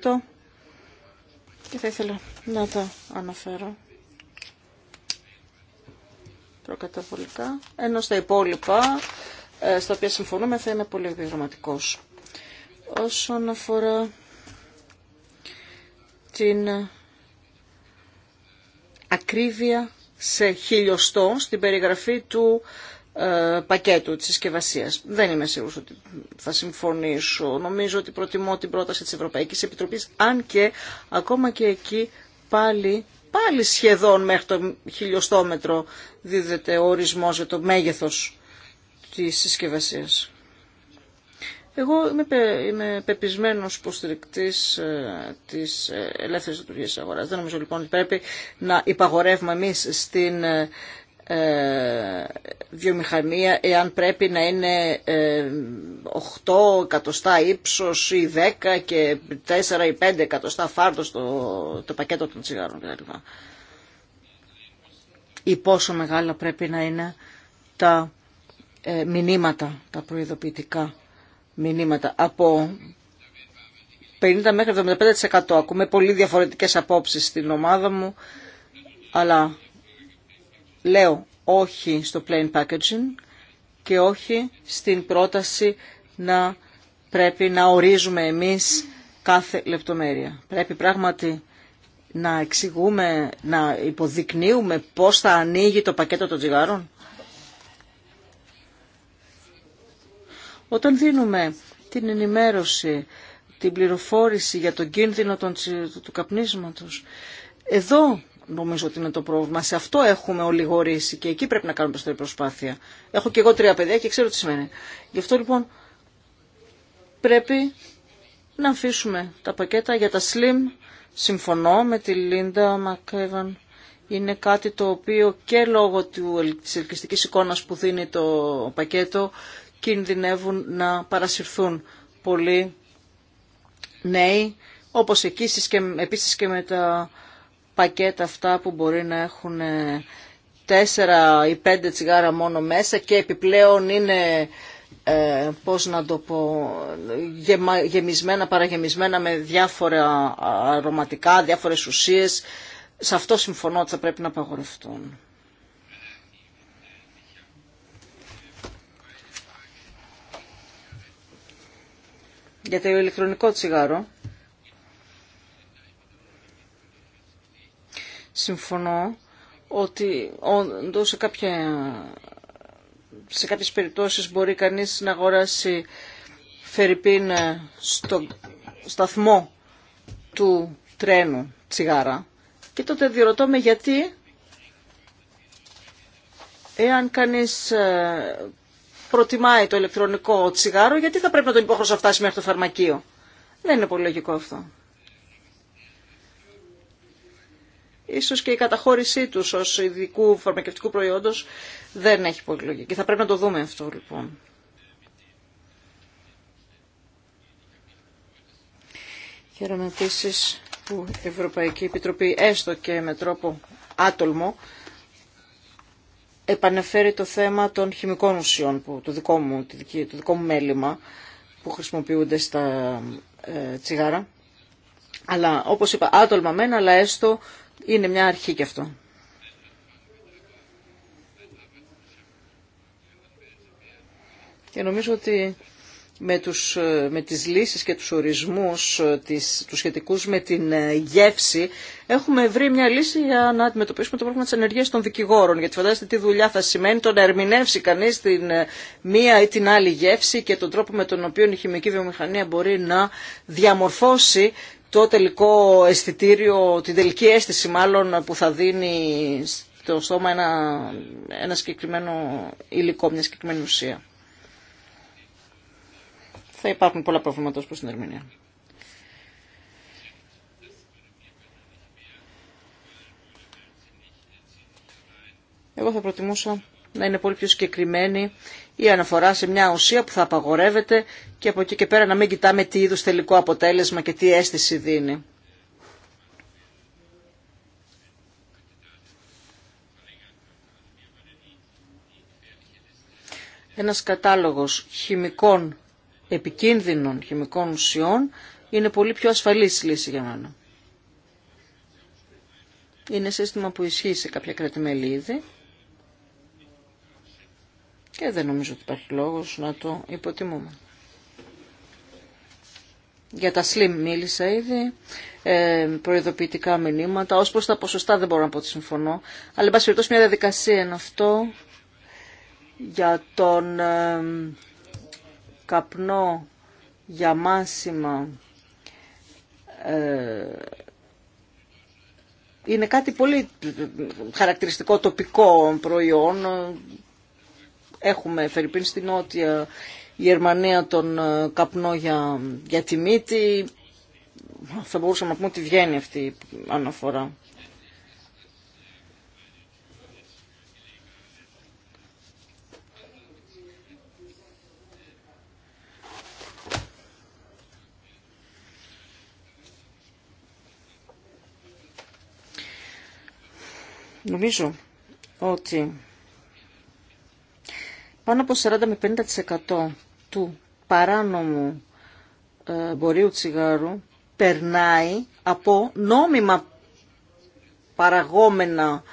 και θα ήθελα να τα αναφέρω προκαταβολικά, ενώ στα υπόλοιπα ε, στα οποία συμφωνούμε θα είναι πολύ επιγραμματικός. Όσον αφορά την ε, ακρίβεια σε χιλιοστό στην περιγραφή του ε, πακέτου της συσκευασία. Δεν είμαι σίγουρος ότι θα συμφωνήσω. Νομίζω ότι προτιμώ την πρόταση της Ευρωπαϊκής Επιτροπής, αν και ακόμα και εκεί πάλι, πάλι σχεδόν μέχρι το χιλιοστόμετρο δίδεται ο ορισμός για το μέγεθος της συσκευασία. Εγώ είμαι, πε, είμαι πεπισμένος υποστηρικτής ε, της ε, ελεύθερης της αγοράς. Δεν νομίζω λοιπόν ότι πρέπει να υπαγορεύουμε εμείς στην ε, ε, βιομηχανία εάν πρέπει να είναι 8 εκατοστά ύψος ή 10 και 4 ή 5 εκατοστά φαρτο το, το πακέτο των τσιγάρων κτλ. Ή πόσο μεγάλα πρέπει να είναι τα μηνύματα, τα προειδοποιητικά μηνύματα από 50 μέχρι 75%. Ακούμε πολύ διαφορετικές απόψεις στην ομάδα μου, αλλά λέω όχι στο plain packaging και όχι στην πρόταση να πρέπει να ορίζουμε εμείς κάθε λεπτομέρεια. Πρέπει πράγματι να εξηγούμε, να υποδεικνύουμε πώς θα ανοίγει το πακέτο των τσιγάρων. Όταν δίνουμε την ενημέρωση, την πληροφόρηση για τον κίνδυνο του καπνίσματος, εδώ νομίζω ότι είναι το πρόβλημα. Σε αυτό έχουμε ολιγορήσει και εκεί πρέπει να κάνουμε περισσότερη προσπάθεια. Έχω και εγώ τρία παιδιά και ξέρω τι σημαίνει. Γι' αυτό λοιπόν πρέπει να αφήσουμε τα πακέτα για τα slim. Συμφωνώ με τη Λίντα Μακέβαν. Είναι κάτι το οποίο και λόγω της ελκυστικής εικόνας που δίνει το πακέτο κινδυνεύουν να παρασυρθούν πολλοί νέοι, όπως εκεί και, επίσης και με τα πακέτα αυτά που μπορεί να έχουν ε, τέσσερα ή πέντε τσιγάρα μόνο μέσα και επιπλέον είναι ε, πώς να το πω, γεμισμένα, παραγεμισμένα με διάφορα αρωματικά, διάφορες ουσίες. Σε αυτό συμφωνώ ότι θα πρέπει να απαγορευτούν. για το ηλεκτρονικό τσιγάρο. Συμφωνώ ότι όντως σε, κάποια, σε κάποιες περιπτώσεις μπορεί κανείς να αγοράσει φερρυπίν ε, στο σταθμό του τρένου τσιγάρα και τότε διερωτώ με γιατί εάν κανείς ε, προτιμάει το ηλεκτρονικό τσιγάρο, γιατί θα πρέπει να τον υποχρεώσω να φτάσει μέχρι το φαρμακείο. Δεν είναι πολύ λογικό αυτό. Ίσως και η καταχώρησή του ως ειδικού φαρμακευτικού προϊόντος δεν έχει πολύ λογική. Θα πρέπει να το δούμε αυτό λοιπόν. Χαίρομαι επίση που η Ευρωπαϊκή Επιτροπή έστω και με τρόπο άτολμο επανεφέρει το θέμα των χημικών ουσιών, που, το, δικό μου, το δικό μου μέλημα που χρησιμοποιούνται στα ε, τσιγάρα. Αλλά όπως είπα άτολμα μένα, αλλά έστω είναι μια αρχή και αυτό. Και νομίζω ότι με, τους, ε, με τις λύσεις και τους ορισμούς ε, τις, τους σχετικούς με την ε, γεύση έχουμε βρει μια λύση για να αντιμετωπίσουμε το πρόβλημα της ενεργείας των δικηγόρων γιατί φαντάζεστε τι δουλειά θα σημαίνει το να ερμηνεύσει κανείς την μία ή την άλλη γεύση και τον τρόπο με τον οποίο η χημική βιομηχανία μπορεί να διαμορφώσει το τελικό αισθητήριο, την τελική αίσθηση μάλλον που θα δίνει στο στόμα ένα, ένα συγκεκριμένο υλικό, μια συγκεκριμένη ουσία θα υπάρχουν πολλά προβλήματα προς την Ερμηνεία. Εγώ θα προτιμούσα να είναι πολύ πιο συγκεκριμένη η αναφορά σε μια ουσία που θα απαγορεύεται και από εκεί και πέρα να μην κοιτάμε τι είδους τελικό αποτέλεσμα και τι αίσθηση δίνει. Ένας κατάλογος χημικών επικίνδυνων χημικών ουσιών είναι πολύ πιο ασφαλής λύση για μένα. Είναι σύστημα που ισχύει σε κάποια κρατημέλη ήδη και δεν νομίζω ότι υπάρχει λόγος να το υποτιμούμε. Για τα slim μίλησα ήδη, ε, προειδοποιητικά μηνύματα, ως προς τα ποσοστά δεν μπορώ να πω ότι συμφωνώ, αλλά εν πάση περιπτώσει μια διαδικασία είναι αυτό για τον ε, καπνό για μάσημα ε, είναι κάτι πολύ χαρακτηριστικό τοπικό προϊόν. Έχουμε φερειπίν στην Νότια Γερμανία τον ε, καπνό για, για τη μύτη. Θα μπορούσαμε να πούμε ότι βγαίνει αυτή η αναφορά. Νομίζω ότι πάνω από 40 με 50% του παράνομου ε, μπορείου τσιγάρου περνάει από νόμιμα παραγόμενα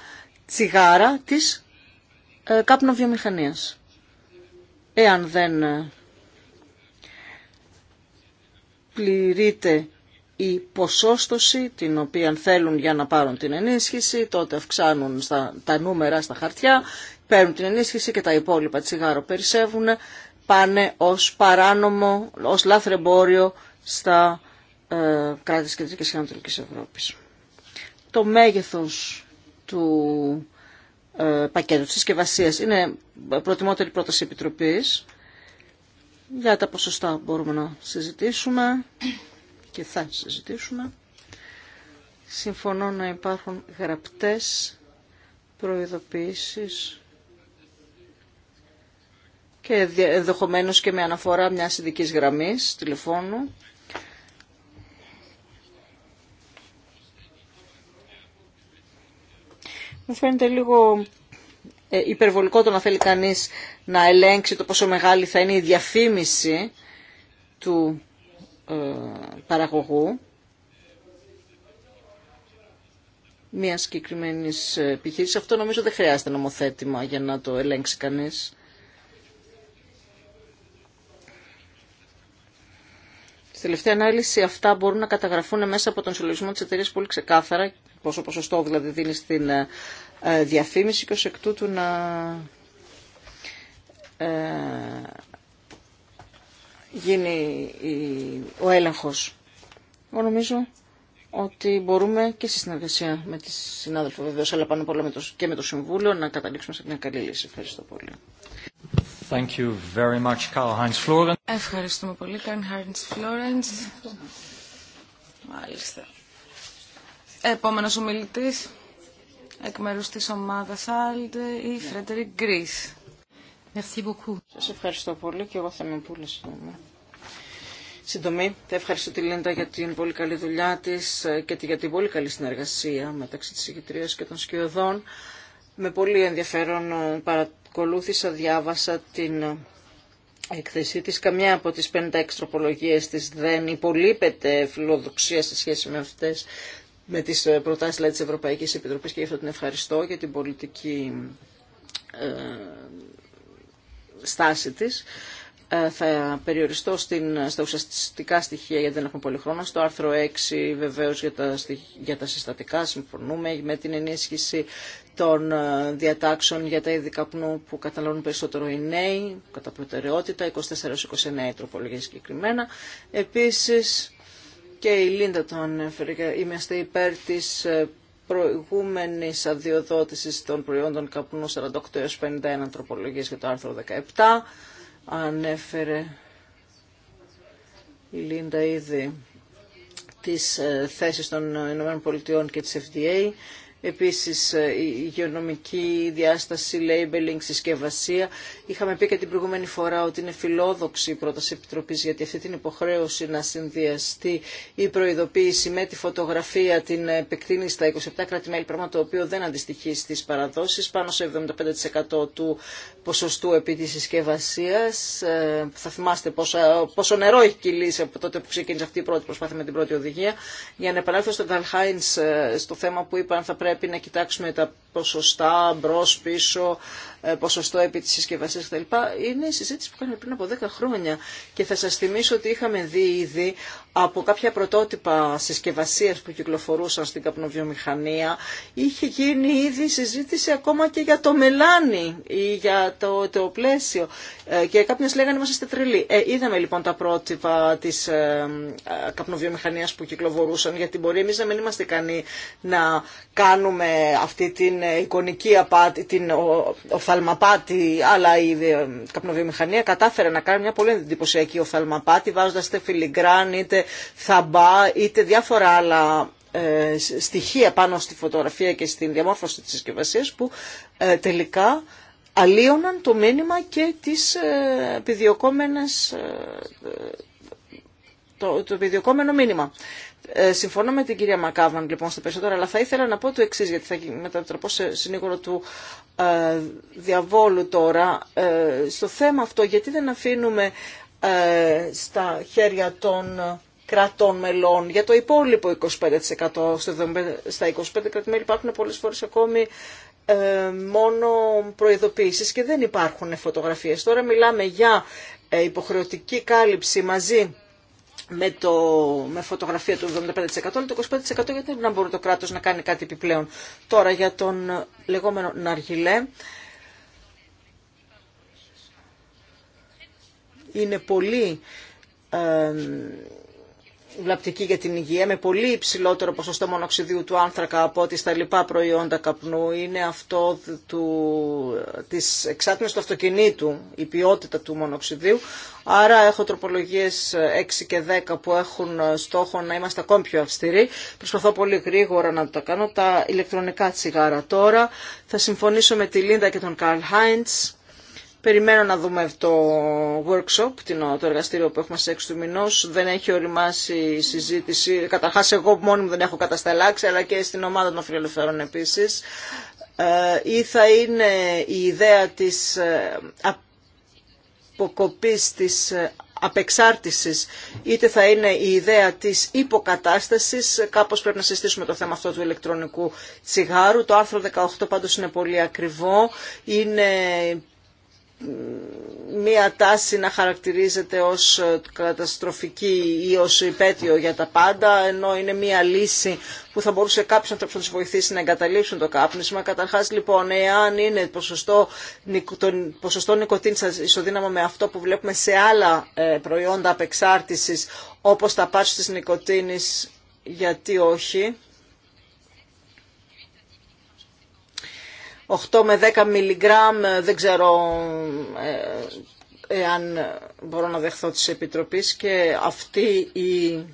τσιγάρα της ε, Εάν δεν ε, πληρείται η ποσόστοση την οποία θέλουν για να πάρουν την ενίσχυση, τότε αυξάνουν στα, τα νούμερα στα χαρτιά, παίρνουν την ενίσχυση και τα υπόλοιπα τσιγάρο περισσεύουν, πάνε ως παράνομο, ως λάθρεμπόριο στα ε, κράτη της Κεντρικής και Ανατολικής Ευρώπης. Το μέγεθος του ε, πακέτου της συσκευασία είναι προτιμότερη πρόταση Επιτροπής. Για τα ποσοστά μπορούμε να συζητήσουμε και θα συζητήσουμε. Συμφωνώ να υπάρχουν γραπτές προειδοποιήσεις και ενδεχομένω και με αναφορά μιας ειδική γραμμής τηλεφώνου. Μου φαίνεται λίγο ε, υπερβολικό το να θέλει κανείς να ελέγξει το πόσο μεγάλη θα είναι η διαφήμιση του παραγωγού μια συγκεκριμένη ε, επιχείρηση. Αυτό νομίζω δεν χρειάζεται νομοθέτημα για να το ελέγξει κανείς. Στη τελευταία ανάλυση αυτά μπορούν να καταγραφούν μέσα από τον συλλογισμό της εταιρείας πολύ ξεκάθαρα, πόσο ποσοστό δηλαδή δίνει στην ε, ε, διαφήμιση και ως εκ τούτου να γίνει ο έλεγχος. Εγώ νομίζω ότι μπορούμε και στη συνεργασία με τη συνάδελφο βεβαίως, αλλά πάνω πολλά και με το Συμβούλιο, να καταλήξουμε σε μια καλή λύση. Ευχαριστώ πολύ. Ευχαριστούμε πολύ, Καρν Χάιντς Φλόρεντς. Μάλιστα. Επόμενος ομιλητής, εκ μέρους της ομάδας Άλντε, η Φρέντερικ Γκρίς. Merci beaucoup. ευχαριστώ πολύ και εγώ θα είμαι πολύ σύντομη. Συντομή, θα ευχαριστώ τη Λίντα για την πολύ καλή δουλειά της και για την πολύ καλή συνεργασία μεταξύ τη ηγητρίας και των σκιωδών. Με πολύ ενδιαφέρον ε, παρακολούθησα, διάβασα την ε, εκθεσή της. Καμιά από τις 56 τροπολογίε τη, δεν υπολείπεται φιλοδοξία σε σχέση με αυτές, με τις ε, προτάσεις δηλαδή, της Ευρωπαϊκής Επιτροπής και γι' αυτό την ευχαριστώ για την πολιτική στάση της. Ε, θα περιοριστώ στην, στα ουσιαστικά στοιχεία γιατί δεν έχουμε πολύ χρόνο. Στο άρθρο 6 βεβαίως για τα, για τα συστατικά συμφωνούμε με την ενίσχυση των ε, διατάξεων για τα είδη καπνού που καταλαβαίνουν περισσότερο οι νέοι, κατά προτεραιότητα, 24-29 τροπολογίες συγκεκριμένα. Επίσης και η Λίντα τον ανέφερε, είμαστε υπέρ της ε, προηγούμενης αδειοδότησης των προϊόντων καπνού 48 έως 51 τροπολογίες για το άρθρο 17. Ανέφερε η Λίντα ήδη τις ε, θέσεις των ΗΠΑ και της FDA. Επίσης ε, η υγειονομική διάσταση, labeling, συσκευασία. Είχαμε πει και την προηγούμενη φορά ότι είναι φιλόδοξη η πρόταση Επιτροπής γιατί αυτή την υποχρέωση να συνδυαστεί η προειδοποίηση με τη φωτογραφία την επεκτείνει στα 27 κράτη-μέλη, πράγμα το οποίο δεν αντιστοιχεί στις παραδόσεις, πάνω σε 75% του ποσοστού επί της συσκευασίας. Ε, θα θυμάστε πόσο, πόσο νερό έχει κυλήσει από τότε που ξεκίνησε αυτή η πρώτη προσπάθεια με την πρώτη οδηγία. Για να επανέλθω στο ε, στο θέμα που είπα θα πρέπει να κοιτάξουμε τα ποσοστά μπρος, πίσω, ε, ποσοστό επί της συσκευασίας κτλ. Είναι η συζήτηση που κάναμε πριν από 10 χρόνια και θα σας θυμίσω ότι είχαμε δει ήδη από κάποια πρωτότυπα συσκευασία που κυκλοφορούσαν στην καπνοβιομηχανία είχε γίνει ήδη συζήτηση ακόμα και για το μελάνι ή για το, το πλαίσιο ε, και κάποιε λέγανε είμαστε τρελοί. Ε, είδαμε λοιπόν τα πρότυπα της ε, ε, καπνοβιομηχανίας που κυκλοφορούσαν γιατί μπορεί Εμεί να μην είμαστε ικανοί να κάνουμε αυτή την ε, εικονική απάτη, την ο, ο, οφθαλμαπάτη, αλλά η καπνοβιομηχανία κατάφερε να κάνει μια πολύ εντυπωσιακή οφθαλμαπάτη, βάζοντα είτε φιλιγκράν, είτε θαμπά, είτε διάφορα άλλα ε, στοιχεία πάνω στη φωτογραφία και στην διαμόρφωση της συσκευασία που ε, τελικά αλλίωναν το μήνυμα και τις ε, ε το, το επιδιωκόμενο μήνυμα. Ε, συμφωνώ με την κυρία Μακάβαν λοιπόν στα περισσότερα, αλλά θα ήθελα να πω το εξή, γιατί θα μετατραπώ σε συνήγορο του ε, διαβόλου τώρα. Ε, στο θέμα αυτό, γιατί δεν αφήνουμε στα χέρια των κρατών μελών για το υπόλοιπο 25%. Στα 25 κρατημέλη υπάρχουν πολλές φορές ακόμη μόνο προειδοποίησεις και δεν υπάρχουν φωτογραφίες. Τώρα μιλάμε για υποχρεωτική κάλυψη μαζί με, το, με φωτογραφία του 75% αλλά το 25% γιατί δεν μπορεί το κράτος να κάνει κάτι επιπλέον. Τώρα για τον λεγόμενο Ναργιλέ. Είναι πολύ ε, βλαπτική για την υγεία με πολύ υψηλότερο ποσοστό μονοξυδίου του άνθρακα από ό,τι στα λοιπά προϊόντα καπνού είναι αυτό του, της εξάτμισης του αυτοκινήτου, η ποιότητα του μονοξυδίου. Άρα έχω τροπολογίες 6 και 10 που έχουν στόχο να είμαστε ακόμη πιο αυστηροί. Προσπαθώ πολύ γρήγορα να τα κάνω. Τα ηλεκτρονικά τσιγάρα τώρα. Θα συμφωνήσω με τη Λίντα και τον Καρλ Χάιντς Περιμένω να δούμε το workshop, το εργαστήριο που έχουμε σε έξι του μηνό. Δεν έχει οριμάσει η συζήτηση. Καταρχά, εγώ μόνη μου δεν έχω κατασταλάξει, αλλά και στην ομάδα των φιλελευθερών επίση. Ε, ή θα είναι η ιδέα τη ε, αποκοπή τη ε, απεξάρτησης, είτε θα είναι η ιδέα της υποκατάστασης, κάπως πρέπει να συστήσουμε το θέμα αυτό του ηλεκτρονικού τσιγάρου. Το άρθρο 18 πάντως είναι πολύ ακριβό, είναι μία τάση να χαρακτηρίζεται ως ε, καταστροφική ή ως υπέτειο για τα πάντα, ενώ είναι μία λύση που θα μπορούσε κάποιος να τους βοηθήσει να εγκαταλείψουν το κάπνισμα. Καταρχάς λοιπόν, εάν είναι ποσοστό, το ποσοστό νοικοτήνης ισοδύναμο με αυτό που βλέπουμε σε άλλα ε, προϊόντα απεξάρτησης, όπως τα πάτσου της νοικοτήνης, γιατί όχι. 8 με 10 μιλιγκράμμ, ε, δεν ξέρω εάν ε, μπορώ να δεχθώ τις Επιτροπής και αυτοί οι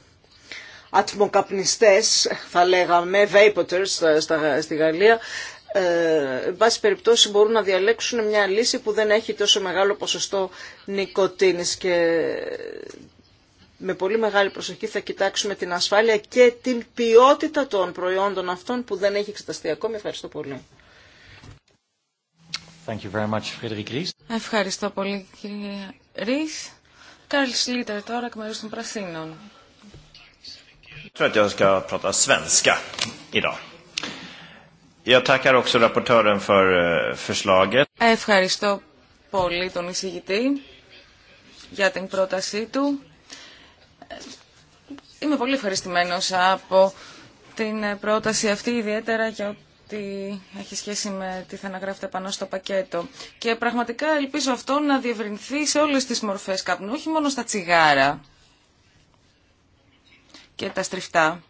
ατμοκαπνιστές, θα λέγαμε, vapoters στη Γαλλία, ε, εν πάση περιπτώσει μπορούν να διαλέξουν μια λύση που δεν έχει τόσο μεγάλο ποσοστό νικοτίνης και με πολύ μεγάλη προσοχή θα κοιτάξουμε την ασφάλεια και την ποιότητα των προϊόντων αυτών που δεν έχει εξεταστεί ακόμη. Ευχαριστώ πολύ. Ευχαριστώ πολύ, κύριε Ρίς. Κάρλ Σλίτερ, τώρα εκ μέρους των Πρασίνων. Eh, Ευχαριστώ πολύ τον εισηγητή για την πρότασή του. Είμαι πολύ ευχαριστημένος από την πρόταση αυτή, ιδιαίτερα για ότι έχει σχέση με τι θα αναγράφεται πάνω στο πακέτο. Και πραγματικά ελπίζω αυτό να διευρυνθεί σε όλες τις μορφές καπνού, όχι μόνο στα τσιγάρα και τα στριφτά.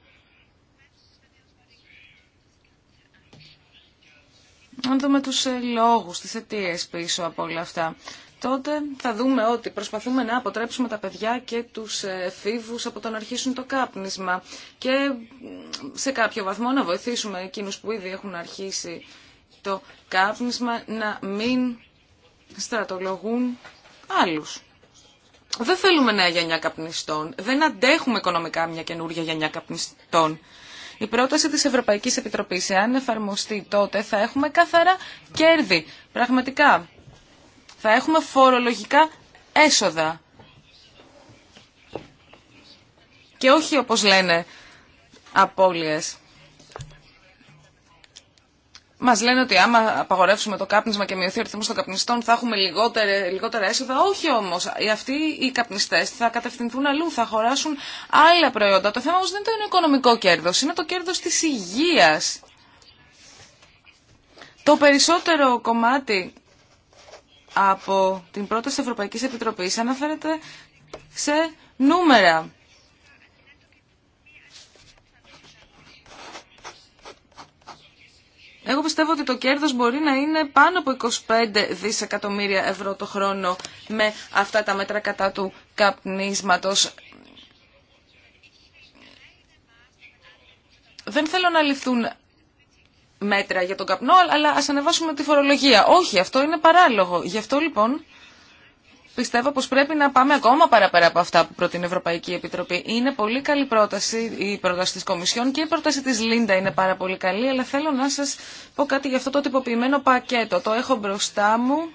Αν δούμε τους ε, λόγους, τις αιτίε πίσω από όλα αυτά τότε θα δούμε ότι προσπαθούμε να αποτρέψουμε τα παιδιά και τους εφήβους από το να αρχίσουν το κάπνισμα και σε κάποιο βαθμό να βοηθήσουμε εκείνους που ήδη έχουν αρχίσει το κάπνισμα να μην στρατολογούν άλλους. Δεν θέλουμε νέα γενιά καπνιστών. Δεν αντέχουμε οικονομικά μια καινούργια γενιά καπνιστών. Η πρόταση της Ευρωπαϊκής Επιτροπής, εάν εφαρμοστεί τότε, θα έχουμε καθαρά κέρδη. Πραγματικά, θα έχουμε φορολογικά έσοδα. Και όχι όπως λένε απώλειες. Μας λένε ότι άμα απαγορεύσουμε το κάπνισμα και μειωθεί ο ρυθμός των καπνιστών θα έχουμε λιγότερα, λιγότερα έσοδα. Όχι όμως. Αυτοί οι καπνιστές θα κατευθυνθούν αλλού, θα χωράσουν άλλα προϊόντα. Το θέμα όμως δεν είναι το οικονομικό κέρδος, είναι το κέρδος της υγείας. Το περισσότερο κομμάτι από την πρόταση Ευρωπαϊκής Επιτροπής αναφέρεται σε νούμερα. Εγώ πιστεύω ότι το κέρδος μπορεί να είναι πάνω από 25 δισεκατομμύρια ευρώ το χρόνο με αυτά τα μέτρα κατά του καπνίσματος. Δεν θέλω να ληφθούν μέτρα για τον καπνό, αλλά ας ανεβάσουμε τη φορολογία. Όχι, αυτό είναι παράλογο. Γι' αυτό λοιπόν πιστεύω πως πρέπει να πάμε ακόμα παραπέρα από αυτά που προτείνει η Ευρωπαϊκή Επιτροπή. Είναι πολύ καλή πρόταση η πρόταση της Κομισιόν και η πρόταση της Λίντα είναι πάρα πολύ καλή, αλλά θέλω να σας πω κάτι για αυτό το τυποποιημένο πακέτο. Το έχω μπροστά μου.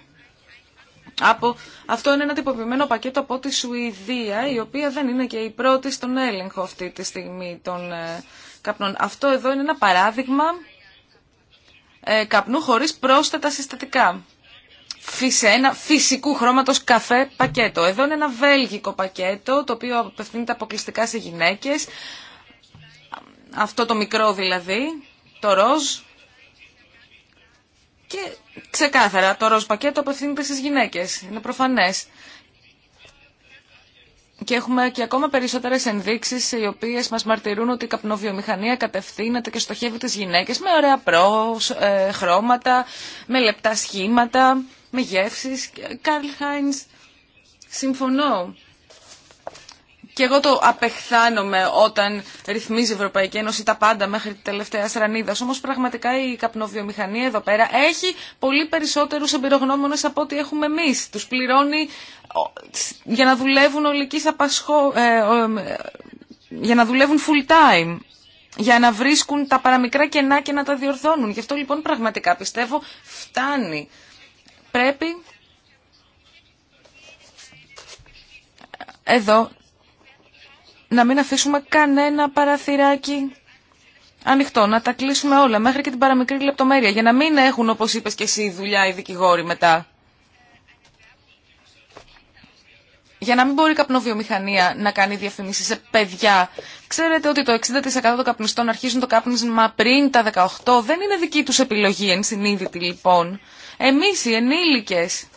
Από... Αυτό είναι ένα τυποποιημένο πακέτο από τη Σουηδία, η οποία δεν είναι και η πρώτη στον έλεγχο αυτή τη στιγμή των ε, καπνών. Αυτό εδώ είναι ένα παράδειγμα ε, καπνού χωρίς πρόσθετα συστατικά. Σε ένα φυσικού χρώματος καφέ πακέτο. Εδώ είναι ένα βέλγικο πακέτο, το οποίο απευθύνεται αποκλειστικά σε γυναίκες. Αυτό το μικρό δηλαδή, το ροζ. Και ξεκάθαρα, το ροζ πακέτο απευθύνεται στις γυναίκες. Είναι προφανές. Και έχουμε και ακόμα περισσότερες ενδείξεις οι οποίες μας μαρτυρούν ότι η καπνοβιομηχανία κατευθύνεται και στοχεύει τις γυναίκες με ωραία προς, ε, χρώματα, με λεπτά σχήματα, με γεύσεις. Καρλ Χάινς, συμφωνώ και εγώ το απεχθάνομαι όταν ρυθμίζει η Ευρωπαϊκή Ένωση τα πάντα μέχρι τη τελευταία στρανίδα. Όμω πραγματικά η καπνοβιομηχανία εδώ πέρα έχει πολύ περισσότερου εμπειρογνώμονε από ό,τι έχουμε εμεί. Του πληρώνει για να δουλεύουν ολική απασχό... Ε, ε, για να δουλεύουν full time για να βρίσκουν τα παραμικρά κενά και να τα διορθώνουν. Γι' αυτό λοιπόν πραγματικά πιστεύω φτάνει. Πρέπει εδώ να μην αφήσουμε κανένα παραθυράκι ανοιχτό, να τα κλείσουμε όλα, μέχρι και την παραμικρή λεπτομέρεια, για να μην έχουν, όπως είπες και εσύ, δουλειά οι δικηγόροι μετά. Για να μην μπορεί η καπνοβιομηχανία να κάνει διαφημίσει σε παιδιά. Ξέρετε ότι το 60% των καπνιστών αρχίζουν το κάπνισμα πριν τα 18. Δεν είναι δική τους επιλογή ενσυνείδητη λοιπόν. Εμείς οι ενήλικες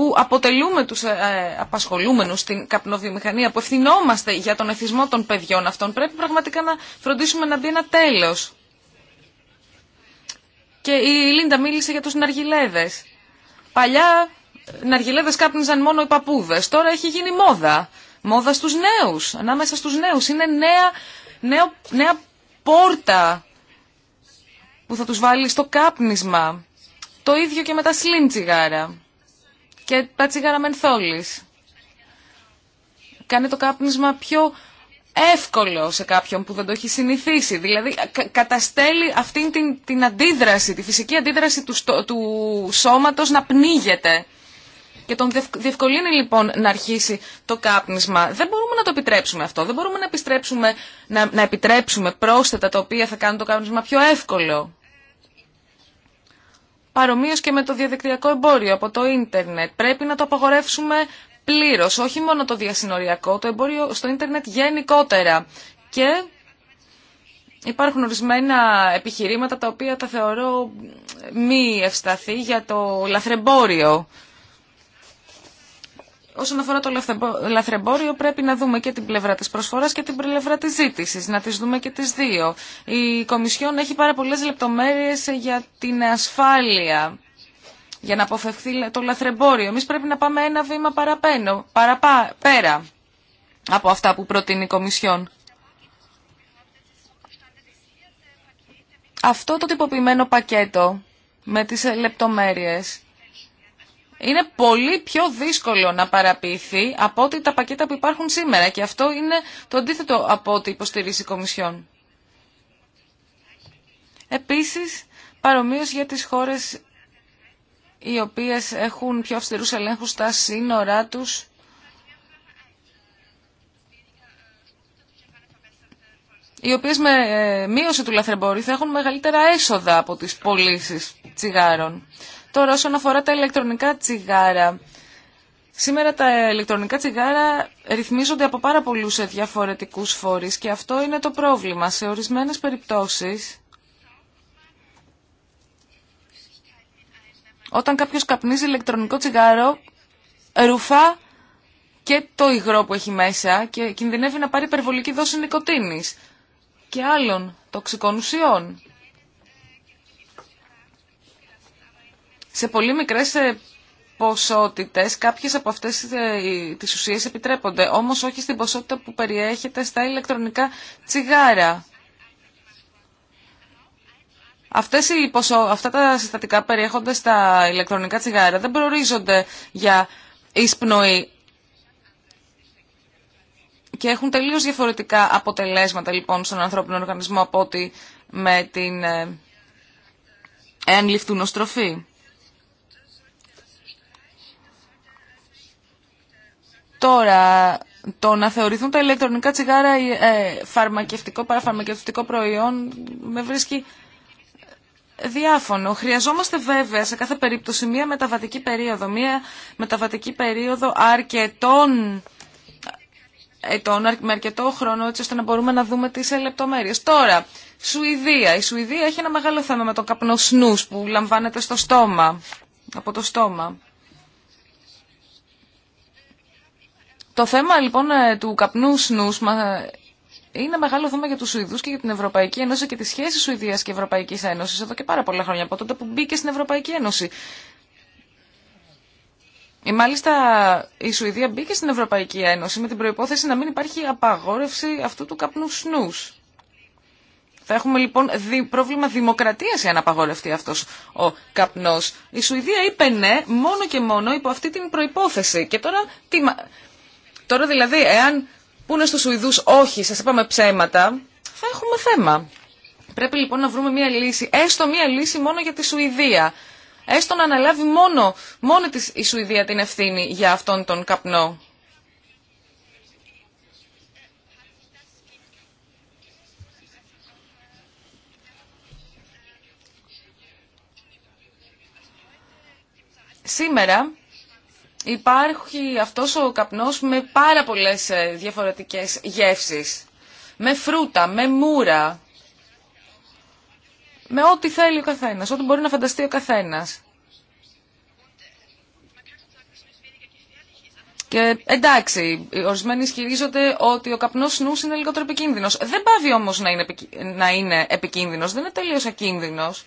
που αποτελούμε τους ε, ε, απασχολούμενους στην καπνοβιομηχανία, που ευθυνόμαστε για τον εθισμό των παιδιών αυτών, πρέπει πραγματικά να φροντίσουμε να μπει ένα τέλος. Και η Λίντα μίλησε για τους ναργιλέδες. Παλιά ε, ναργιλέδες κάπνιζαν μόνο οι παππούδες, τώρα έχει γίνει μόδα. Μόδα στους νέους, ανάμεσα στους νέους. Είναι νέα, νέο, νέα πόρτα που θα τους βάλει στο κάπνισμα. Το ίδιο και με τα σλίντσιγάρα. τσιγάρα και τα τσιγάρα μενθόλης. Κάνει το κάπνισμα πιο εύκολο σε κάποιον που δεν το έχει συνηθίσει. Δηλαδή καταστέλει αυτήν την, την αντίδραση, τη φυσική αντίδραση του, του σώματος να πνίγεται. Και τον διευκολύνει λοιπόν να αρχίσει το κάπνισμα. Δεν μπορούμε να το επιτρέψουμε αυτό. Δεν μπορούμε να, επιστρέψουμε, να, να επιτρέψουμε πρόσθετα τα οποία θα κάνουν το κάπνισμα πιο εύκολο παρομοίως και με το διαδικτυακό εμπόριο από το ίντερνετ. Πρέπει να το απαγορεύσουμε πλήρως, όχι μόνο το διασυνοριακό, το εμπόριο στο ίντερνετ γενικότερα. Και υπάρχουν ορισμένα επιχειρήματα τα οποία τα θεωρώ μη ευσταθή για το λαθρεμπόριο Όσον αφορά το λαθρεμπόριο πρέπει να δούμε και την πλευρά της προσφοράς και την πλευρά της ζήτησης, να τις δούμε και τις δύο. Η Κομισιόν έχει πάρα πολλές λεπτομέρειες για την ασφάλεια, για να αποφευθεί το λαθρεμπόριο. Εμείς πρέπει να πάμε ένα βήμα παραπέρα παραπά, πέρα από αυτά που προτείνει η Κομισιόν. Αυτό το τυποποιημένο πακέτο με τις λεπτομέρειες είναι πολύ πιο δύσκολο να παραποιηθεί από ότι τα πακέτα που υπάρχουν σήμερα και αυτό είναι το αντίθετο από ό,τι υποστηρίζει η Κομισιόν. Επίσης, παρομοίως για τις χώρες οι οποίες έχουν πιο αυστηρούς ελέγχους στα σύνορά τους, οι οποίες με ε, μείωση του λαθρεμπορίου θα έχουν μεγαλύτερα έσοδα από τις πωλήσει τσιγάρων. Τώρα όσον αφορά τα ηλεκτρονικά τσιγάρα. Σήμερα τα ηλεκτρονικά τσιγάρα ρυθμίζονται από πάρα πολλούς διαφορετικούς φορείς και αυτό είναι το πρόβλημα. Σε ορισμένες περιπτώσεις, όταν κάποιος καπνίζει ηλεκτρονικό τσιγάρο, ρουφά και το υγρό που έχει μέσα και κινδυνεύει να πάρει υπερβολική δόση νοικοτήνης και άλλων τοξικών ουσιών. σε πολύ μικρές ε, ποσότητες κάποιες από αυτές ε, τις ουσίες επιτρέπονται, όμως όχι στην ποσότητα που περιέχεται στα ηλεκτρονικά τσιγάρα. Αυτές οι ποσο... Αυτά τα συστατικά περιέχονται στα ηλεκτρονικά τσιγάρα δεν προορίζονται για εισπνοή και έχουν τελείως διαφορετικά αποτελέσματα λοιπόν στον ανθρώπινο οργανισμό από ότι με την ε, εάν ληφθούν Τώρα, το να θεωρηθούν τα ηλεκτρονικά τσιγάρα ε, φαρμακευτικό, παραφαρμακευτικό προϊόν με βρίσκει διάφωνο. Χρειαζόμαστε βέβαια σε κάθε περίπτωση μία μεταβατική περίοδο, μία μεταβατική περίοδο αρκετών ετών, με αρκετό χρόνο έτσι ώστε να μπορούμε να δούμε τις λεπτομέρειες. Τώρα, Σουηδία. Η Σουηδία έχει ένα μεγάλο θέμα με τον καπνό που λαμβάνεται στο στόμα, από το στόμα. Το θέμα λοιπόν ε, του καπνού σνούς ε, είναι μεγάλο θέμα για τους Σουηδού και για την Ευρωπαϊκή Ένωση και τη σχέση Σουηδία και Ευρωπαϊκής Ένωσης εδώ και πάρα πολλά χρόνια από τότε που μπήκε στην Ευρωπαϊκή Ένωση. Ή ε, μάλιστα Σουηδία μπήκε στην Ευρωπαϊκή Ένωση με την προϋπόθεση να μην υπάρχει απαγόρευση αυτού του καπνού σνούς. Θα έχουμε λοιπόν δι πρόβλημα δημοκρατίας να απαγορευτεί αυτό ο καπνο. Η Σουηδία είπε ναι μόνο και μόνο υπό αυτή την προπόθεση. Και τώρα τι, Τώρα δηλαδή, εάν πούνε στους Σουηδούς όχι, σας είπαμε ψέματα, θα έχουμε θέμα. Πρέπει λοιπόν να βρούμε μια λύση, έστω μια λύση μόνο για τη Σουηδία. Έστω να αναλάβει μόνο, μόνο της, η Σουηδία την ευθύνη για αυτόν τον καπνό. Σήμερα υπάρχει αυτός ο καπνός με πάρα πολλές ε, διαφορετικές γεύσεις. Με φρούτα, με μούρα, με ό,τι θέλει ο καθένας, ό,τι μπορεί να φανταστεί ο καθένας. Και εντάξει, ορισμένοι ισχυρίζονται ότι ο καπνός νους είναι λιγότερο επικίνδυνο. Δεν πάβει όμως να είναι, να είναι επικίνδυνο, δεν είναι τελείως ακίνδυνος.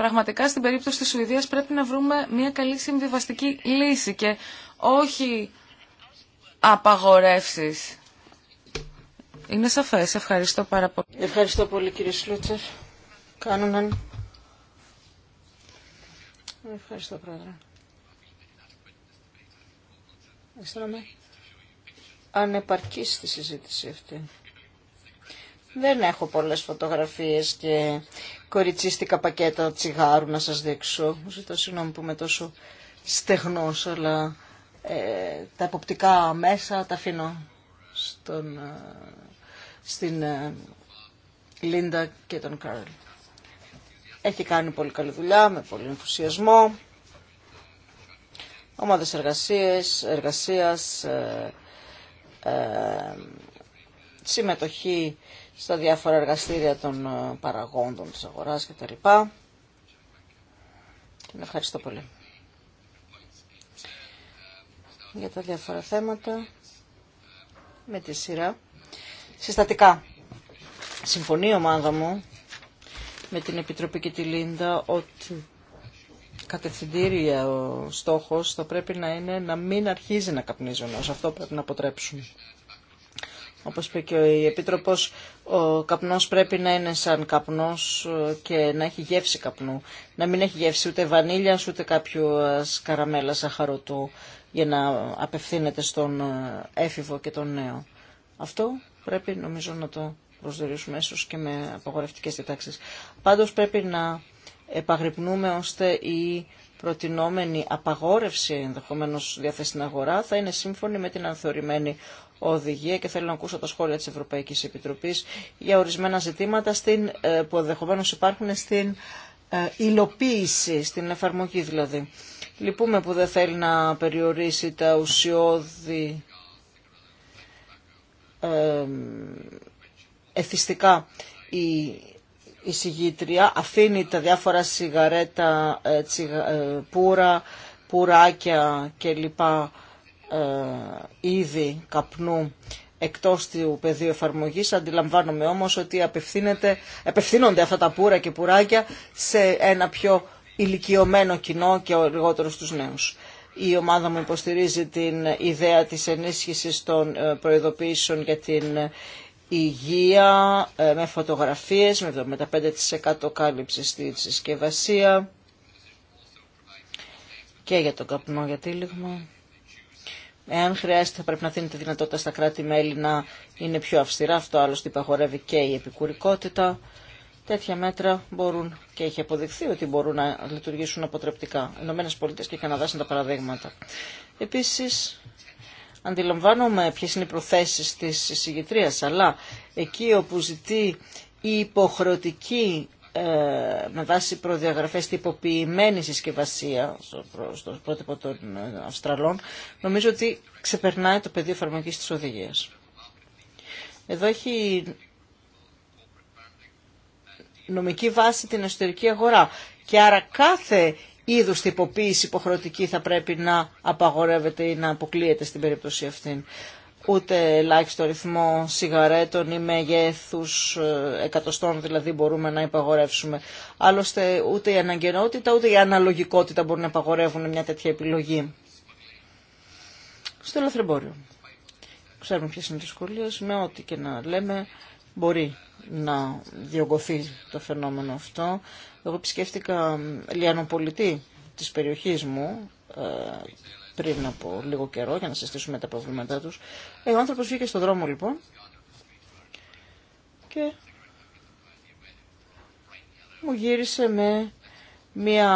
πραγματικά στην περίπτωση της Σουηδίας πρέπει να βρούμε μια καλή συμβιβαστική λύση και όχι απαγορεύσεις. Είναι σαφές. Ευχαριστώ πάρα πολύ. Ευχαριστώ πολύ κύριε Σλούτσερ. Κάνουν Ευχαριστώ πρόεδρε. Αισθάνομαι ανεπαρκή στη συζήτηση αυτή. Δεν έχω πολλές φωτογραφίες και κοριτσίστικα πακέτα τσιγάρου να σας δείξω. Ζητώ συγγνώμη που είμαι τόσο στεγνός, αλλά ε, τα εποπτικά μέσα τα αφήνω στον, ε, στην ε, Λίντα και τον Κάρλ. Έχει κάνει πολύ καλή δουλειά, με πολύ ενθουσιασμό. Ομάδες εργασίες, εργασίας, ε, ε συμμετοχή στα διάφορα εργαστήρια των ε, παραγόντων της αγοράς κτλ. Και ευχαριστώ πολύ για τα διάφορα θέματα με τη σειρά. Συστατικά. Συμφωνεί η ομάδα μου με την Επιτροπή και τη Λίντα ότι κατευθυντήρια ο στόχος θα πρέπει να είναι να μην αρχίζει να καπνίζουν. αυτό πρέπει να αποτρέψουν. Όπως είπε και ο Επίτροπος, ο καπνός πρέπει να είναι σαν καπνός ε, και να έχει γεύση καπνού. Να μην έχει γεύση ούτε βανίλιας ούτε κάποιου ε, καραμέλα σαχαρωτού για να απευθύνεται στον ε, έφηβο και τον νέο. Αυτό πρέπει νομίζω να το προσδιορίσουμε ίσω και με απαγορευτικές διτάξεις. Πάντως πρέπει να επαγρυπνούμε ώστε οι προτινόμενη απαγόρευση ενδεχομένως διαθέσει στην αγορά θα είναι σύμφωνη με την ανθεωρημένη οδηγία και θέλω να ακούσω τα σχόλια της Ευρωπαϊκής Επιτροπής για ορισμένα ζητήματα στην, ε, που ενδεχομένω υπάρχουν στην ε, υλοποίηση, στην εφαρμογή δηλαδή. Λυπούμε που δεν θέλει να περιορίσει τα ουσιώδη ε, εθιστικά η η συγγητρία αφήνει τα διάφορα σιγαρέτα, ε, τσιγα, ε, πουρα, πουράκια κλπ. Ε, είδη καπνού εκτός του πεδίου εφαρμογής. Αντιλαμβάνομαι όμως ότι απευθύνεται, απευθύνονται αυτά τα πουρα και πουράκια σε ένα πιο ηλικιωμένο κοινό και λιγότερο στους νέους. Η ομάδα μου υποστηρίζει την ιδέα της ενίσχυσης των προειδοποιήσεων για την υγεία, ε, με φωτογραφίες, με 75% κάλυψη στη συσκευασία και για τον καπνό για τύλιγμα. Εάν χρειάζεται θα πρέπει να δίνετε δυνατότητα στα κράτη-μέλη να είναι πιο αυστηρά. Αυτό άλλωστε υπαγορεύει και η επικουρικότητα. Τέτοια μέτρα μπορούν και έχει αποδειχθεί ότι μπορούν να λειτουργήσουν αποτρεπτικά. Οι και οι Καναδά είναι τα παραδείγματα. Επίση, Αντιλαμβάνομαι ποιες είναι οι προθέσεις της συγκεντρίας, αλλά εκεί όπου ζητεί η υποχρεωτική ε, με βάση προδιαγραφές τυποποιημένη συσκευασία στο πρότυπο των ε, Αυστραλών, νομίζω ότι ξεπερνάει το πεδίο εφαρμογή της οδηγίας. Εδώ έχει νομική βάση την εσωτερική αγορά και άρα κάθε είδου τυποποίηση υποχρεωτική θα πρέπει να απαγορεύεται ή να αποκλείεται στην περίπτωση αυτή. Ούτε ελάχιστο ρυθμό σιγαρέτων ή μεγέθου ε, εκατοστών δηλαδή μπορούμε να υπαγορεύσουμε. Άλλωστε ούτε η αναγκαινότητα ούτε η αναλογικότητα μπορούν να αποκλειεται στην περιπτωση αυτη ουτε ελαχιστο ρυθμο σιγαρετων η μεγεθου εκατοστων δηλαδη μπορουμε να υπαγορευσουμε αλλωστε ουτε η αναγκαιροτητα ουτε η αναλογικοτητα μπορουν να υπαγορευουν μια τέτοια επιλογή. Στο ελαφρεμπόριο. Ξέρουμε ποιε είναι οι δυσκολίε. Με ό,τι και να λέμε μπορεί να διωγγωθεί το φαινόμενο αυτό. Εγώ επισκέφτηκα λιανοπολιτή της περιοχής μου ε, πριν από λίγο καιρό για να συστήσουμε τα προβλήματά τους. Ε, ο άνθρωπος βγήκε στον δρόμο λοιπόν και μου γύρισε με μια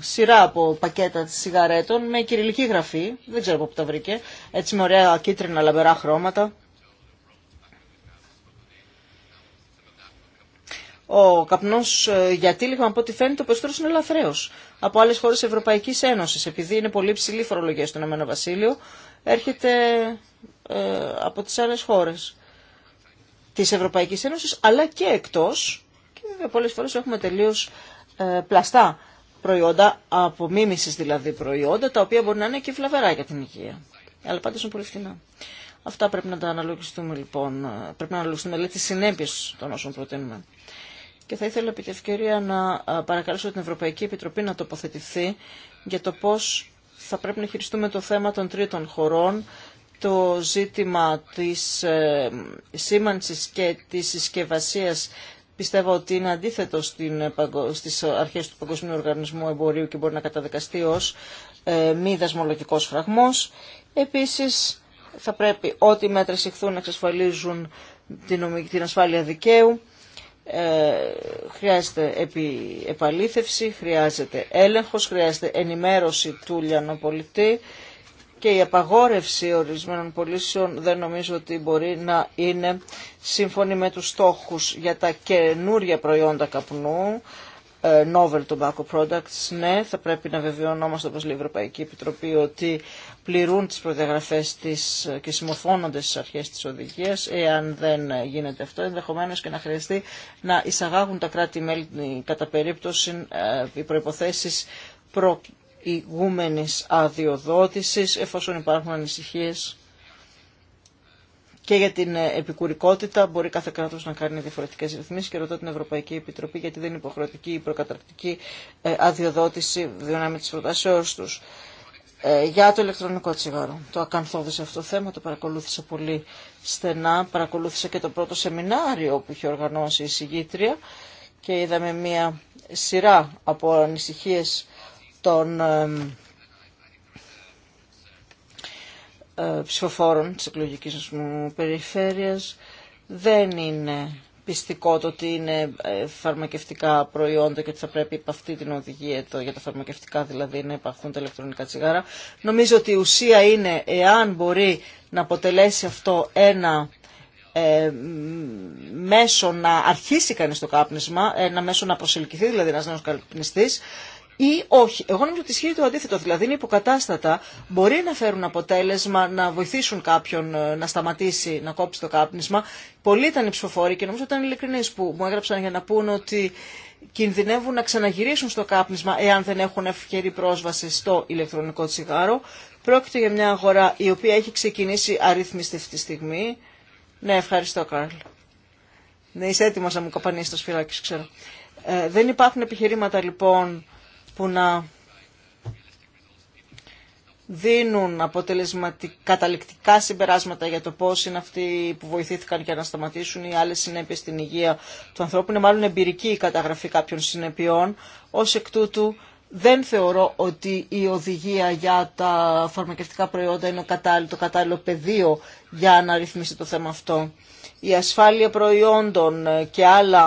σειρά από πακέτα σιγαρέτων με κυριλική γραφή, δεν ξέρω από πού τα βρήκε, έτσι με ωραία κίτρινα λαμπερά χρώματα. Ο καπνό ε, γιατί λίγο από ό,τι φαίνεται, ο περισσότερο είναι λαθρέο. Από άλλε χώρε Ευρωπαϊκή Ένωση, επειδή είναι πολύ ψηλή φορολογία στον Ηνωμένο Βασίλειο, έρχεται ε, από τι άλλε χώρε τη Ευρωπαϊκή Ένωση, αλλά και εκτό. Και βέβαια πολλέ φορέ έχουμε τελείω ε, πλαστά προϊόντα, απομίμηση δηλαδή προϊόντα, τα οποία μπορεί να είναι και φλαβερά για την υγεία. Αλλά πάντω είναι πολύ φθηνά. Αυτά πρέπει να τα αναλογιστούμε λοιπόν. Πρέπει να αναλογιστούμε λέει, τι συνέπειες των όσων προτείνουμε και θα ήθελα επί τη ευκαιρία να παρακαλέσω την Ευρωπαϊκή Επιτροπή να τοποθετηθεί για το πώς θα πρέπει να χειριστούμε το θέμα των τρίτων χωρών, το ζήτημα της ε, σήμανσης και της συσκευασία πιστεύω ότι είναι αντίθετο ε, στις αρχές του Παγκοσμίου Οργανισμού Εμπορίου και μπορεί να καταδικαστεί ως ε, μη δασμολογικός φραγμός. Επίσης, θα πρέπει ό,τι μέτρα συχθούν να εξασφαλίζουν την ασφάλεια δικαίου ε, χρειάζεται επι, επαλήθευση, χρειάζεται έλεγχος, χρειάζεται ενημέρωση του λιανοπολιτή και η απαγόρευση ορισμένων πωλήσεων δεν νομίζω ότι μπορεί να είναι σύμφωνη με τους στόχους για τα καινούρια προϊόντα καπνού. Ε, novel tobacco products. Ναι, θα πρέπει να βεβαιωνόμαστε, όπως λέει η Ευρωπαϊκή Επιτροπή, ότι πληρούν τις προδιαγραφές της και συμμορφώνονται στις αρχές της οδηγίας. Εάν δεν γίνεται αυτό, ενδεχομένως και να χρειαστεί να εισαγάγουν τα κράτη-μέλη κατά περίπτωση ε, οι προϋποθέσεις προηγούμενης αδειοδότησης, εφόσον υπάρχουν ανησυχίες και για την ε, επικουρικότητα μπορεί κάθε κράτο να κάνει διαφορετικέ ρυθμίσει και ρωτώ την Ευρωπαϊκή Επιτροπή γιατί δεν είναι υποχρεωτική η προκαταρκτική ε, αδειοδότηση δυνάμει τη προτάσεώ του. Ε, για το ηλεκτρονικό τσιγάρο. Το ακανθόδησε αυτό το θέμα, το παρακολούθησα πολύ στενά. Παρακολούθησα και το πρώτο σεμινάριο που είχε οργανώσει η συγγήτρια και είδαμε μία σειρά από ανησυχίε των Ε, ψηφοφόρων της εκλογικής μου περιφέρειας. Δεν είναι πιστικό το ότι είναι ε, φαρμακευτικά προϊόντα και ότι θα πρέπει από αυτή την οδηγία το, για τα φαρμακευτικά δηλαδή να υπάρχουν τα ηλεκτρονικά τσιγάρα. Νομίζω ότι η ουσία είναι εάν μπορεί να αποτελέσει αυτό ένα ε, μέσο να αρχίσει κανείς το κάπνισμα, ένα μέσο να προσελκυθεί δηλαδή ένας νέος καπνιστής, ή όχι. Εγώ νομίζω ότι ισχύει το αντίθετο, δηλαδή είναι υποκατάστατα, μπορεί να φέρουν αποτέλεσμα, να βοηθήσουν κάποιον ε, να σταματήσει, να κόψει το κάπνισμα. Πολλοί ήταν οι ψηφοφόροι και νομίζω ότι ήταν ειλικρινεί που μου έγραψαν για να πούν ότι κινδυνεύουν να ξαναγυρίσουν στο κάπνισμα εάν δεν έχουν ευκαιρή πρόσβαση στο ηλεκτρονικό τσιγάρο. Πρόκειται για μια αγορά η οποία έχει ξεκινήσει αρρύθμιστη αυτή τη στιγμή. Ναι, ευχαριστώ Κάρλ. Ναι, είσαι να μου κοπανίσει το σφυράκι, ξέρω. Ε, δεν υπάρχουν επιχειρήματα λοιπόν που να δίνουν αποτελεσματικά καταληκτικά συμπεράσματα για το πώς είναι αυτοί που βοηθήθηκαν και να σταματήσουν οι άλλες συνέπειες στην υγεία του ανθρώπου. Είναι μάλλον εμπειρική η καταγραφή κάποιων συνεπειών. Ως εκ τούτου δεν θεωρώ ότι η οδηγία για τα φαρμακευτικά προϊόντα είναι το κατάλληλο πεδίο για να ρυθμίσει το θέμα αυτό. Η ασφάλεια προϊόντων και άλλα,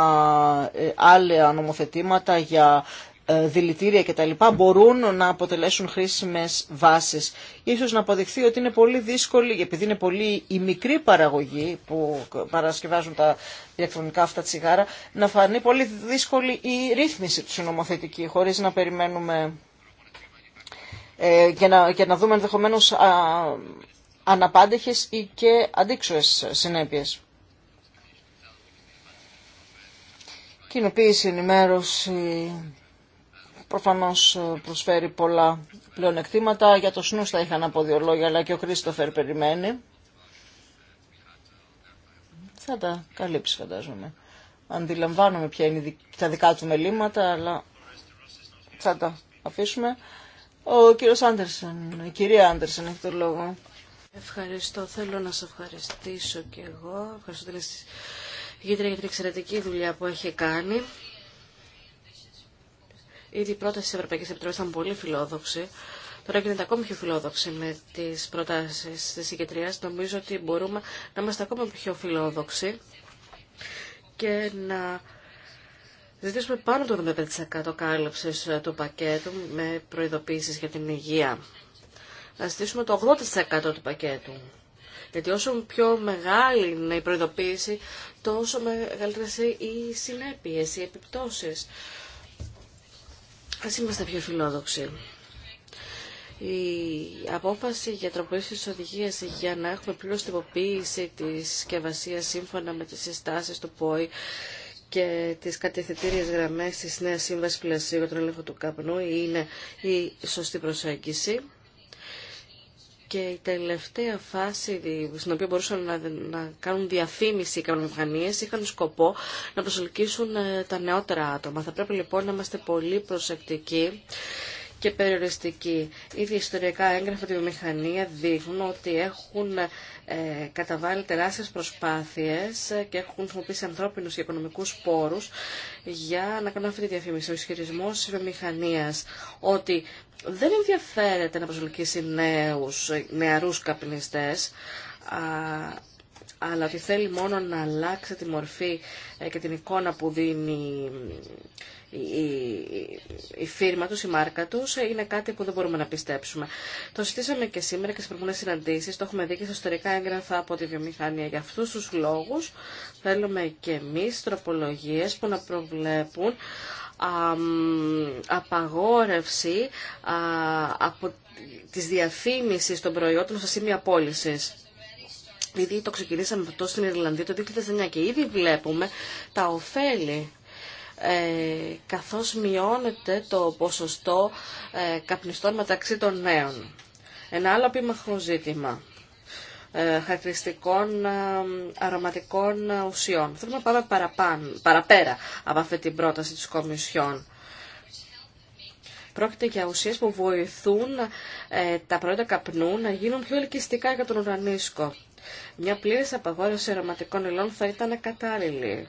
ε, άλλα νομοθετήματα για ε, δηλητήρια κτλ. μπορούν να αποτελέσουν χρήσιμες βάσεις. Ίσως να αποδειχθεί ότι είναι πολύ δύσκολη, επειδή είναι πολύ η μικρή παραγωγή που παρασκευάζουν τα ηλεκτρονικά αυτά τσιγάρα, να φανεί πολύ δύσκολη η ρύθμιση του συνομοθετική, χωρίς να περιμένουμε και, ε, να, και να δούμε ενδεχομένω αναπάντεχες ή και αντίξωες συνέπειες. Κοινοποίηση, ενημέρωση, προφανώς ε, προσφέρει πολλά πλεονεκτήματα. Για το Σνούς θα είχα να πω δύο λόγια, αλλά και ο Κρίστοφερ περιμένει. Θα τα καλύψει φαντάζομαι. Αντιλαμβάνομαι ποια είναι τα δικά του μελήματα, αλλά θα τα αφήσουμε. Ο κύριος Άντερσεν, η κυρία Άντερσεν έχει το λόγο. Ευχαριστώ. Θέλω να σε ευχαριστήσω και εγώ. Ευχαριστώ την για την εξαιρετική δουλειά που έχει κάνει ήδη οι πρόταση τη Ευρωπαϊκή Επιτροπή ήταν πολύ φιλόδοξη. Τώρα γίνεται ακόμη πιο φιλόδοξη με τι προτάσει τη συγκεντριά. Νομίζω ότι μπορούμε να είμαστε ακόμα πιο φιλόδοξοι και να ζητήσουμε πάνω το 95% κάλυψη ε, του πακέτου με προειδοποίησει για την υγεία. Να ζητήσουμε το 80% του πακέτου. Γιατί όσο πιο μεγάλη είναι η προειδοποίηση, τόσο μεγαλύτερε οι συνέπειε, οι επιπτώσει. Ας είμαστε πιο φιλόδοξοι. Η απόφαση για τροποποίηση τη οδηγία για να έχουμε πλήρως τυποποίηση της συσκευασία σύμφωνα με τις συστάσεις του ΠΟΗ και τις κατευθυντήριε γραμμές της νέας σύμβασης πλαισίου για τον έλεγχο του καπνού είναι η σωστή προσέγγιση. Και η τελευταία φάση στην οποία μπορούσαν να, να κάνουν διαφήμιση οι είχαν σκοπό να προσελκύσουν ε, τα νεότερα άτομα. Θα πρέπει λοιπόν να είμαστε πολύ προσεκτικοί και περιοριστικοί. Ήδη ιστορικά έγγραφα τη βιομηχανία δείχνουν ότι έχουν ε, καταβάλει τεράστιες προσπάθειες και έχουν χρησιμοποιήσει ανθρώπινους και οικονομικούς πόρους για να κάνουν αυτή τη διαφήμιση. Ο ισχυρισμό τη βιομηχανία, ότι δεν ενδιαφέρεται να προσελκύσει νέους, νεαρούς καπνιστές, αλλά ότι θέλει μόνο να αλλάξει τη μορφή ε, και την εικόνα που δίνει η, η, η φίρμα τους, η μάρκα τους, ε, είναι κάτι που δεν μπορούμε να πιστέψουμε. Το συζητήσαμε και σήμερα και σε προηγούμενες συναντήσεις, το έχουμε δει και στα ιστορικά έγγραφα από τη βιομηχανία. Για αυτούς τους λόγους θέλουμε και εμείς τροπολογίες που να προβλέπουν απαγόρευση από της διαφήμισης των προϊόντων στα σημεία πώληση. Ήδη το ξεκινήσαμε αυτό στην Ιρλανδία το 2009 και ήδη βλέπουμε τα ωφέλη ε, καθώς μειώνεται το ποσοστό ε, καπνιστών μεταξύ των νέων. Ένα άλλο επιμαχρό ζήτημα ε, χαρακτηριστικών ε, αρωματικών ουσιών. Θέλουμε να πάμε παραπέρα από αυτή την πρόταση της Κομισιόν. Πρόκειται για ουσίες που βοηθούν ε, τα προϊόντα καπνού να γίνουν πιο ελκυστικά για τον ουρανίσκο. Μια πλήρης απαγόρευση αρωματικών υλών θα ήταν κατάλληλη.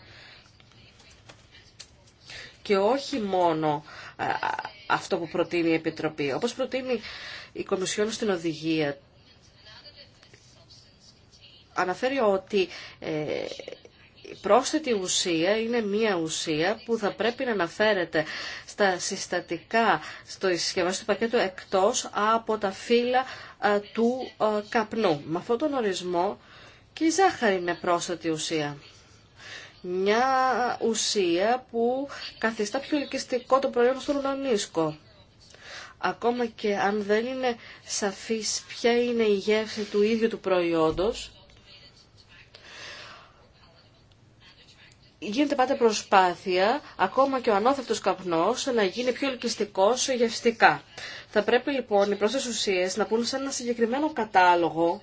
Και όχι μόνο αυτό που προτείνει η Επιτροπή. Όπως προτείνει η Κομισιόν στην οδηγία αναφέρει ότι ε, η πρόσθετη ουσία είναι μία ουσία που θα πρέπει να αναφέρεται στα συστατικά, στο συσκευαστικό του πακέτου εκτός από τα φύλλα ε, του ε, καπνού. Με αυτόν τον ορισμό και η ζάχαρη είναι πρόσθετη ουσία. Μια ουσία που καθιστά πιο ελκυστικό το προϊόν στον ουρανίσκο. Ακόμα και αν δεν είναι σαφής ποια είναι η γεύση του ίδιου του προϊόντος, γίνεται πάντα προσπάθεια, ακόμα και ο ανώθευτος καπνός, να γίνει πιο ελκυστικός γευστικά. Θα πρέπει λοιπόν οι πρόσθετες ουσίες να πούν σε ένα συγκεκριμένο κατάλογο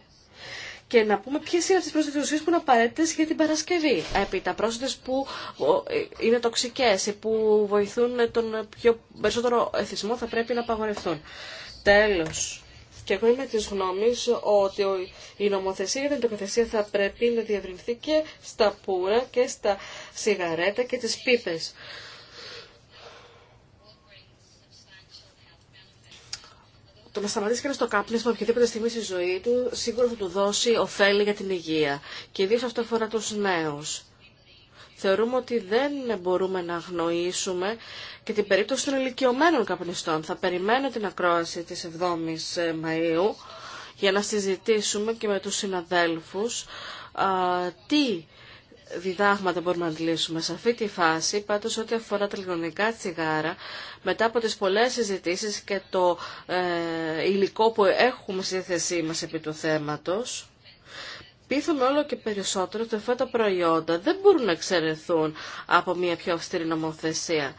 και να πούμε ποιε είναι αυτέ τι πρόσθετε ουσίε που είναι απαραίτητε για την Παρασκευή. Έπειτα, πρόσθετε που είναι τοξικέ ή που βοηθούν τον πιο περισσότερο εθισμό θα πρέπει να απαγορευτούν. Τέλος, και εγώ είμαι τη γνώμη ότι η νομοθεσία για την τοποθεσία θα πρέπει να διευρυνθεί και στα πουρα και στα σιγαρέτα και τις πίπες. Το να σταματήσει κανεί το κάπνισμα οποιαδήποτε στιγμή στη ζωή του σίγουρα θα του δώσει ωφέλη για την υγεία. Και ιδίω αυτό αφορά του νέου θεωρούμε ότι δεν μπορούμε να αγνοήσουμε και την περίπτωση των ηλικιωμένων καπνιστών. Θα περιμένω την ακρόαση της 7ης Μαΐου για να συζητήσουμε και με τους συναδέλφους τι διδάγματα μπορούμε να αντιλήσουμε σε αυτή τη φάση, πάντως ό,τι αφορά τα ηλεκτρονικά τσιγάρα, μετά από τις πολλές συζητήσεις και το ε, υλικό που έχουμε στη θέση μας επί του θέματος, πείθουμε όλο και περισσότερο ότι αυτά τα προϊόντα δεν μπορούν να εξαιρεθούν από μια πιο αυστηρή νομοθεσία.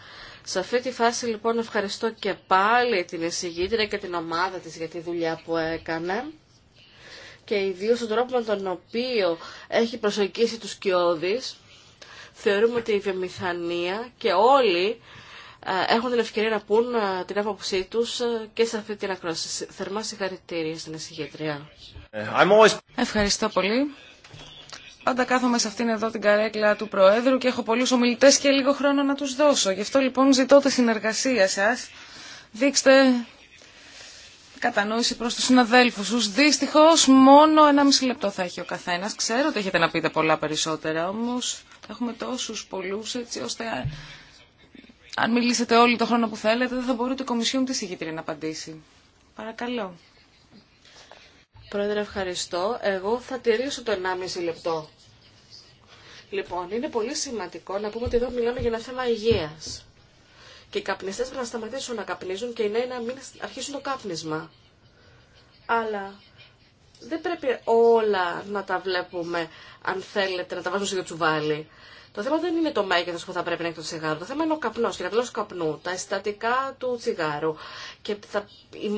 Σε αυτή τη φάση λοιπόν ευχαριστώ και πάλι την εισηγήτρια και την ομάδα της για τη δουλειά που έκανε και ιδίω τον τρόπο με τον οποίο έχει προσεγγίσει τους κοιόδης. Θεωρούμε ότι η βιομηχανία και όλοι ε, έχουν την ευκαιρία να πούν ε, την άποψή τους ε, και σε αυτή την ακρόαση. Θερμά συγχαρητήρια στην εισηγήτρια. Ε, Ευχαριστώ πολύ. Πάντα κάθομαι σε αυτήν εδώ την καρέκλα του Προέδρου και έχω πολλούς ομιλητές και λίγο χρόνο να τους δώσω. Γι' αυτό λοιπόν ζητώ τη συνεργασία σας. Δείξτε κατανόηση προς τους συναδέλφους σου. Δυστυχώς μόνο ένα μισή λεπτό θα έχει ο καθένας. Ξέρω ότι έχετε να πείτε πολλά περισσότερα, όμως έχουμε τόσους πολλούς έτσι ώστε αν μιλήσετε όλοι το χρόνο που θέλετε δεν θα μπορείτε η Κομισιόν της Υγήτρια να απαντήσει. Παρακαλώ. Πρόεδρε, ευχαριστώ. Εγώ θα τηρήσω το 1,5 λεπτό. Λοιπόν, είναι πολύ σημαντικό να πούμε ότι εδώ μιλάμε για ένα θέμα υγεία. Και οι καπνιστέ πρέπει να σταματήσουν να καπνίζουν και οι νέοι να μην αρχίσουν το κάπνισμα. Αλλά δεν πρέπει όλα να τα βλέπουμε, αν θέλετε, να τα βάζουμε σε δύο τσουβάλι. Το θέμα δεν είναι το μέγεθο που θα πρέπει να έχει το τσιγάρο. Το θέμα είναι ο καπνό, και καπνό καπνού, τα συστατικά του τσιγάρου και θα... η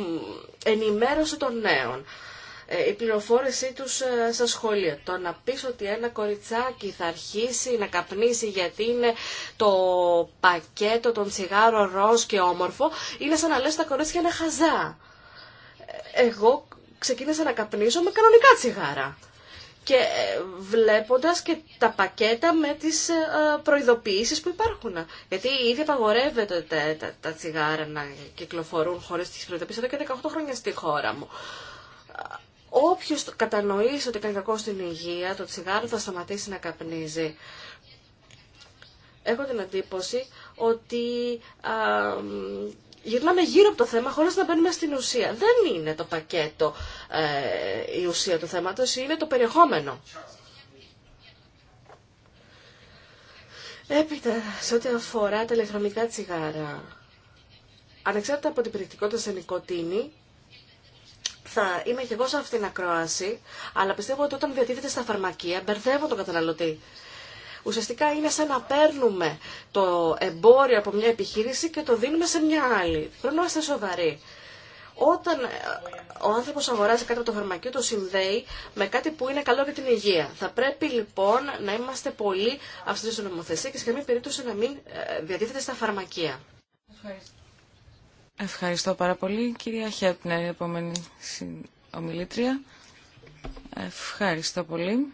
ενημέρωση των νέων. Ε, η πληροφόρησή τους ε, στα σχολεία. Το να πεις ότι ένα κοριτσάκι θα αρχίσει να καπνίσει γιατί είναι το πακέτο των τσιγάρων ροζ και όμορφο, είναι σαν να λες τα κορίτσια είναι χαζά. Ε, εγώ ξεκίνησα να καπνίζω με κανονικά τσιγάρα και βλέποντας και τα πακέτα με τις προειδοποιήσεις που υπάρχουν. Γιατί ήδη απαγορεύεται τα, τα, τσιγάρα να κυκλοφορούν χωρίς τις προειδοποιήσεις εδώ και 18 χρόνια στη χώρα μου. Όποιο κατανοήσει ότι κάνει κακό στην υγεία, το τσιγάρο θα σταματήσει να καπνίζει. Έχω την εντύπωση ότι α, γυρνάμε γύρω από το θέμα χωρίς να μπαίνουμε στην ουσία. Δεν είναι το πακέτο ε, η ουσία του θέματος, είναι το περιεχόμενο. Έπειτα, σε ό,τι αφορά τα ηλεκτρονικά τσιγάρα, ανεξάρτητα από την περιεκτικότητα σε νοικοτήνη, είμαι και εγώ σε αυτήν την ακρόαση, αλλά πιστεύω ότι όταν διατίθεται στα φαρμακεία μπερδεύω τον καταναλωτή. Ουσιαστικά είναι σαν να παίρνουμε το εμπόριο από μια επιχείρηση και το δίνουμε σε μια άλλη. Πρέπει να είμαστε σοβαροί. Όταν ε, ο άνθρωπος αγοράζει κάτι από το φαρμακείο, το συνδέει με κάτι που είναι καλό για την υγεία. Θα πρέπει λοιπόν να είμαστε πολύ αυστηροί στην νομοθεσία και σε καμία περίπτωση να μην ε, διατίθεται στα φαρμακεία. Ευχαριστώ πάρα πολύ. Κυρία Χέπνερ, η επόμενη ομιλήτρια. Ευχαριστώ πολύ.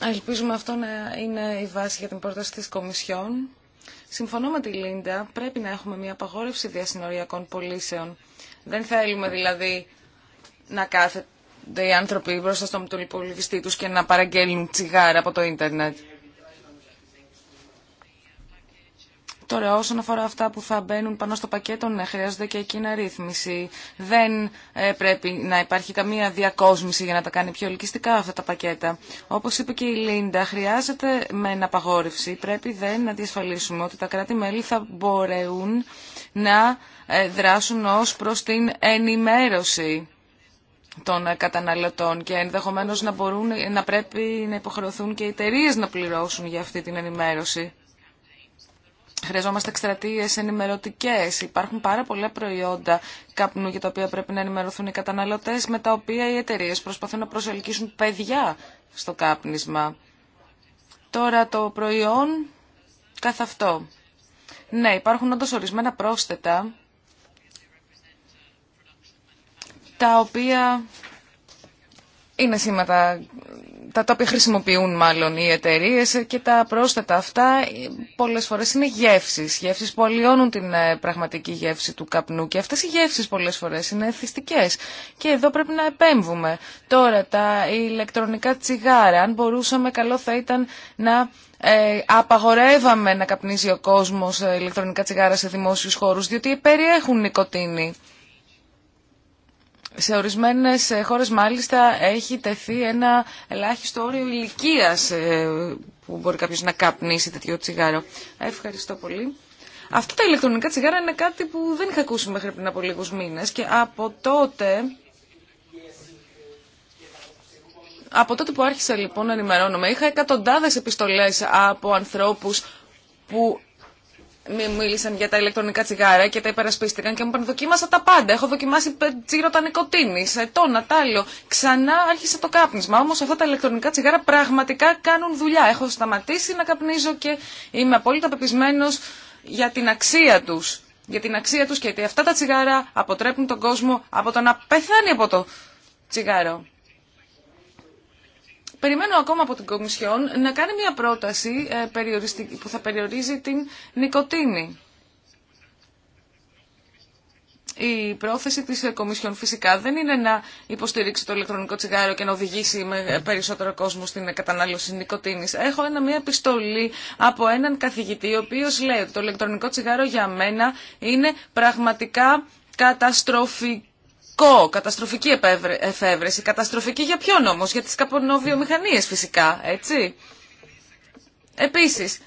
Ελπίζουμε αυτό να είναι η βάση για την πρόταση της Κομισιόν. Συμφωνώ με τη Λίντα, πρέπει να έχουμε μια απαγόρευση διασυνοριακών πωλήσεων. Δεν θέλουμε δηλαδή να κάθεται οι άνθρωποι μπροστά στον υπολογιστή τους και να παραγγέλνουν τσιγάρα από το ίντερνετ. Τώρα, όσον αφορά αυτά που θα μπαίνουν πάνω στο πακέτο, ναι, χρειάζεται και εκείνα ρύθμιση. Δεν ε, πρέπει να υπάρχει καμία διακόσμηση για να τα κάνει πιο ελκυστικά αυτά τα πακέτα. Όπω είπε και η Λίντα, χρειάζεται μεν απαγόρευση. Πρέπει δεν να διασφαλίσουμε ότι τα κράτη-μέλη θα μπορούν να ε, δράσουν ω προ την ενημέρωση των ε, καταναλωτών και ενδεχομένως να, μπορούν, να πρέπει να υποχρεωθούν και οι εταιρείε να πληρώσουν για αυτή την ενημέρωση. Χρειαζόμαστε εκστρατείε ενημερωτικέ. Υπάρχουν πάρα πολλά προϊόντα καπνού για τα οποία πρέπει να ενημερωθούν οι καταναλωτέ, με τα οποία οι εταιρείε προσπαθούν να προσελκύσουν παιδιά στο κάπνισμα. Τώρα το προϊόν καθ' αυτό. Ναι, υπάρχουν όντω ορισμένα πρόσθετα τα οποία είναι σήματα, τα οποία χρησιμοποιούν μάλλον οι εταιρείε και τα πρόσθετα αυτά πολλές φορές είναι γεύσεις, γεύσεις που αλλοιώνουν την ε, πραγματική γεύση του καπνού και αυτές οι γεύσεις πολλές φορές είναι εθιστικές και εδώ πρέπει να επέμβουμε. Τώρα τα ηλεκτρονικά τσιγάρα, αν μπορούσαμε καλό θα ήταν να ε, απαγορεύαμε να καπνίζει ο κόσμος ε, ηλεκτρονικά τσιγάρα σε δημόσιους χώρους διότι περιέχουν νοικοτήνη. Σε ορισμένε ε, χώρες μάλιστα έχει τεθεί ένα ελάχιστο όριο ηλικίας ε, που μπορεί κάποιο να καπνίσει τέτοιο τσιγάρο. Ευχαριστώ πολύ. Αυτά τα ηλεκτρονικά τσιγάρα είναι κάτι που δεν είχα ακούσει μέχρι πριν από λίγου μήνε. και από τότε... Από τότε που άρχισα λοιπόν να ενημερώνομαι, είχα εκατοντάδες επιστολές από ανθρώπους που μίλησαν για τα ηλεκτρονικά τσιγάρα και τα υπερασπίστηκαν και μου είπαν δοκίμασα τα πάντα. Έχω δοκιμάσει τα νοικοτήνη, ετό, νατάλιο. Ξανά άρχισε το κάπνισμα. Όμω αυτά τα ηλεκτρονικά τσιγάρα πραγματικά κάνουν δουλειά. Έχω σταματήσει να καπνίζω και είμαι απόλυτα πεπισμένο για την αξία του. Για την αξία του και ότι αυτά τα τσιγάρα αποτρέπουν τον κόσμο από το να πεθάνει από το τσιγάρο. Περιμένω ακόμα από την Κομισιόν να κάνει μια πρόταση ε, που θα περιορίζει την νοικοτήνη. Η πρόθεση της ε, Κομισιόν φυσικά δεν είναι να υποστηρίξει το ηλεκτρονικό τσιγάρο και να οδηγήσει με ε, περισσότερο κόσμο στην κατανάλωση νοικοτήνης. Έχω ένα, μια επιστολή από έναν καθηγητή ο οποίος λέει ότι το ηλεκτρονικό τσιγάρο για μένα είναι πραγματικά καταστροφικό κό καταστροφική εφεύρεση. Καταστροφική για ποιον όμως, για τις καπονοβιομηχανίες φυσικά, έτσι. Επίσης,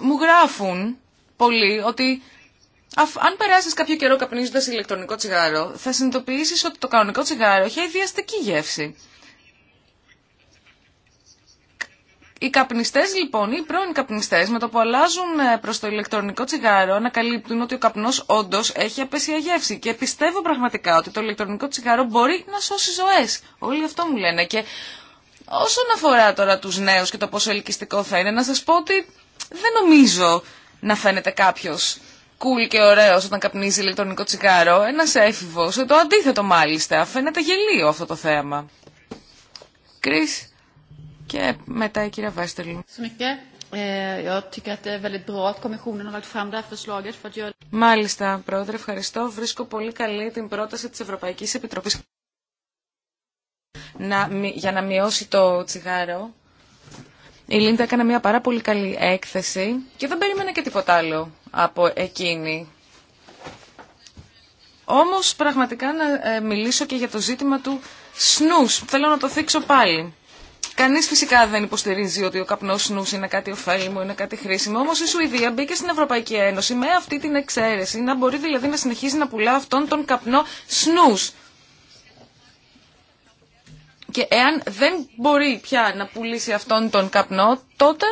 μου γράφουν πολλοί ότι αν περάσεις κάποιο καιρό καπνίζοντας ηλεκτρονικό τσιγάρο, θα συνειδητοποιήσεις ότι το κανονικό τσιγάρο έχει αειδιαστική γεύση. Οι καπνιστέ λοιπόν, οι πρώην καπνιστέ, με το που αλλάζουν ε, προ το ηλεκτρονικό τσιγάρο, ανακαλύπτουν ότι ο καπνό όντω έχει απέσια γεύση. Και πιστεύω πραγματικά ότι το ηλεκτρονικό τσιγάρο μπορεί να σώσει ζωέ. Όλοι αυτό μου λένε. Και όσον αφορά τώρα του νέου και το πόσο ελκυστικό θα είναι, να σα πω ότι δεν νομίζω να φαίνεται κάποιο κουλ cool και ωραίο όταν καπνίζει ηλεκτρονικό τσιγάρο. Ένα έφηβο, ε, το αντίθετο μάλιστα. Φαίνεται γελίο αυτό το θέμα. Chris. Και μετά η κυρία Βέστελου. Eh, Μάλιστα, Πρόεδρε, ευχαριστώ. Βρίσκω πολύ καλή την πρόταση της Ευρωπαϊκής Επιτροπής να, για να μειώσει το τσιγάρο. Η Λίντα έκανε μια πάρα πολύ καλή έκθεση και δεν περίμενα και τίποτα άλλο από εκείνη. Όμως πραγματικά να ε, μιλήσω και για το ζήτημα του σνούς. Θέλω να το θίξω πάλι. Κανεί φυσικά δεν υποστηρίζει ότι ο καπνό νου είναι κάτι ωφέλιμο, είναι κάτι χρήσιμο. Όμω η Σουηδία μπήκε στην Ευρωπαϊκή Ένωση με αυτή την εξαίρεση, να μπορεί δηλαδή να συνεχίζει να πουλά αυτόν τον καπνό σνου. Και εάν δεν μπορεί πια να πουλήσει αυτόν τον καπνό, τότε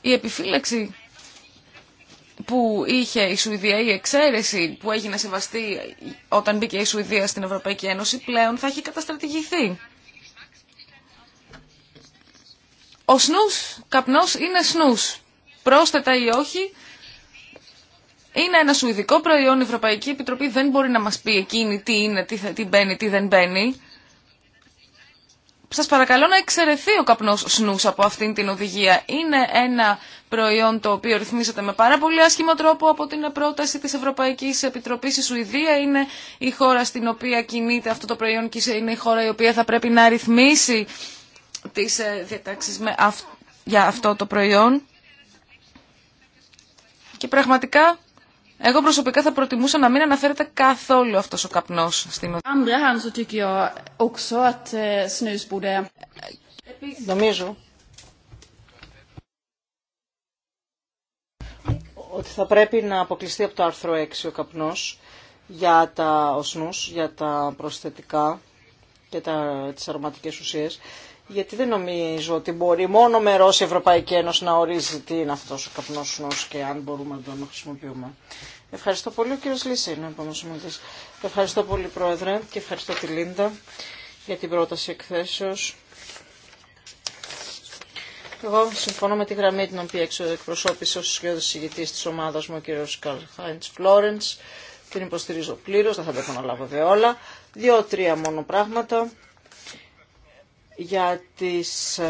η επιφύλαξη που είχε η Σουηδία, η εξαίρεση που έγινε σεβαστή όταν μπήκε η Σουηδία στην Ευρωπαϊκή Ένωση, πλέον θα έχει καταστρατηγηθεί. Ο σνούς, καπνός είναι σνούς. Πρόσθετα ή όχι, είναι ένα σουηδικό προϊόν, η Ευρωπαϊκή Επιτροπή δεν μπορεί να μας πει εκείνη τι είναι, τι, τι μπαίνει, τι δεν μπαίνει. Σας παρακαλώ να εξαιρεθεί ο καπνός σνούς από αυτήν την οδηγία. Είναι ένα προϊόν το οποίο ρυθμίζεται με πάρα πολύ άσχημο τρόπο από την πρόταση της Ευρωπαϊκής Επιτροπής. Η Σουηδία είναι η χώρα στην οποία κινείται αυτό το προϊόν και είναι η χώρα η οποία θα πρέπει να ρυθμίσει τις ε, διατάξεις με αυ... για αυτό το προϊόν. Και πραγματικά, εγώ προσωπικά θα προτιμούσα να μην αναφέρεται καθόλου αυτός ο καπνός στην οδηγία. Ε, Νομίζω ότι θα πρέπει να αποκλειστεί από το άρθρο 6 ο καπνός για τα οσνούς, για τα προσθετικά και τα, τις αρωματικές ουσίες γιατί δεν νομίζω ότι μπορεί μόνο μερός η Ευρωπαϊκή Ένωση να ορίζει τι είναι αυτό ο καπνό νόσο και αν μπορούμε να τον χρησιμοποιούμε. Ευχαριστώ πολύ. Ο κύριο Λύση είναι Ευχαριστώ πολύ Πρόεδρε και ευχαριστώ τη Λίντα για την πρόταση εκθέσεω. Εγώ συμφωνώ με τη γραμμή την οποία εκπροσώπησε ο συγγητή τη Ομάδα μου, ο κύριο Καρλ Χάιντ Φλόρεντς. Την υποστηρίζω πλήρω. δεν θα τα επαναλάβω όλα. Δύο-τρία μόνο πράγματα για, τις,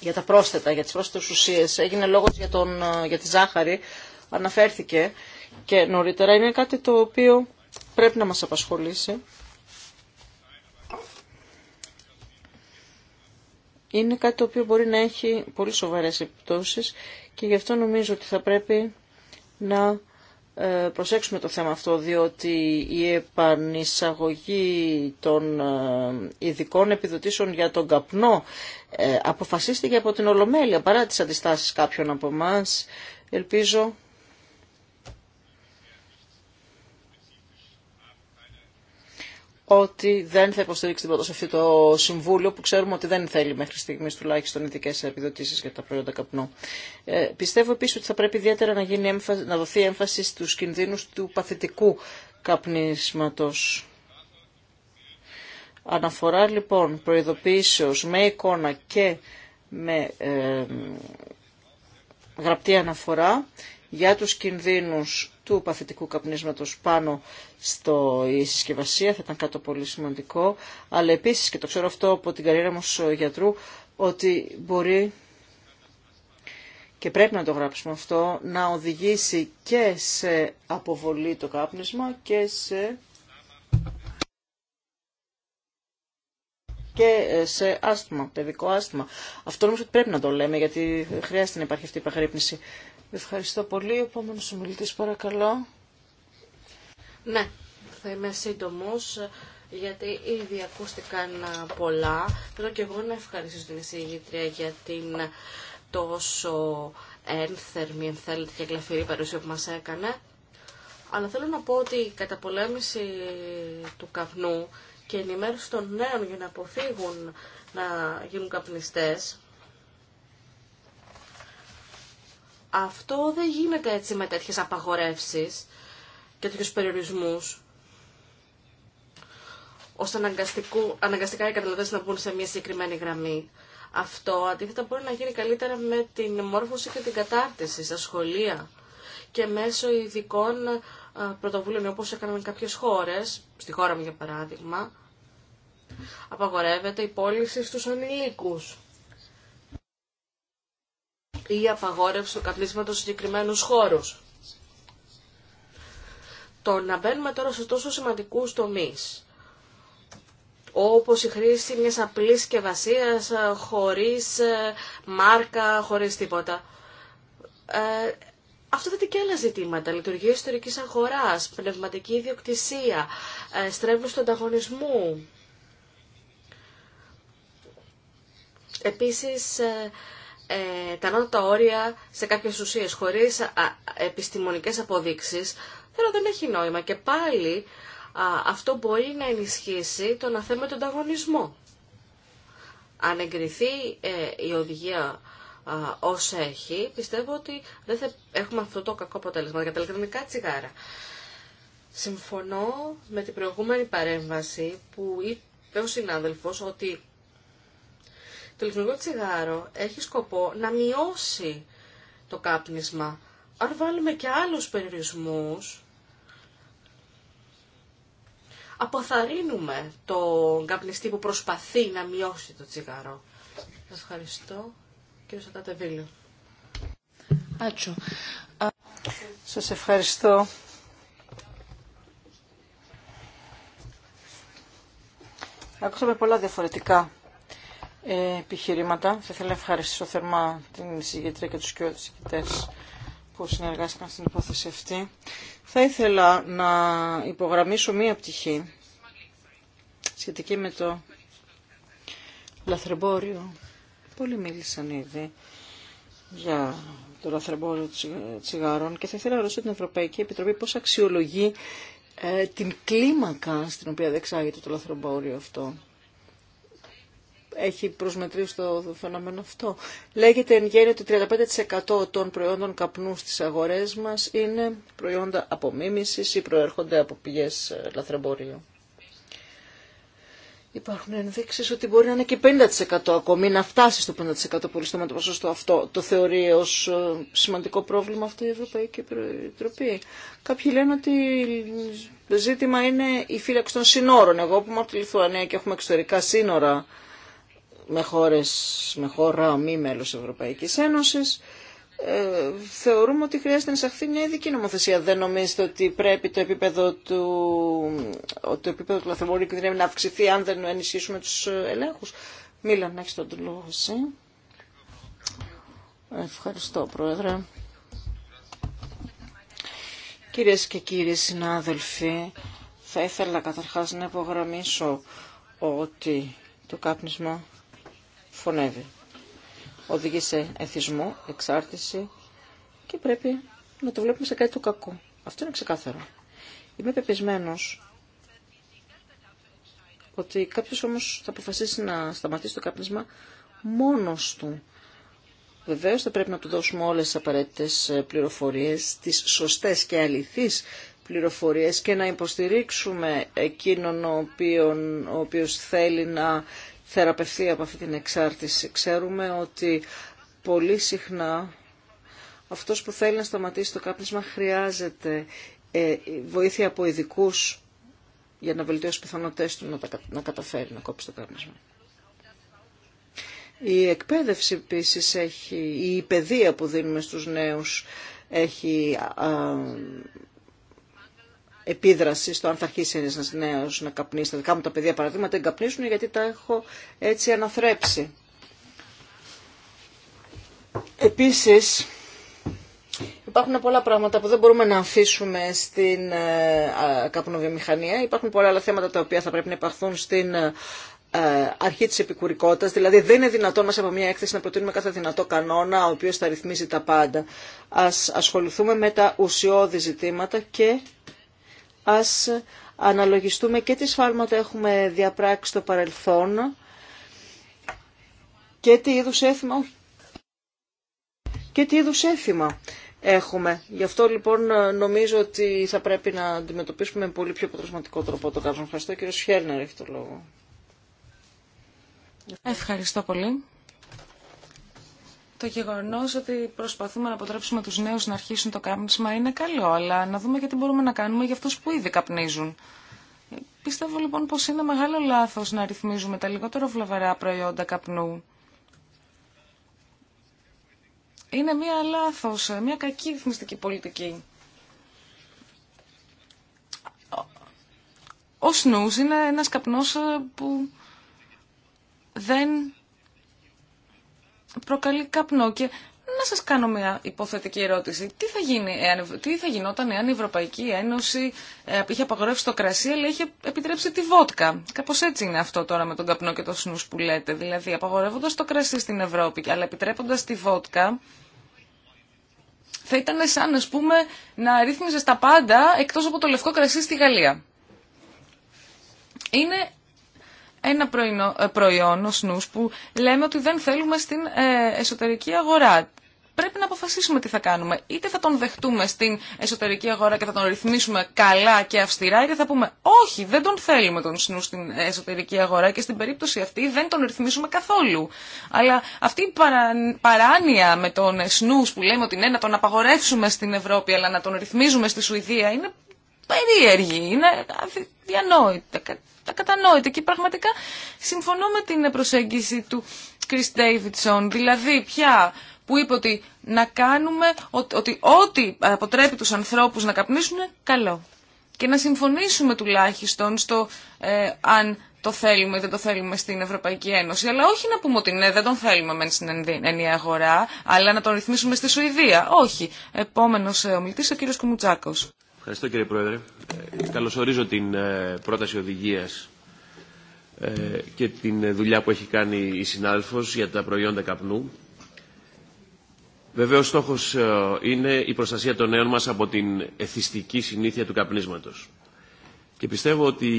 για τα πρόσθετα, για τις πρόσθετες ουσίες. Έγινε λόγος για, τον, για τη ζάχαρη, αναφέρθηκε και νωρίτερα. Είναι κάτι το οποίο πρέπει να μας απασχολήσει. Είναι κάτι το οποίο μπορεί να έχει πολύ σοβαρές επιπτώσεις και γι' αυτό νομίζω ότι θα πρέπει να ε, προσέξουμε το θέμα αυτό, διότι η επανεισαγωγή των ε, ειδικών επιδοτήσεων για τον καπνό ε, αποφασίστηκε από την Ολομέλεια, παρά τις αντιστάσεις κάποιων από εμά. Ελπίζω ότι δεν θα υποστηρίξει τίποτα σε αυτό το Συμβούλιο που ξέρουμε ότι δεν θέλει μέχρι στιγμή τουλάχιστον ειδικέ επιδοτήσει για τα προϊόντα καπνού. Ε, πιστεύω επίση ότι θα πρέπει ιδιαίτερα να, γίνει έμφαση, να δοθεί έμφαση στου κινδύνους του παθητικού καπνίσματο. Αναφορά λοιπόν προειδοποίησεως με εικόνα και με ε, γραπτή αναφορά για τους κινδύνους του παθητικού καπνίσματος πάνω στο η συσκευασία, θα ήταν κάτι πολύ σημαντικό, αλλά επίσης και το ξέρω αυτό από την καριέρα μου ως γιατρού, ότι μπορεί και πρέπει να το γράψουμε αυτό, να οδηγήσει και σε αποβολή το κάπνισμα και σε... και ε, σε άσθμα, παιδικό άσθμα. Αυτό ότι πρέπει να το λέμε γιατί χρειάζεται να υπάρχει αυτή η υπαγρύπνηση Ευχαριστώ πολύ. Επόμενο ομιλητή, παρακαλώ. Ναι, θα είμαι σύντομο γιατί ήδη ακούστηκαν πολλά. Θέλω και εγώ να ευχαριστήσω την εισηγήτρια για την τόσο ένθερμη, θέλετε και γλαφυρή παρουσία που μα έκανε. Αλλά θέλω να πω ότι η καταπολέμηση του καπνού και η ενημέρωση των νέων για να αποφύγουν να γίνουν καπνιστές Αυτό δεν γίνεται έτσι με τέτοιε απαγορεύσει και τέτοιου περιορισμού ώστε αναγκαστικά οι καταναλωτέ να μπουν σε μια συγκεκριμένη γραμμή. Αυτό αντίθετα μπορεί να γίνει καλύτερα με την μόρφωση και την κατάρτιση στα σχολεία και μέσω ειδικών ε, πρωτοβουλίων όπω έκαναν κάποιε χώρε, στη χώρα μου για παράδειγμα, απαγορεύεται η πώληση στους ανηλίκους ή απαγόρευση του καπνίσματος συγκεκριμένου χώρου. Το να μπαίνουμε τώρα σε τόσο σημαντικού τομεί. όπως η χρήση μιας απλής συσκευασία ε, χωρίς ε, μάρκα, χωρίς τίποτα. Ε, αυτό δεν και άλλα ζητήματα. Λειτουργία ιστορική αγορά, πνευματική ιδιοκτησία, ε, στρέβλωση του ανταγωνισμού. Επίσης, ε, ε, τα όρια σε κάποιες ουσίες χωρίς α, επιστημονικές αποδείξεις θέλω δεν έχει νόημα και πάλι αυτό μπορεί να ενισχύσει τον αθέμετο ανταγωνισμό. Αν εγκριθεί ε, η οδηγία α, έχει, πιστεύω ότι δεν θα έχουμε αυτό το κακό αποτέλεσμα για τα ηλεκτρονικά τσιγάρα. Συμφωνώ με την προηγούμενη παρέμβαση που είπε ο συνάδελφος ότι το ηλεκτρονικό τσιγάρο έχει σκοπό να μειώσει το κάπνισμα. Αν βάλουμε και άλλους περιορισμούς, αποθαρρύνουμε τον καπνιστή που προσπαθεί να μειώσει το τσιγάρο. Σας ευχαριστώ. Κύριε Σατατεβίλιο. Σας ευχαριστώ. Ακούσαμε πολλά διαφορετικά επιχειρήματα. Θα ήθελα να ευχαριστήσω θερμά την συγγετρία και τους και που συνεργάστηκαν στην υπόθεση αυτή. Θα ήθελα να υπογραμμίσω μία πτυχή σχετική με το λαθρεμπόριο. Πολλοί μίλησαν ήδη για το λαθρεμπόριο τσιγάρων και θα ήθελα να ρωτήσω την Ευρωπαϊκή Επιτροπή πώς αξιολογεί ε, την κλίμακα στην οποία δεξάγεται το λαθρεμπόριο αυτό έχει προσμετρήσει το φαινόμενο αυτό. Λέγεται εν γέννη ότι 35% των προϊόντων καπνού στις αγορές μας είναι προϊόντα απομίμησης ή προέρχονται από πηγές ε, λαθρεμπορίου. Υπάρχουν ενδείξει ότι μπορεί να είναι και 50% ακόμη, να φτάσει στο 50% που στο το ποσοστό αυτό. Το θεωρεί ω ε, σημαντικό πρόβλημα αυτή η Ευρωπαϊκή Επιτροπή. Κάποιοι λένε ότι το ζήτημα είναι η φύλαξη των συνόρων. Εγώ που είμαι από τη Λιθουανία και έχουμε εξωτερικά σύνορα με, χώρες, με χώρα μη μέλος Ευρωπαϊκής Ένωσης, ε, θεωρούμε ότι χρειάζεται να εισαχθεί μια ειδική νομοθεσία. Δεν νομίζετε ότι πρέπει το επίπεδο του, το επίπεδο του να αυξηθεί αν δεν ενισχύσουμε τους ελέγχους. Μίλαν, να έχεις τον λόγο εσύ. Ευχαριστώ Πρόεδρε. Κυρίες και κύριοι συνάδελφοι, θα ήθελα καταρχάς να υπογραμμίσω ότι το κάπνισμα χωνεύει. Οδηγεί σε εθισμό, εξάρτηση και πρέπει να το βλέπουμε σε κάτι το κακό. Αυτό είναι ξεκάθαρο. Είμαι πεπισμένο ότι κάποιο όμω θα αποφασίσει να σταματήσει το κάπνισμα μόνος του. Βεβαίω θα πρέπει να του δώσουμε όλες τις απαραίτητες πληροφορίες, τις σωστές και αληθεί πληροφορίες και να υποστηρίξουμε εκείνον ο οποίο θέλει να θεραπευθεί από αυτή την εξάρτηση. Ξέρουμε ότι πολύ συχνά αυτός που θέλει να σταματήσει το κάπνισμα χρειάζεται ε, βοήθεια από ειδικού για να βελτιώσει πιθανότητες του να καταφέρει να κόψει το κάπνισμα. Η εκπαίδευση επίση έχει, η παιδεία που δίνουμε στους νέους έχει επίδραση στο αν θα αρχίσει ένα νέο να καπνίσει. Τα δικά μου τα παιδιά παραδείγματα δεν καπνίσουν γιατί τα έχω έτσι αναθρέψει. Επίση, Υπάρχουν πολλά πράγματα που δεν μπορούμε να αφήσουμε στην ε, καπνοβιομηχανία. Υπάρχουν πολλά άλλα θέματα τα οποία θα πρέπει να υπαρθούν στην ε, ε, αρχή της επικουρικότητας. Δηλαδή δεν είναι δυνατόν μας από μια έκθεση να προτείνουμε κάθε δυνατό κανόνα ο οποίος θα ρυθμίζει τα πάντα. Ας ασχοληθούμε με τα ουσιώδη ζητήματα και ας αναλογιστούμε και τι σφάλματα έχουμε διαπράξει στο παρελθόν και τι είδους έθιμα, και τι είδους έθιμα έχουμε. Γι' αυτό λοιπόν νομίζω ότι θα πρέπει να αντιμετωπίσουμε με πολύ πιο αποτελεσματικό τρόπο το κάτω. Ευχαριστώ κύριο Σχέρνερ, έχει το λόγο. Ευχαριστώ πολύ. Το γεγονό ότι προσπαθούμε να αποτρέψουμε τους νέου να αρχίσουν το κάπνισμα είναι καλό, αλλά να δούμε γιατί τι μπορούμε να κάνουμε για αυτούς που ήδη καπνίζουν. Πιστεύω λοιπόν πως είναι μεγάλο λάθος να ρυθμίζουμε τα λιγότερο βλαβερά προϊόντα καπνού. Είναι μία λάθος, μία κακή ρυθμιστική πολιτική. Ο σνούς είναι ένας καπνός που δεν προκαλεί καπνό και να σας κάνω μια υποθετική ερώτηση. Τι θα, γίνει, εάν, τι θα γινόταν εάν η Ευρωπαϊκή Ένωση ε, είχε απαγορεύσει το κρασί αλλά είχε επιτρέψει τη βότκα. Κάπως έτσι είναι αυτό τώρα με τον καπνό και το σνούς που λέτε. Δηλαδή απαγορεύοντας το κρασί στην Ευρώπη αλλά επιτρέποντας τη βότκα θα ήταν σαν ας πούμε να ρύθμιζε τα πάντα εκτός από το λευκό κρασί στη Γαλλία. Είναι ένα ε, προϊόν ο ΣΝΟΥΣ, που λέμε ότι δεν θέλουμε στην ε, εσωτερική αγορά. Πρέπει να αποφασίσουμε τι θα κάνουμε. Είτε θα τον δεχτούμε στην εσωτερική αγορά και θα τον ρυθμίσουμε καλά και αυστηρά, είτε θα πούμε όχι, δεν τον θέλουμε τον σνου στην εσωτερική αγορά και στην περίπτωση αυτή δεν τον ρυθμίσουμε καθόλου. Αλλά αυτή η παράνοια με τον σνου που λέμε ότι ναι, να τον απαγορεύσουμε στην Ευρώπη αλλά να τον ρυθμίζουμε στη Σουηδία είναι περίεργη, είναι αδιανόητα, τα κατανόητα και πραγματικά συμφωνώ με την προσέγγιση του Chris Davidson, δηλαδή πια που είπε ότι να κάνουμε ότι ό,τι αποτρέπει τους ανθρώπους να καπνίσουν καλό και να συμφωνήσουμε τουλάχιστον στο ε, αν το θέλουμε ή δεν το θέλουμε στην Ευρωπαϊκή Ένωση. Αλλά όχι να πούμε ότι ναι, δεν τον θέλουμε μεν στην ενιαία αγορά, αλλά να τον ρυθμίσουμε στη Σουηδία. Όχι. Επόμενο ε, ομιλητή, ο κύριος Κουμουτσάκος. Ευχαριστώ κύριε Πρόεδρε. Ε, καλωσορίζω την ε, πρόταση οδηγίας ε, και την δουλειά που έχει κάνει η συνάδελφος για τα προϊόντα καπνού. Βεβαίως στόχος είναι η προστασία των νέων μας από την εθιστική συνήθεια του καπνίσματος. Και πιστεύω ότι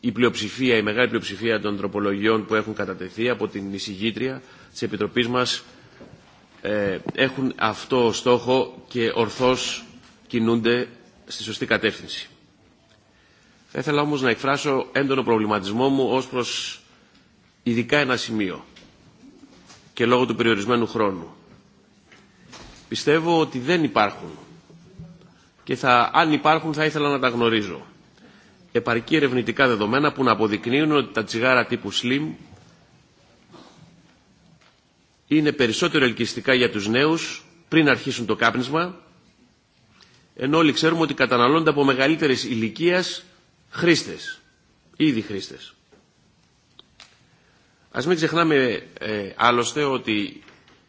η πλειοψηφία, η μεγάλη πλειοψηφία των τροπολογιών που έχουν κατατεθεί από την εισηγήτρια της Επιτροπής μας έχουν αυτό στόχο και ορθώς κινούνται στη σωστή κατεύθυνση. Θα ήθελα όμως να εκφράσω έντονο προβληματισμό μου ως προς ειδικά ένα σημείο και λόγω του περιορισμένου χρόνου. Πιστεύω ότι δεν υπάρχουν και θα, αν υπάρχουν θα ήθελα να τα γνωρίζω. Επαρκή ερευνητικά δεδομένα που να αποδεικνύουν ότι τα τσιγάρα τύπου slim είναι περισσότερο ελκυστικά για τους νέους πριν αρχίσουν το κάπνισμα ενώ όλοι ξέρουμε ότι καταναλώνται από μεγαλύτερη ηλικία χρήστε. ήδη χρήστε. Ας μην ξεχνάμε ε, άλλωστε ότι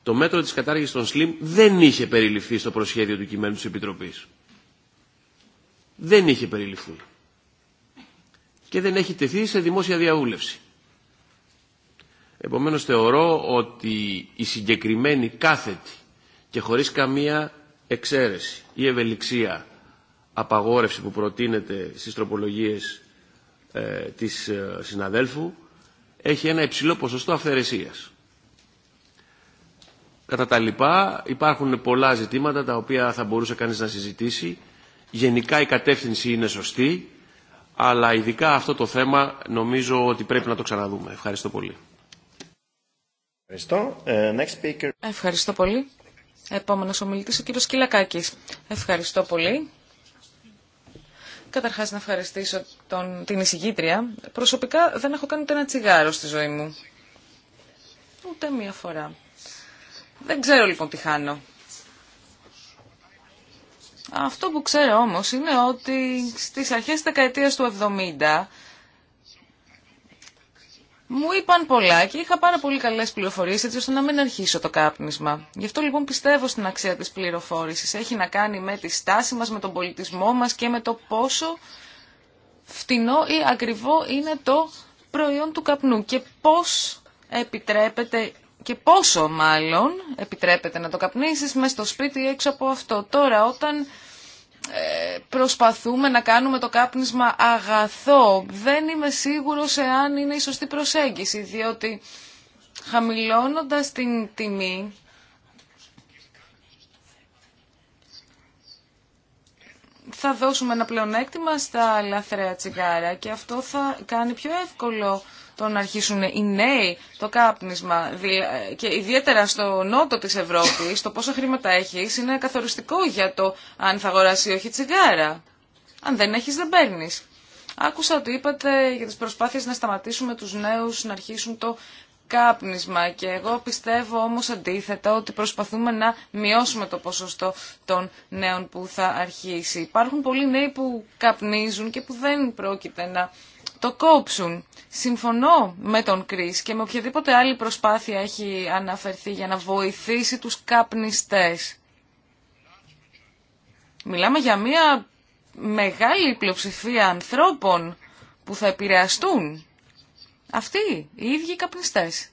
το μέτρο της κατάργησης των SLIM δεν είχε περιληφθεί στο προσχέδιο του κειμένου τη Επιτροπή. Δεν είχε περιληφθεί. Και δεν έχει τεθεί σε δημόσια διαβούλευση. Επομένως θεωρώ ότι η συγκεκριμένη κάθετη και χωρίς καμία εξαίρεση ή ευελιξία απαγόρευση που προτείνεται στις τροπολογίες ε, της ε, συναδέλφου έχει ένα υψηλό ποσοστό αυθαιρεσίας. Κατά τα λοιπά υπάρχουν πολλά ζητήματα τα οποία θα μπορούσε κανείς να συζητήσει. Γενικά η κατεύθυνση είναι σωστή, αλλά ειδικά αυτό το θέμα νομίζω ότι πρέπει να το ξαναδούμε. Ευχαριστώ πολύ. Ευχαριστώ ε, πολύ. Επόμενος ομιλητή, ο κύριο Κυλακάκης. Ευχαριστώ πολύ. Καταρχάς να ευχαριστήσω τον, την εισηγήτρια. Προσωπικά δεν έχω κάνει ούτε ένα τσιγάρο στη ζωή μου. Ούτε μία φορά. Δεν ξέρω λοιπόν τι χάνω. Αυτό που ξέρω όμως είναι ότι στις αρχές της δεκαετίας του 70 μου είπαν πολλά και είχα πάρα πολύ καλές πληροφορίες έτσι ώστε να μην αρχίσω το κάπνισμα. Γι' αυτό λοιπόν πιστεύω στην αξία της πληροφόρηση. Έχει να κάνει με τη στάση μας, με τον πολιτισμό μας και με το πόσο φτηνό ή ακριβό είναι το προϊόν του καπνού και πώς επιτρέπεται και πόσο μάλλον επιτρέπεται να το καπνίσεις μέσα στο σπίτι ή έξω από αυτό. Τώρα όταν προσπαθούμε να κάνουμε το κάπνισμα αγαθό. Δεν είμαι σίγουρος εάν είναι η σωστή προσέγγιση, διότι χαμηλώνοντας την τιμή θα δώσουμε ένα πλεονέκτημα στα λαθρέα τσιγάρα και αυτό θα κάνει πιο εύκολο το να αρχίσουν οι νέοι το κάπνισμα ε, και ιδιαίτερα στο νότο της Ευρώπης το πόσα χρήματα έχεις είναι καθοριστικό για το αν θα αγοράσει ή όχι τσιγάρα. Αν δεν έχεις δεν παίρνεις. Άκουσα ότι είπατε για τις προσπάθειες να σταματήσουμε τους νέους να αρχίσουν το κάπνισμα και εγώ πιστεύω όμως αντίθετα ότι προσπαθούμε να μειώσουμε το ποσοστό των νέων που θα αρχίσει. Υπάρχουν πολλοί νέοι που καπνίζουν και που δεν πρόκειται να το κόψουν. Συμφωνώ με τον Κρίς και με οποιαδήποτε άλλη προσπάθεια έχει αναφερθεί για να βοηθήσει τους καπνιστές. Μιλάμε για μια μεγάλη πλειοψηφία ανθρώπων που θα επηρεαστούν. Αυτοί οι ίδιοι οι καπνιστές.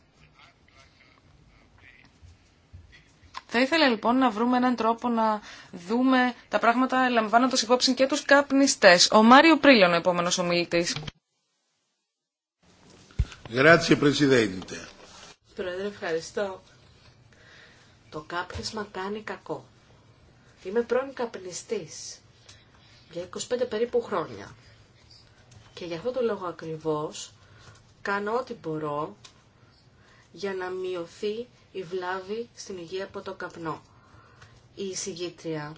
Θα ήθελα λοιπόν να βρούμε έναν τρόπο να δούμε τα πράγματα λαμβάνοντας υπόψη και τους καπνιστές. Ο Μάριο Πρίλιον, ο επόμενος ομιλητής. Πρόεδρε, ευχαριστώ. Το κάπνισμα κάνει κακό. Είμαι πρώην καπνιστής για 25 περίπου χρόνια. Και για αυτό το λόγο ακριβώς κάνω ό,τι μπορώ για να μειωθεί η βλάβη στην υγεία από το καπνό. Η εισηγήτρια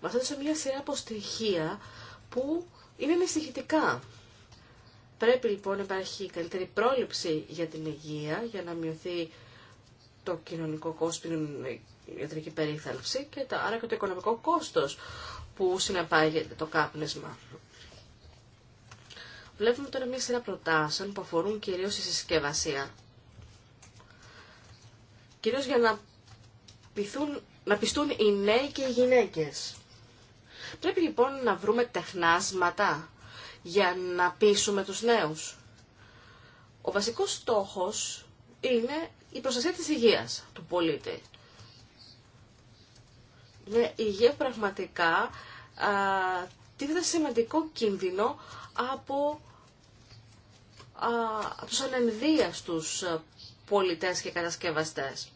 μας έδωσε μια σειρά από στοιχεία που είναι ανησυχητικά πρέπει λοιπόν να υπάρχει καλύτερη πρόληψη για την υγεία, για να μειωθεί το κοινωνικό κόστος, την ιατρική περίθαλψη και τα, άρα και το οικονομικό κόστος που συνεπάγεται το κάπνισμα. Βλέπουμε τώρα μια σειρά προτάσεων που αφορούν κυρίως η συσκευασία. Κυρίως για να, να πιστούν οι νέοι και οι γυναίκες. Πρέπει λοιπόν να βρούμε τεχνάσματα για να πείσουμε τους νέους. Ο βασικός στόχος είναι η προστασία της υγείας του πολίτη. Μια ναι, υγεία πραγματικά α, τίθεται σημαντικό κίνδυνο από α, τους ανενδύαστους πολιτές και κατασκευαστές.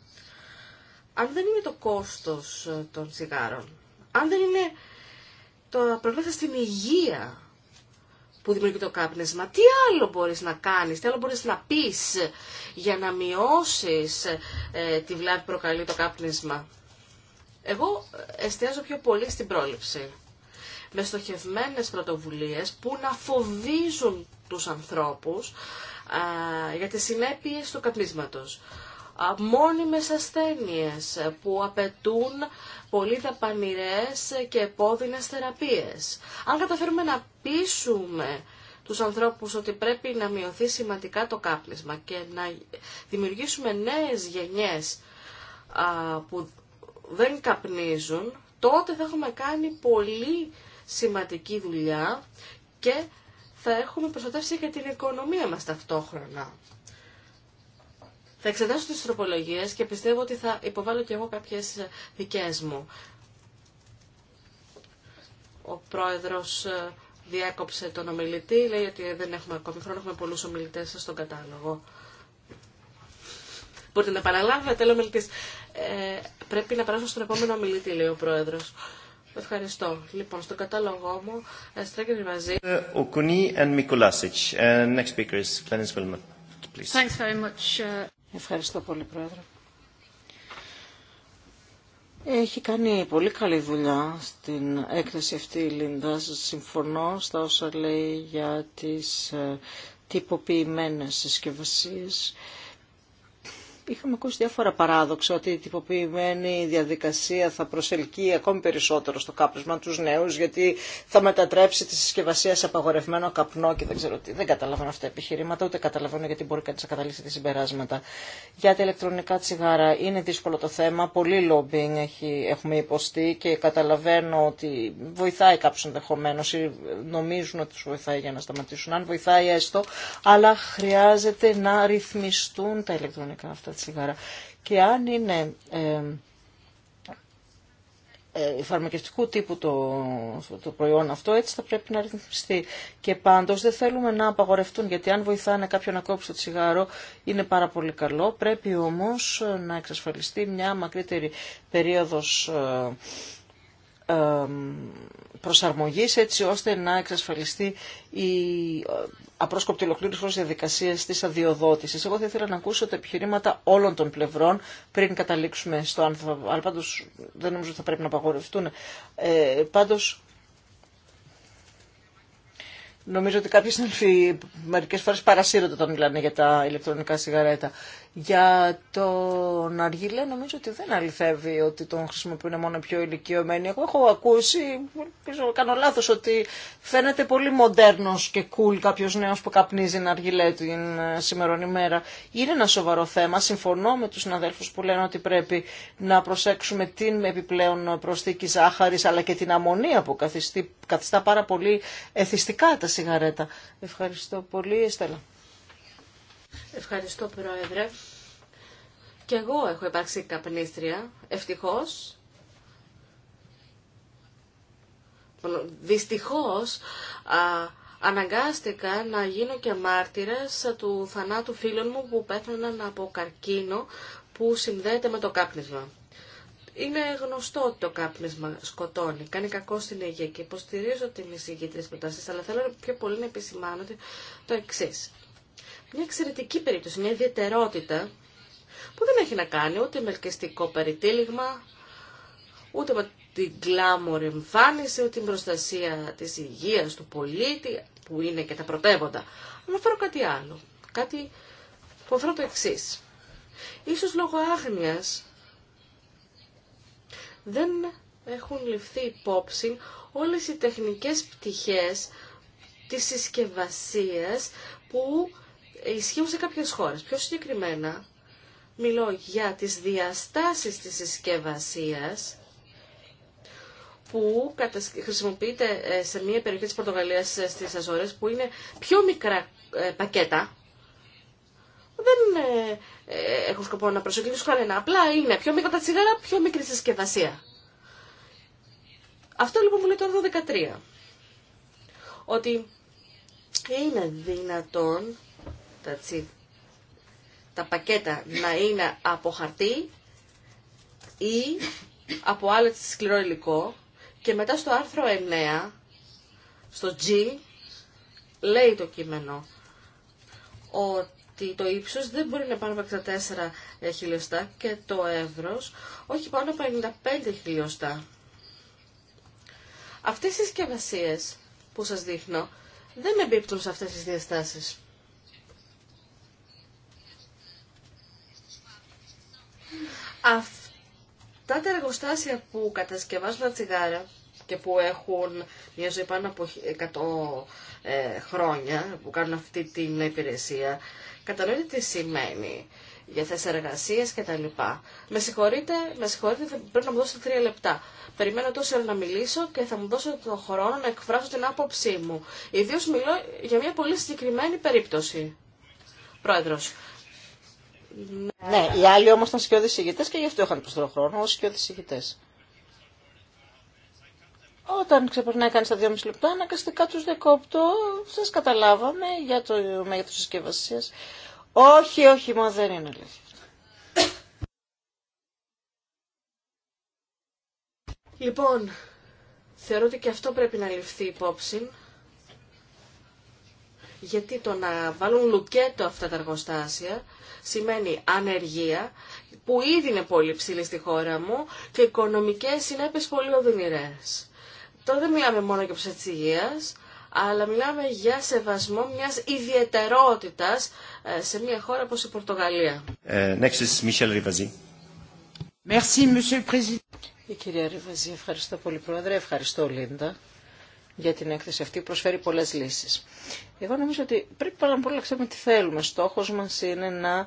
Αν δεν είναι το κόστος των σιγάρων, αν δεν είναι το προβλήματα στην υγεία που δημιουργεί το κάπνισμα. Τι άλλο μπορείς να κάνεις, τι άλλο μπορείς να πεις για να μειώσεις ε, τη βλάβη που προκαλεί το κάπνισμα. Εγώ εστιάζω πιο πολύ στην πρόληψη. Με στοχευμένες πρωτοβουλίες που να φοβίζουν τους ανθρώπους α, για τις συνέπειες του καπνίσματος μόνιμες ασθένειες που απαιτούν πολύ δαπανηρές και επώδυνες θεραπείες. Αν καταφέρουμε να πείσουμε τους ανθρώπους ότι πρέπει να μειωθεί σημαντικά το κάπνισμα και να δημιουργήσουμε νέες γενιές που δεν καπνίζουν, τότε θα έχουμε κάνει πολύ σημαντική δουλειά και θα έχουμε προστατεύσει και την οικονομία μας ταυτόχρονα. Θα εξετάσω τις τροπολογίες και πιστεύω ότι θα υποβάλω και εγώ κάποιες δικές μου. Ο πρόεδρος ε, διέκοψε τον ομιλητή, λέει ότι δεν έχουμε ακόμη χρόνο, έχουμε πολλούς ομιλητές στον κατάλογο. Μπορείτε να παραλάβετε, λέει ο ομιλητής. Ε, πρέπει να περάσω στον επόμενο ομιλητή, λέει ο πρόεδρος. Ευχαριστώ. Λοιπόν, στον κατάλογό μου, ε, στρέκεται μαζί. Ε, ο and next speaker is please. Uh, Ευχαριστώ πολύ, Πρόεδρε. Έχει κάνει πολύ καλή δουλειά στην έκθεση αυτή η Λίντα. Συμφωνώ στα όσα λέει για τις ε, τυποποιημένες συσκευασίες είχαμε ακούσει διάφορα παράδοξα ότι η τυποποιημένη διαδικασία θα προσελκύει ακόμη περισσότερο στο κάπνισμα του νέου, γιατί θα μετατρέψει τη συσκευασία σε απαγορευμένο καπνό και δεν ξέρω τι. Δεν καταλαβαίνω αυτά τα επιχειρήματα, ούτε καταλαβαίνω γιατί μπορεί κανείς να καταλήξει τι συμπεράσματα. Για τα ηλεκτρονικά τσιγάρα είναι δύσκολο το θέμα, πολύ λόμπινγκ έχουμε υποστεί και καταλαβαίνω ότι βοηθάει κάποιου ενδεχομένω ή νομίζουν ότι του βοηθάει για να σταματήσουν, αν βοηθάει έστω, αλλά χρειάζεται να ρυθμιστούν τα ηλεκτρονικά αυτά τσιγάρα. Και αν είναι ε, ε, ε, φαρμακευτικού τύπου το, το προϊόν αυτό, έτσι θα πρέπει να ρυθμιστεί. Και πάντως δεν θέλουμε να απαγορευτούν, γιατί αν βοηθάνε κάποιον να κόψει το τσιγάρο είναι πάρα πολύ καλό. Πρέπει όμως να εξασφαλιστεί μια μακρύτερη περίοδος ε, προσαρμογής έτσι ώστε να εξασφαλιστεί η ε, απρόσκοπτη ολοκλήρωση προς διαδικασίες της αδειοδότησης. Εγώ θα ήθελα να ακούσω τα επιχειρήματα όλων των πλευρών πριν καταλήξουμε στο αν θα, αλλά πάντως δεν νομίζω ότι θα πρέπει να απαγορευτούν. Ε, πάντως Νομίζω ότι κάποιες συνελφοί μερικές φορές παρασύρονται όταν μιλάνε για τα ηλεκτρονικά σιγαρέτα. Για τον Αργιλέ νομίζω ότι δεν αληθεύει ότι τον χρησιμοποιούν μόνο πιο ηλικιωμένοι. Εγώ έχω ακούσει, πίσω, κάνω λάθος, ότι φαίνεται πολύ μοντέρνος και cool κάποιος νέος που καπνίζει την αργυλέ ε, την σημερινή ημέρα. Είναι ένα σοβαρό θέμα. Συμφωνώ με τους συναδέλφους που λένε ότι πρέπει να προσέξουμε την επιπλέον προσθήκη ζάχαρης αλλά και την αμμονία που καθιστά πάρα πολύ εθιστικά τα σιγαρέτα. Ευχαριστώ πολύ, Εστέλα. Ευχαριστώ, Πρόεδρε. Κι εγώ έχω υπάρξει καπνίστρια, ευτυχώς. Δυστυχώς, α, αναγκάστηκα να γίνω και μάρτυρας του θανάτου φίλων μου που πέθαναν από καρκίνο που συνδέεται με το κάπνισμα. Είναι γνωστό ότι το κάπνισμα σκοτώνει, κάνει κακό στην υγεία και υποστηρίζω την της προτάσει, αλλά θέλω πιο πολύ να επισημάνω το εξή μια εξαιρετική περίπτωση, μια ιδιαιτερότητα που δεν έχει να κάνει ούτε με ελκυστικό περιτύλιγμα, ούτε με την γκλάμορ εμφάνιση, ούτε την προστασία της υγείας του πολίτη, που είναι και τα πρωτεύοντα. Αναφέρω κάτι άλλο, κάτι που αφορά το εξή. Ίσως λόγω άγνοιας δεν έχουν ληφθεί υπόψη όλες οι τεχνικές πτυχές της συσκευασίας που ισχύουν σε κάποιες χώρες. Πιο συγκεκριμένα μιλώ για τις διαστάσεις της συσκευασία που χρησιμοποιείται ε, σε μια περιοχή της Πορτογαλίας ε, στις Αζόρες που είναι πιο μικρά ε, πακέτα. Δεν έχω σκοπό να προσεγγίσω κανένα. Απλά είναι πιο μικρά τα τσιγάρα, πιο μικρή συσκευασία. Αυτό λοιπόν που λέει το 13. Ότι είναι δυνατόν τα, τα πακέτα να είναι από χαρτί ή από άλλο σκληρό υλικό και μετά στο άρθρο 9, στο G, λέει το κείμενο ότι το ύψος δεν μπορεί να πάνω από 64 χιλιοστά και το εύρος όχι πάνω από 95 χιλιοστά. Αυτές οι συσκευασίε που σας δείχνω δεν εμπίπτουν σε αυτές τις διαστάσεις. Αυτά τα εργοστάσια που κατασκευάζουν τα τσιγάρα και που έχουν μια ζωή πάνω από 100 ε, χρόνια, που κάνουν αυτή την υπηρεσία, καταλαβαίνετε τι σημαίνει για θέσει εργασία κτλ. Με συγχωρείτε, με συγχωρείτε, πρέπει να μου δώσετε τρία λεπτά. Περιμένω τόσο ώρα να μιλήσω και θα μου δώσω τον χρόνο να εκφράσω την άποψή μου. Ιδίω μιλώ για μια πολύ συγκεκριμένη περίπτωση. Πρόεδρος, ναι, οι άλλοι όμως ήταν σκιώδεις ηγητές και γι' αυτό είχαν προσθέτω χρόνο ως σκιώδεις ηγητές. Όταν ξεπερνάει κανείς τα 2,5 λεπτά, ανακαστικά τους δεκόπτω, σας καταλάβαμε για το μέγεθος της συσκευασίας. Όχι, όχι, μα δεν είναι αλήθεια. Λοιπόν, θεωρώ ότι και αυτό πρέπει να ληφθεί υπόψη. Γιατί το να βάλουν λουκέτο αυτά τα εργοστάσια σημαίνει ανεργία που ήδη είναι πολύ ψηλή στη χώρα μου και οικονομικές συνέπειες πολύ οδυνηρές. Τώρα δεν μιλάμε μόνο για προστασία υγεία, αλλά μιλάμε για σεβασμό μιας ιδιαιτερότητας ε, σε μια χώρα όπως η Πορτογαλία. Ε, η κυρία Ριβαζή, ευχαριστώ πολύ, Πρόεδρε. Ευχαριστώ, Λίντα για την έκθεση αυτή προσφέρει πολλές λύσεις. Εγώ νομίζω ότι πρέπει πάρα πολύ να ξέρουμε τι θέλουμε. Στόχος μας είναι να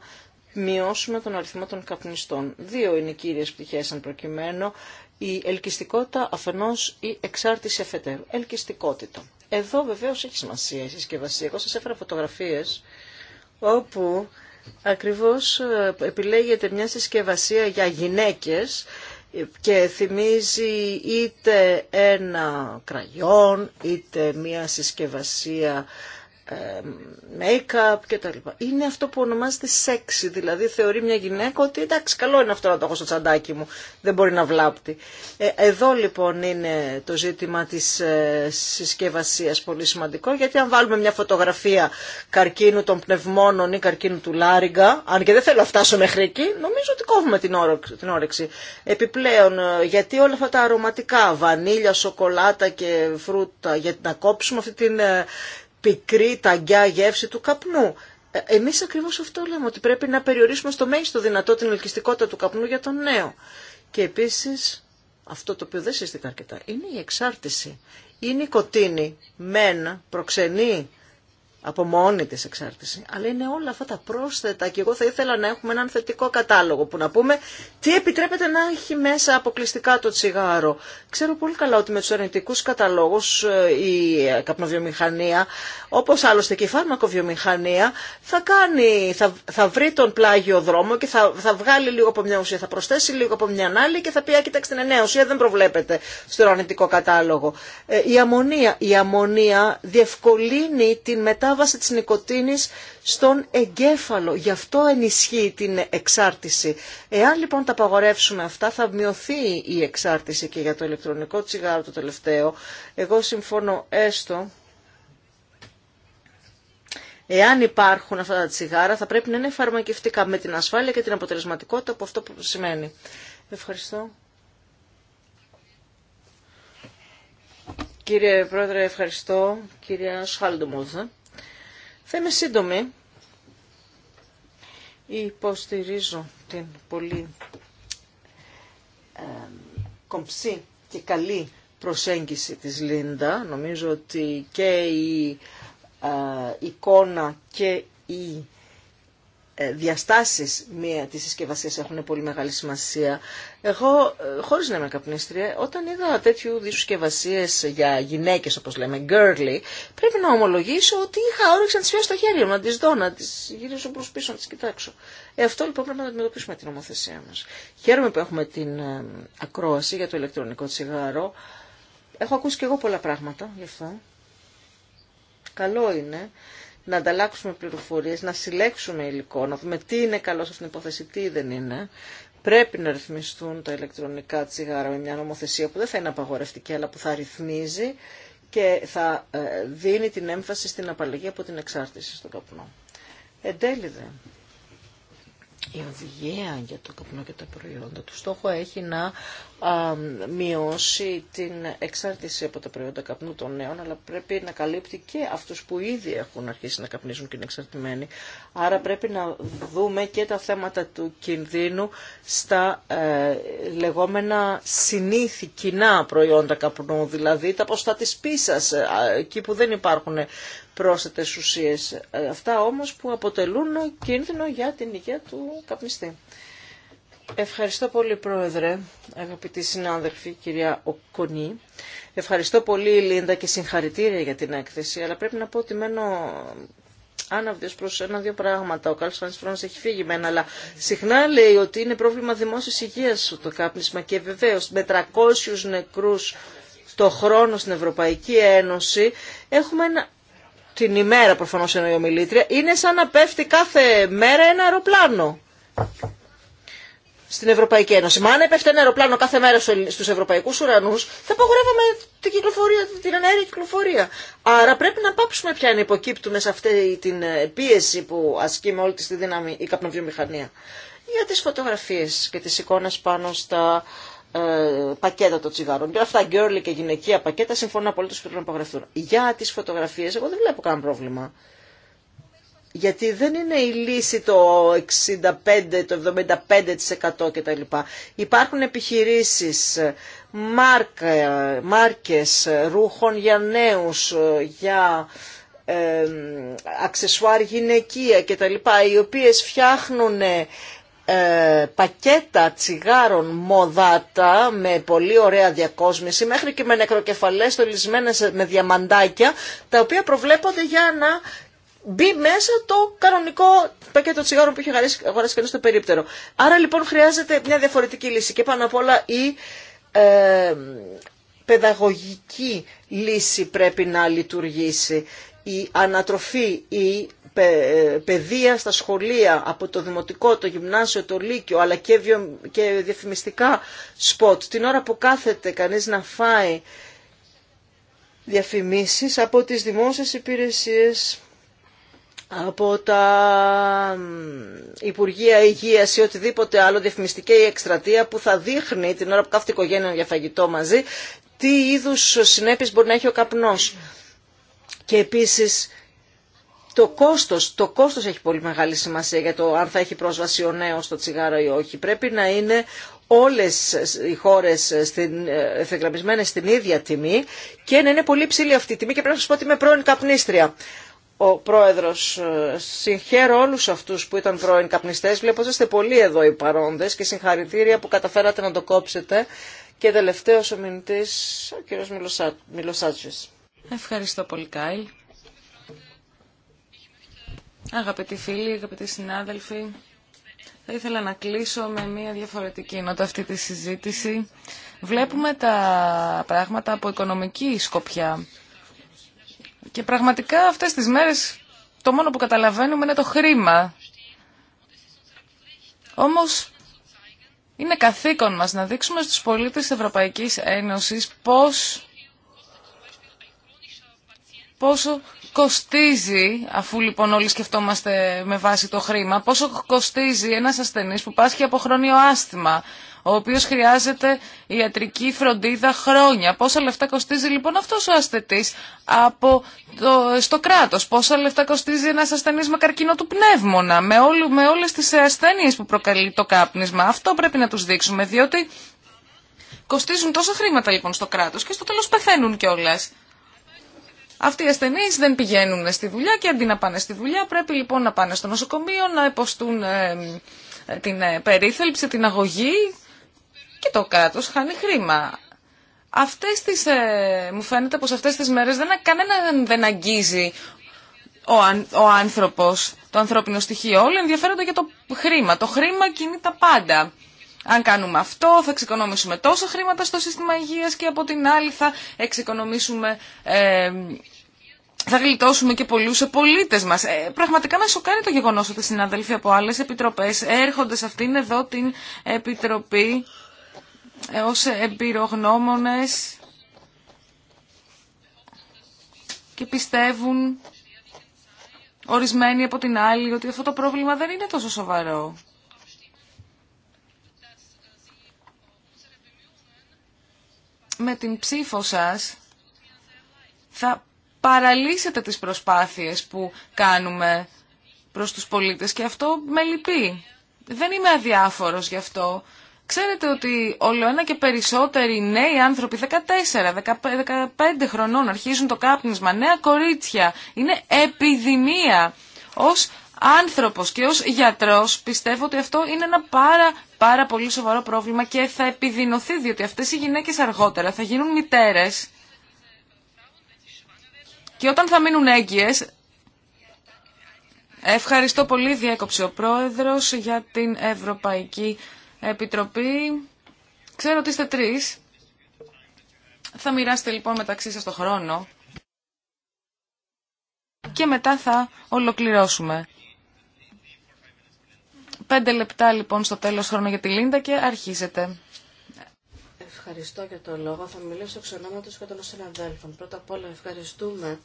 μειώσουμε τον αριθμό των καπνιστών. Δύο είναι οι κύριες πτυχές αν προκειμένου. Η ελκυστικότητα αφενός ή εξάρτηση αφετέρου. Ελκυστικότητα. Εδώ βεβαίως έχει σημασία η συσκευασία. Εγώ σας έφερα φωτογραφίες όπου ακριβώς ε, επιλέγεται μια συσκευασία για γυναίκες και θυμίζει είτε ένα κραγιόν είτε μια συσκευασία ε, make-up λοιπά. Είναι αυτό που ονομάζεται sexy, δηλαδή θεωρεί μια γυναίκα ότι εντάξει καλό είναι αυτό να το έχω στο τσαντάκι μου, δεν μπορεί να βλάπτει. Ε, εδώ λοιπόν είναι το ζήτημα της ε, συσκευασίας πολύ σημαντικό, γιατί αν βάλουμε μια φωτογραφία καρκίνου των πνευμόνων ή καρκίνου του λάριγκα, αν και δεν θέλω να φτάσω μέχρι εκεί, νομίζω ότι κόβουμε την, την όρεξη. Επιπλέον, ε, γιατί όλα αυτά τα αρωματικά, βανίλια, σοκολάτα και φρούτα, γιατί να κόψουμε αυτή την πικρή ταγκιά γεύση του καπνού. Ε, εμείς ακριβώς αυτό λέμε, ότι πρέπει να περιορίσουμε στο μέγιστο δυνατό την ελκυστικότητα του καπνού για τον νέο. Και επίσης, αυτό το οποίο δεν συστήκα αρκετά, είναι η εξάρτηση. Η νοικοτήνη μεν προξενεί από μόνη της εξάρτηση. Αλλά είναι όλα αυτά τα πρόσθετα και εγώ θα ήθελα να έχουμε έναν θετικό κατάλογο που να πούμε τι επιτρέπεται να έχει μέσα αποκλειστικά το τσιγάρο. Ξέρω πολύ καλά ότι με τους αρνητικούς καταλόγους ε, η καπνοβιομηχανία, όπως άλλωστε και η φάρμακοβιομηχανία, θα, κάνει, θα, θα βρει τον πλάγιο δρόμο και θα, θα βγάλει λίγο από μια ουσία, θα προσθέσει λίγο από μια άλλη και θα πει, κοιτάξτε, είναι νέα ουσία, δεν προβλέπεται στο αρνητικό κατάλογο. Ε, η αμμονία, η αμμονία διευκολύνει την μετά μετάβαση της νοικοτήνης στον εγκέφαλο. Γι' αυτό ενισχύει την εξάρτηση. Εάν λοιπόν τα απαγορεύσουμε αυτά θα μειωθεί η εξάρτηση και για το ηλεκτρονικό τσιγάρο το τελευταίο. Εγώ συμφωνώ έστω Εάν υπάρχουν αυτά τα τσιγάρα θα πρέπει να είναι φαρμακευτικά με την ασφάλεια και την αποτελεσματικότητα από αυτό που σημαίνει. Ευχαριστώ. Κύριε Πρόεδρε, ευχαριστώ. Κυρία Σχάλντομούζα. Θα είμαι σύντομη. Υποστηρίζω την πολύ ε, κομψή και καλή προσέγγιση της Λίντα. Νομίζω ότι και η ε, εικόνα και η ε, διαστάσεις μία της συσκευασία έχουν πολύ μεγάλη σημασία. Εγώ, ε, χωρίς να είμαι καπνίστρια, όταν είδα τέτοιου είδους συσκευασίε για γυναίκες, όπως λέμε, girly, πρέπει να ομολογήσω ότι είχα όρεξη να τις φέρω στο χέρι μου, να τις δω, να τις γυρίσω προς πίσω, να τις κοιτάξω. Ε, αυτό λοιπόν πρέπει να αντιμετωπίσουμε την ομοθεσία μας. Χαίρομαι που έχουμε την ε, ακρόαση για το ηλεκτρονικό τσιγάρο. Έχω ακούσει και εγώ πολλά πράγματα γι' αυτό. Καλό είναι να ανταλλάξουμε πληροφορίες, να συλλέξουμε υλικό, να δούμε τι είναι καλό σε αυτήν την υπόθεση, τι δεν είναι. Πρέπει να ρυθμιστούν τα ηλεκτρονικά τσιγάρα με μια νομοθεσία που δεν θα είναι απαγορευτική, αλλά που θα ρυθμίζει και θα ε, δίνει την έμφαση στην απαλλαγή από την εξάρτηση στον καπνό. Εν τέλει δε, η οδηγία για το καπνό και τα προϊόντα του στόχο έχει να μειώσει την εξάρτηση από τα προϊόντα καπνού των νέων, αλλά πρέπει να καλύπτει και αυτούς που ήδη έχουν αρχίσει να καπνίζουν και είναι εξαρτημένοι. Άρα πρέπει να δούμε και τα θέματα του κινδύνου στα ε, λεγόμενα συνήθη κοινά προϊόντα καπνού, δηλαδή τα ποστά της πίσας, ε, εκεί που δεν υπάρχουν πρόσθετες ουσίες. Ε, αυτά όμως που αποτελούν κίνδυνο για την υγεία του καπνιστή. Ευχαριστώ πολύ Πρόεδρε, αγαπητοί συνάδελφοι, κυρία Οκονή. Ευχαριστώ πολύ Λίντα και συγχαρητήρια για την έκθεση, αλλά πρέπει να πω ότι μένω άναυδιος προς ένα-δύο πράγματα. Ο Κάλς Φρόνς έχει φύγει μένα, αλλά συχνά λέει ότι είναι πρόβλημα δημόσιας υγείας το κάπνισμα και βεβαίως με 300 νεκρούς το χρόνο στην Ευρωπαϊκή Ένωση έχουμε ένα την ημέρα προφανώς εννοεί η ομιλήτρια, είναι σαν να πέφτει κάθε μέρα ένα αεροπλάνο στην Ευρωπαϊκή Ένωση. Μα αν έπεφτε ένα αεροπλάνο κάθε μέρα στου ευρωπαϊκού ουρανού, θα απογορεύαμε την κυκλοφορία, την ενέργεια κυκλοφορία. Άρα πρέπει να πάψουμε πια να υποκύπτουμε σε αυτή την ε, πίεση που ασκεί με όλη τη δύναμη η καπνοβιομηχανία. Για τι φωτογραφίε και τι εικόνε πάνω στα ε, πακέτα των τσιγάρων. Και αυτά γκέρλι και γυναικεία πακέτα συμφωνώ απολύτω πρέπει να απογραφθούν. Για τι φωτογραφίε, εγώ δεν βλέπω κανένα πρόβλημα. Γιατί δεν είναι η λύση το 65, το 75% κτλ. Υπάρχουν επιχειρήσεις, μάρκε μάρκες ρούχων για νέους, ε, για ε, αξεσουάρ γυναικεία κτλ. Οι οποίες φτιάχνουν ε, ε, πακέτα τσιγάρων μοδάτα με πολύ ωραία διακόσμηση μέχρι και με νεκροκεφαλές στολισμένες με διαμαντάκια τα οποία προβλέπονται για να μπει μέσα το κανονικό πακέτο τσιγάρων που είχε αγοράσει κανείς στο περίπτερο. Άρα λοιπόν χρειάζεται μια διαφορετική λύση και πάνω απ' όλα η ε, παιδαγωγική λύση πρέπει να λειτουργήσει. Η ανατροφή, η ε, παιδεία στα σχολεία, από το δημοτικό, το γυμνάσιο, το λύκειο, αλλά και, και διαφημιστικά σποτ, την ώρα που κάθεται κανείς να φάει διαφημίσεις από τις δημόσιες υπηρεσίες, από τα Υπουργεία Υγείας ή οτιδήποτε άλλο, διαφημιστική ή εκστρατεία που θα δείχνει την ώρα που κάθεται η οικογένεια για φαγητό μαζί, τι είδους συνέπειες μπορεί να έχει ο καπνός. Και επίσης το κόστος, το κόστος έχει πολύ μεγάλη σημασία για το αν θα έχει πρόσβαση ο νέος στο τσιγάρο ή όχι. Πρέπει να είναι όλες οι χώρες στην, ε, στην ίδια τιμή και να είναι πολύ ψηλή αυτή η τιμή και πρέπει να σας πω ότι είμαι πρώην καπνίστρια. Ο πρόεδρος, ε, συγχαίρω όλους αυτούς που ήταν πρώην καπνιστές, βλέπω ότι είστε πολλοί εδώ οι παρόντες και συγχαρητήρια που καταφέρατε να το κόψετε. Και τελευταίος ο μηνυτής, ο κύριος Μιλοσάτσης. Ευχαριστώ πολύ Κάιλ. Αγαπητοί φίλοι, αγαπητοί συνάδελφοι, θα ήθελα να κλείσω με μια διαφορετική νότα αυτή τη συζήτηση. Βλέπουμε τα πράγματα από οικονομική σκοπιά. Και πραγματικά αυτές τις μέρες το μόνο που καταλαβαίνουμε είναι το χρήμα. Όμως είναι καθήκον μας να δείξουμε στους πολίτες της Ευρωπαϊκής Ένωσης πώς, πόσο κοστίζει, αφού λοιπόν όλοι σκεφτόμαστε με βάση το χρήμα, πόσο κοστίζει ένας ασθενής που πάσχει από χρόνιο άσθημα, ο οποίος χρειάζεται ιατρική φροντίδα χρόνια. Πόσα λεφτά κοστίζει λοιπόν αυτό ο ασθετής από το, στο κράτος. Πόσα λεφτά κοστίζει ένας ασθενής με καρκίνο του πνεύμονα, με, όλου, με όλες τις ασθένειες που προκαλεί το κάπνισμα. Αυτό πρέπει να τους δείξουμε, διότι κοστίζουν τόσα χρήματα λοιπόν στο κράτος και στο τέλος πεθαίνουν κιόλας. Αυτοί οι ασθενείς δεν πηγαίνουν στη δουλειά και αντί να πάνε στη δουλειά πρέπει λοιπόν να πάνε στο νοσοκομείο, να υποστούν ε, την ε, περίθαλψη, την αγωγή και το κράτος χάνει χρήμα. Αυτές τις, ε, μου φαίνεται πως αυτές τις μέρες δεν, κανέναν δεν αγγίζει ο, αν, ο άνθρωπος, το ανθρώπινο στοιχείο. Όλοι ενδιαφέρονται για το χρήμα. Το χρήμα κινεί τα πάντα αν κάνουμε αυτό θα εξοικονομήσουμε τόσα χρήματα στο σύστημα υγείας και από την άλλη θα εξοικονομήσουμε... θα γλιτώσουμε και πολλού πολίτε μα. Ε, πραγματικά με σοκάρει το γεγονό ότι συναδέλφοι από άλλε επιτροπέ έρχονται σε αυτήν εδώ την επιτροπή ε, ω εμπειρογνώμονε και πιστεύουν ορισμένοι από την άλλη ότι αυτό το πρόβλημα δεν είναι τόσο σοβαρό. με την ψήφο σας θα παραλύσετε τις προσπάθειες που κάνουμε προς τους πολίτες και αυτό με λυπεί. Δεν είμαι αδιάφορος γι' αυτό. Ξέρετε ότι όλο ένα και περισσότεροι νέοι άνθρωποι, 14, 15 χρονών, αρχίζουν το κάπνισμα, νέα κορίτσια. Είναι επιδημία. Ως άνθρωπος και ως γιατρός πιστεύω ότι αυτό είναι ένα πάρα, πάρα πολύ σοβαρό πρόβλημα και θα επιδεινωθεί διότι αυτές οι γυναίκες αργότερα θα γίνουν μητέρες και όταν θα μείνουν έγκυες Ευχαριστώ πολύ, διέκοψε ο Πρόεδρος, για την Ευρωπαϊκή Επιτροπή. Ξέρω ότι είστε τρεις. Θα μοιράσετε λοιπόν μεταξύ σας το χρόνο. Και μετά θα ολοκληρώσουμε. Πέντε λεπτά λοιπόν στο τέλος χρόνο για τη Λίντα και αρχίζετε. Ευχαριστώ για το λόγο. Θα μιλήσω εξ ονόματο και των συναδέλφων. Πρώτα απ' όλα ευχαριστούμε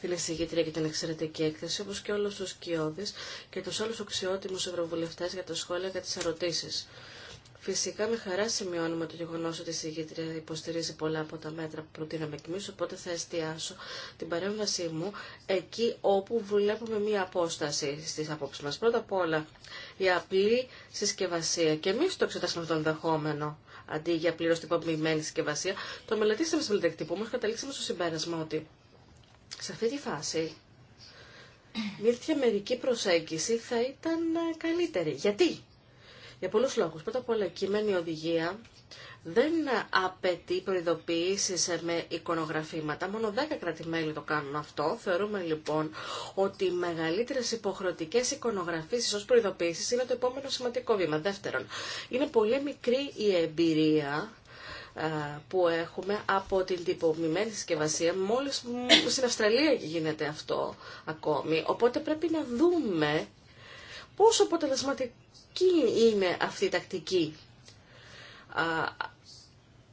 την εισηγήτρια για την εξαιρετική έκθεση, όπω και όλου του κοιόδη και του άλλου αξιότιμου ευρωβουλευτέ για τα σχόλια και τι ερωτήσει. Φυσικά με χαρά σημειώνουμε το γεγονό ότι η εισηγήτρια υποστηρίζει πολλά από τα μέτρα που προτείναμε κι εμεί, οπότε θα εστιάσω την παρέμβασή μου εκεί όπου βλέπουμε μία απόσταση στι απόψει μα. Πρώτα απ' όλα, η απλή συσκευασία. Και εμεί το εξετάσαμε το ενδεχόμενο αντί για πλήρω τυποποιημένη συσκευασία. Το μελετήσαμε στην πληκτική όμω καταλήξαμε στο συμπέρασμα ότι σε αυτή τη φάση μια τέτοια μερική προσέγγιση θα ήταν ε, καλύτερη. Γιατί? Για πολλούς λόγους. Πρώτα απ' όλα, κείμενη οδηγία δεν απαιτεί προειδοποιήσεις με εικονογραφήματα. Μόνο 10 κρατημέλη το κάνουν αυτό. Θεωρούμε λοιπόν ότι οι μεγαλύτερε υποχρεωτικέ εικονογραφήσει ω προειδοποιήσει είναι το επόμενο σημαντικό βήμα. Δεύτερον, είναι πολύ μικρή η εμπειρία ε, που έχουμε από την τυπομημένη συσκευασία. Μόλις στην Αυστραλία γίνεται αυτό ακόμη. Οπότε πρέπει να δούμε πόσο αποτελεσματική είναι αυτή η τακτική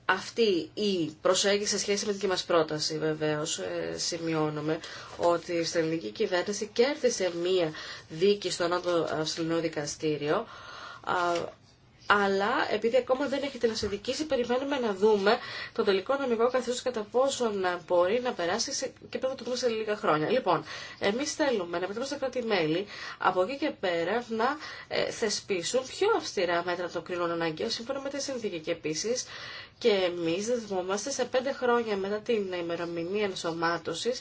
αυτή η προσέγγιση σε σχέση με την δική μας πρόταση βεβαίως ε, σημειώνουμε ότι η ελληνική κυβέρνηση κέρδισε μία δίκη στο Νότο Αυστραλινό Δικαστήριο αλλά επειδή ακόμα δεν έχετε δικήσει, περιμένουμε να δούμε το τελικό νομικό καθώς κατά πόσον μπορεί να περάσει σε... και πρέπει να το δούμε σε λίγα χρόνια. Λοιπόν, εμείς θέλουμε να επιτρέψουμε στα κράτη-μέλη από εκεί και πέρα να ε, θεσπίσουν πιο αυστηρά μέτρα των κρίνων αναγκαίων σύμφωνα με τη συνθήκη και επίση και εμείς δεσμόμαστε σε πέντε χρόνια μετά την ημερομηνία ενσωμάτωσης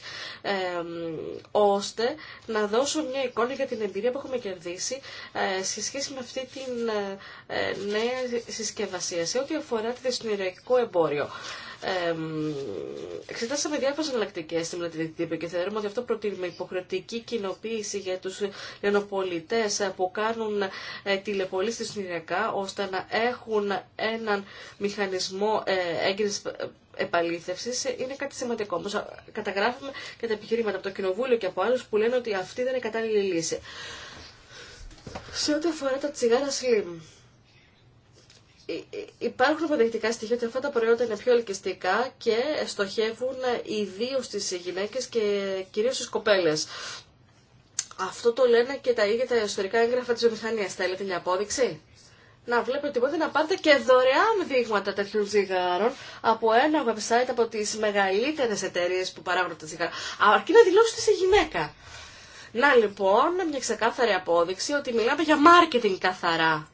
ώστε να δώσω μια εικόνα για την εμπειρία που έχουμε κερδίσει ε, σε σχέση με αυτή την ε, ε, νέα συσκευασία σε ό,τι αφορά το δυσυνοριακό εμπόριο εξετάσαμε διάφορε εναλλακτικέ στη μελέτη και θεωρούμε ότι αυτό προτείνουμε υποχρεωτική κοινοποίηση για του λιανοπολιτέ που κάνουν ε, τηλεπολίσει συνειδητικά ώστε να έχουν έναν μηχανισμό ε, έγκριση ε, επαλήθευση είναι κάτι σημαντικό. Όμω καταγράφουμε και τα επιχειρήματα από το Κοινοβούλιο και από άλλου που λένε ότι αυτή δεν είναι κατάλληλη λύση. Σε ό,τι αφορά τα τσιγάρα σλιμ ε, ε, υπάρχουν αποδεικτικά στοιχεία ότι αυτά τα προϊόντα είναι πιο ελκυστικά και στοχεύουν ιδίω στις γυναίκε και κυρίω στις κοπέλε. Αυτό το λένε και τα ίδια τα ιστορικά έγγραφα τη βιομηχανία. Θέλετε μια απόδειξη? Να βλέπετε ότι μπορείτε να πάρετε και δωρεάν δείγματα τέτοιων ζυγάρων από ένα website από τι μεγαλύτερε εταιρείε που παράγουν τα τσιγάρα. Αρκεί να δηλώσετε σε γυναίκα. Να λοιπόν, μια ξεκάθαρη απόδειξη ότι μιλάμε για marketing καθαρά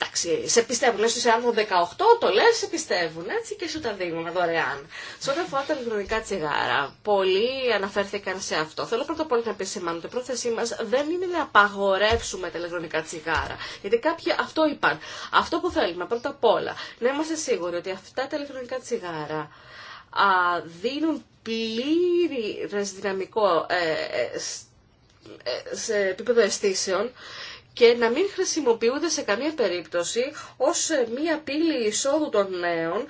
Εντάξει, σε πιστεύουν. Λες σε άνθρωπο 18, το λες, σε πιστεύουν. Έτσι και σου τα δίνουν δωρεάν. Σε ό,τι αφορά τα ηλεκτρονικά τσιγάρα, πολλοί αναφέρθηκαν σε αυτό. Θέλω πρώτα απ' όλα να επισημάνω ότι η πρόθεσή μα δεν είναι να απαγορεύσουμε τα ηλεκτρονικά τσιγάρα. Γιατί κάποιοι αυτό είπαν. Αυτό που θέλουμε πρώτα απ' όλα, να είμαστε σίγουροι ότι αυτά τα ηλεκτρονικά τσιγάρα α, δίνουν πλήρη δυναμικό ε, ε, ε, σε επίπεδο αισθήσεων και να μην χρησιμοποιούνται σε καμία περίπτωση ως μία πύλη εισόδου των νέων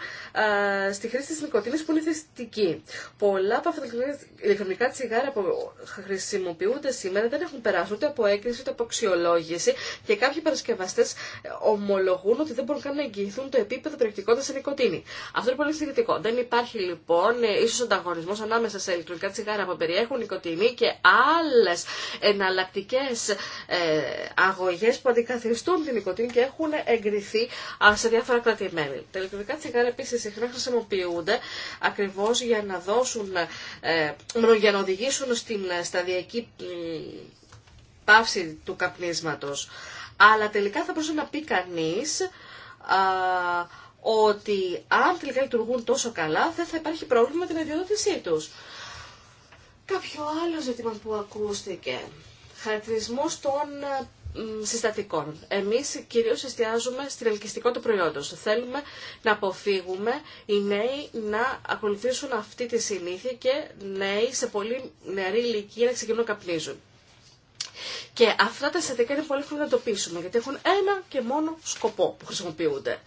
στη χρήση της νοικοτήνης που είναι θεστική. Πολλά από αυτά τα ηλεκτρονικά τσιγάρα που χρησιμοποιούνται σήμερα δεν έχουν περάσει ούτε από έκρηση ούτε από αξιολόγηση και κάποιοι παρασκευαστέ ομολογούν ότι δεν μπορούν καν να εγγυηθούν το επίπεδο περιεκτικότητα σε νοικοτήνη. Αυτό είναι πολύ συγκεκριτικό. Δεν υπάρχει λοιπόν ίσω ανταγωνισμό ανάμεσα σε ηλεκτρονικά τσιγάρα που περιέχουν νοικοτήνη και άλλε εναλλακτικέ ε, παραγωγέ που αντικαθιστούν την νοικοτήνη και έχουν εγκριθεί σε διάφορα κρατημέλη. Τα ηλεκτρονικά τσιγάρα επίση συχνά χρησιμοποιούνται ακριβώ για να δώσουν, ε, για να οδηγήσουν στην σταδιακή πάυση του καπνίσματο. Αλλά τελικά θα μπορούσε να πει κανεί ότι αν τελικά λειτουργούν τόσο καλά δεν θα υπάρχει πρόβλημα με την αδειοδότησή του. Κάποιο άλλο ζήτημα που ακούστηκε. Χαρακτηρισμό των συστατικών. Εμείς κυρίως εστιάζουμε στην ελκυστικότητα του προϊόντος. Θέλουμε να αποφύγουμε οι νέοι να ακολουθήσουν αυτή τη συνήθεια και νέοι σε πολύ νεαρή ηλικία να ξεκινούν να καπνίζουν. Και αυτά τα συστατικά είναι πολύ εύκολο να το πείσουμε, γιατί έχουν ένα και μόνο σκοπό που χρησιμοποιούνται.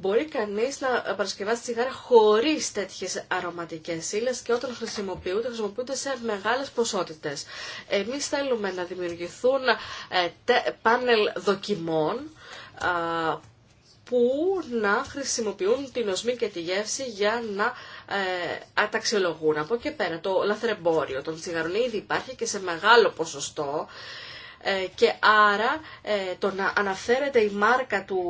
Μπορεί κανείς να παρασκευάσει τσιγάρα χωρίς τέτοιες αρωματικές ύλες και όταν χρησιμοποιούνται, χρησιμοποιούνται σε μεγάλες ποσότητες. Εμείς θέλουμε να δημιουργηθούν ε, πάνελ δοκιμών που να χρησιμοποιούν την οσμή και τη γεύση για να ε, αταξιολογούν. Από εκεί πέρα το λαθρεμπόριο των τσιγαρών ήδη υπάρχει και σε μεγάλο ποσοστό ε, και άρα ε, το να αναφέρεται η μάρκα του,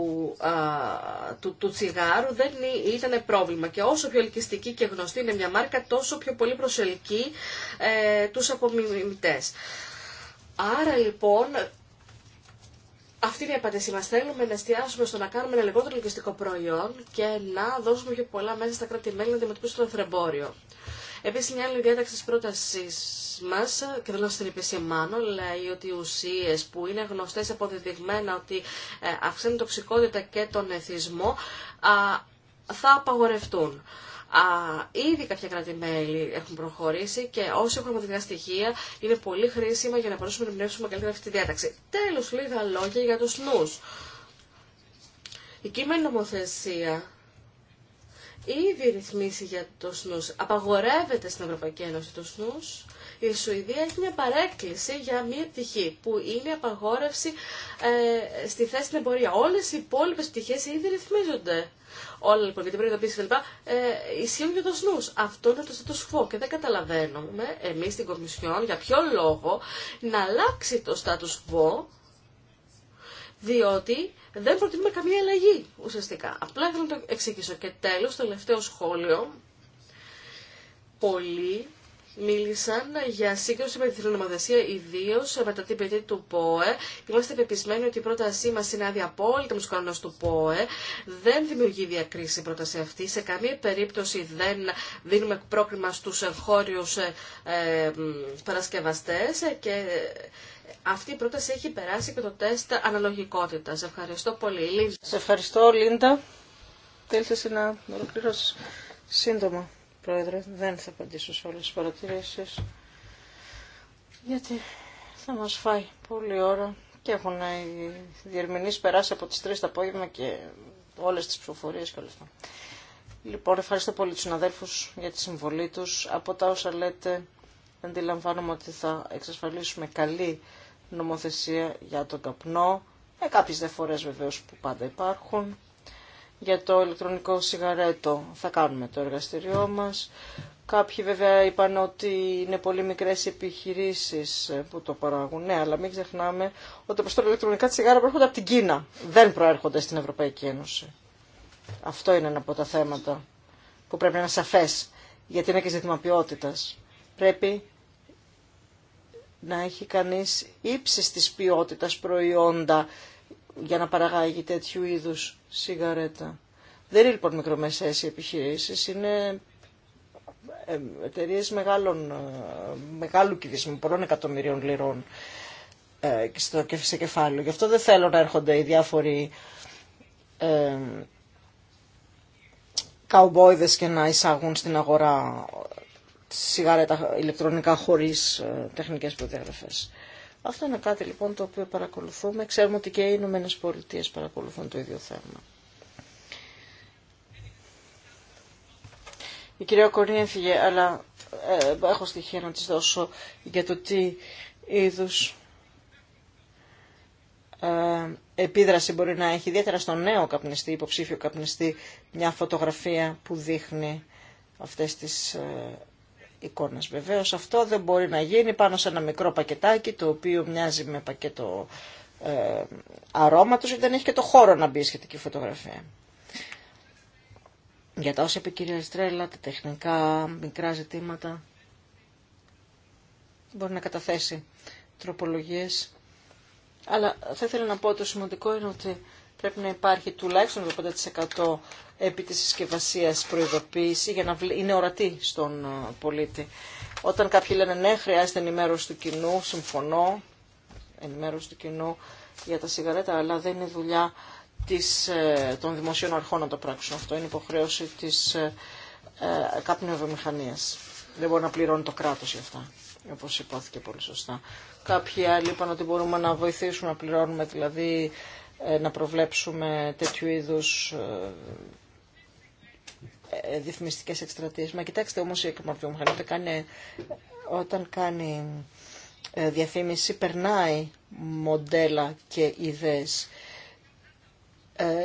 του, τσιγάρου δεν ήταν πρόβλημα και όσο πιο ελκυστική και γνωστή είναι μια μάρκα τόσο πιο πολύ προσελκύει ε, τους απομιμητές. Άρα λοιπόν αυτή είναι η απάντησή μα. Θέλουμε να εστιάσουμε στο να κάνουμε ένα λιγότερο ελκυστικό προϊόν και να δώσουμε πιο πολλά μέσα στα κράτη-μέλη να αντιμετωπίσουν το εθρεμπόριο. Επίσης, μια άλλη διάταξη τη πρότασή μα, και δεν να την επισημάνω, λέει ότι οι ουσίε που είναι γνωστές αποδεδειγμένα ότι ε, αυξάνουν τοξικότητα και τον εθισμό, θα απαγορευτούν. Α, ήδη κάποια κράτη-μέλη έχουν προχωρήσει και όσοι έχουν αποδεικνά στοιχεία είναι πολύ χρήσιμα για να μπορούμε να εμπνεύσουμε καλύτερα αυτή τη διάταξη. Τέλος, λίγα λόγια για του νους. Η κείμενη νομοθεσία ήδη ρυθμίσει για το σνούς. Απαγορεύεται στην Ευρωπαϊκή Ένωση το σνούς. Η Σουηδία έχει μια παρέκκληση για μια πτυχή που είναι απαγόρευση ε, στη θέση στην εμπορία. Όλες οι υπόλοιπε πτυχέ ήδη ρυθμίζονται. Όλα λοιπόν για την να κτλ. Ε, ισχύουν για το σνούς. Αυτό είναι το status quo και δεν καταλαβαίνουμε εμεί στην Κομισιόν για ποιο λόγο να αλλάξει το status quo διότι δεν προτείνουμε καμία αλλαγή ουσιαστικά. Απλά θέλω να το εξηγήσω. Και τέλος, το τελευταίο σχόλιο. Πολλοί μίλησαν για σύγκρουση με τη θρονομαδασία, ιδίω με τα παιδί του ΠΟΕ. Είμαστε πεπισμένοι ότι η πρότασή μα είναι άδεια απόλυτα με του κανόνε του ΠΟΕ. Δεν δημιουργεί διακρίση η πρόταση αυτή. Σε καμία περίπτωση δεν δίνουμε πρόκλημα στου εγχώριου ε, ε παρασκευαστέ και αυτή η πρόταση έχει περάσει και το τεστ Σε Ευχαριστώ πολύ. Σε ευχαριστώ Λίντα. Θέλεις εσύ να ολοκληρώσει σύντομα, Πρόεδρε. Δεν θα απαντήσω σε όλες τις παρατηρήσεις. Γιατί θα μα φάει πολλή ώρα και έχουν οι διερμηνείς περάσει από τις 3 το απόγευμα και όλες τις ψηφοφορίες και όλα αυτά. Λοιπόν, ευχαριστώ πολύ του συναδέλφους για τη συμβολή τους. Από τα όσα λέτε, αντιλαμβάνομαι ότι θα εξασφαλίσουμε καλή νομοθεσία για τον καπνό, με κάποιες διαφορές βεβαίως που πάντα υπάρχουν. Για το ηλεκτρονικό σιγαρέτο θα κάνουμε το εργαστηριό μας. Κάποιοι βέβαια είπαν ότι είναι πολύ μικρές επιχειρήσεις που το παράγουν. Ναι, αλλά μην ξεχνάμε ότι προς τώρα ηλεκτρονικά τσιγάρα προέρχονται από την Κίνα. Δεν προέρχονται στην Ευρωπαϊκή Ένωση. Αυτό είναι ένα από τα θέματα που πρέπει να είναι σαφές, γιατί είναι και ζήτημα Πρέπει να έχει κανείς ύψης της ποιότητας προϊόντα για να παραγάγει τέτοιου είδους σιγαρέτα. Δεν είναι λοιπόν μικρομεσαίες οι επιχειρήσεις, είναι εταιρείε ε, μεγάλου κυβισμού, πολλών εκατομμυρίων λιρών ε, στο, σε κεφάλαιο. Γι' αυτό δεν θέλω να έρχονται οι διάφοροι ε, καουμπόιδες και να εισάγουν στην αγορά σιγάρετα ηλεκτρονικά χωρίς ε, τεχνικές προδιαγραφές. Αυτό είναι κάτι λοιπόν το οποίο παρακολουθούμε. Ξέρουμε ότι και οι Ηνωμένε Πολιτείε παρακολουθούν το ίδιο θέμα. Η κυρία Κορνή έφυγε, αλλά ε, έχω στοιχεία να τη δώσω για το τι είδου ε, επίδραση μπορεί να έχει, ιδιαίτερα στον νέο καπνιστή, υποψήφιο καπνιστή, μια φωτογραφία που δείχνει αυτές τις ε, εικόνας. Βεβαίως αυτό δεν μπορεί να γίνει πάνω σε ένα μικρό πακετάκι το οποίο μοιάζει με πακέτο ε, αρώματος γιατί δεν έχει και το χώρο να μπει σχετική φωτογραφία. Για τα όσα είπε η κυρία τα τεχνικά, μικρά ζητήματα, μπορεί να καταθέσει τροπολογίες. Αλλά θα ήθελα να πω ότι το σημαντικό είναι ότι πρέπει να υπάρχει τουλάχιστον το 5% επί της συσκευασία προειδοποίηση για να είναι ορατή στον ε, πολίτη. Όταν κάποιοι λένε ναι, χρειάζεται ενημέρωση του κοινού, συμφωνώ, ενημέρωση του κοινού για τα σιγαρέτα, αλλά δεν είναι δουλειά της, ε, των δημοσίων αρχών να το πράξουν αυτό. Είναι υποχρέωση της ε, ε Δεν μπορεί να πληρώνει το κράτος για αυτά, όπως υπόθηκε πολύ σωστά. Κάποιοι άλλοι είπαν ότι μπορούμε να βοηθήσουμε να πληρώνουμε δηλαδή ε, να προβλέψουμε τέτοιου είδους διεθνιστικέ ε, εκστρατείες. Μα κοιτάξτε όμως η όταν κάνει, όταν κάνει ε, διαφήμιση περνάει μοντέλα και ιδέες.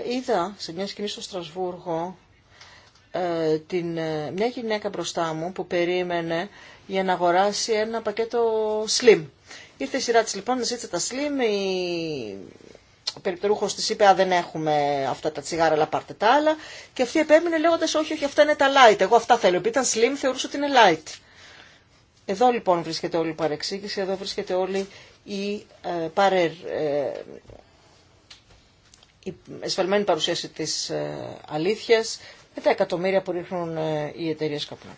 είδα σε μια σκηνή στο Στρασβούργο την, μια γυναίκα μπροστά μου που περίμενε για να αγοράσει ένα πακέτο slim. Ήρθε η σειρά της λοιπόν, ζήτησε τα slim, η περιπτερούχο τη είπε: Α, δεν έχουμε αυτά τα τσιγάρα, αλλά πάρτε τα άλλα. Και αυτή επέμεινε λέγοντα: Όχι, όχι, αυτά είναι τα light. Εγώ αυτά θέλω. Επειδή ήταν slim, θεωρούσα ότι είναι light. Εδώ λοιπόν βρίσκεται όλη η παρεξήγηση, εδώ βρίσκεται όλη η, ε, ε η εσφαλμένη παρουσίαση της ε, αλήθειας με τα εκατομμύρια που ρίχνουν ε, οι εταιρείε καπνού.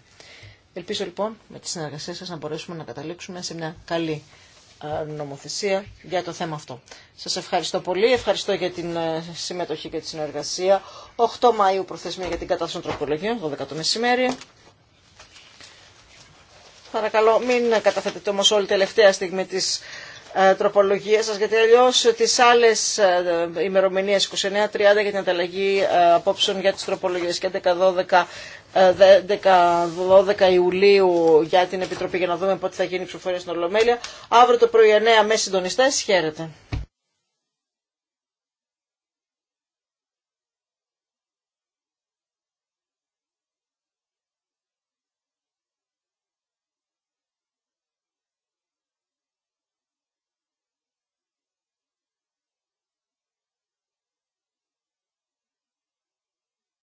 Ελπίζω λοιπόν με τη συνεργασία σας να μπορέσουμε να καταλήξουμε σε μια καλή ε, νομοθεσία για το θέμα αυτό. Σας ευχαριστώ πολύ, ευχαριστώ για την ε, συμμετοχή και τη συνεργασία. 8 Μαΐου προθεσμία για την κατάσταση των τροπολογίων, 12 το μεσημέρι. Παρακαλώ μην καταθέτετε όμως όλη τελευταία στιγμή της ε, τροπολογία σας, γιατί αλλιώ τις άλλες ε, ημερομηνίες 29-30 για την ανταλλαγή ε, απόψεων για τις τροπολογίες και 11-12 12 Ιουλίου για την Επιτροπή για να δούμε πότε θα γίνει η ψηφοφορία στην Ολομέλεια. Αύριο το πρωί 9 με συντονιστές. Χαίρετε.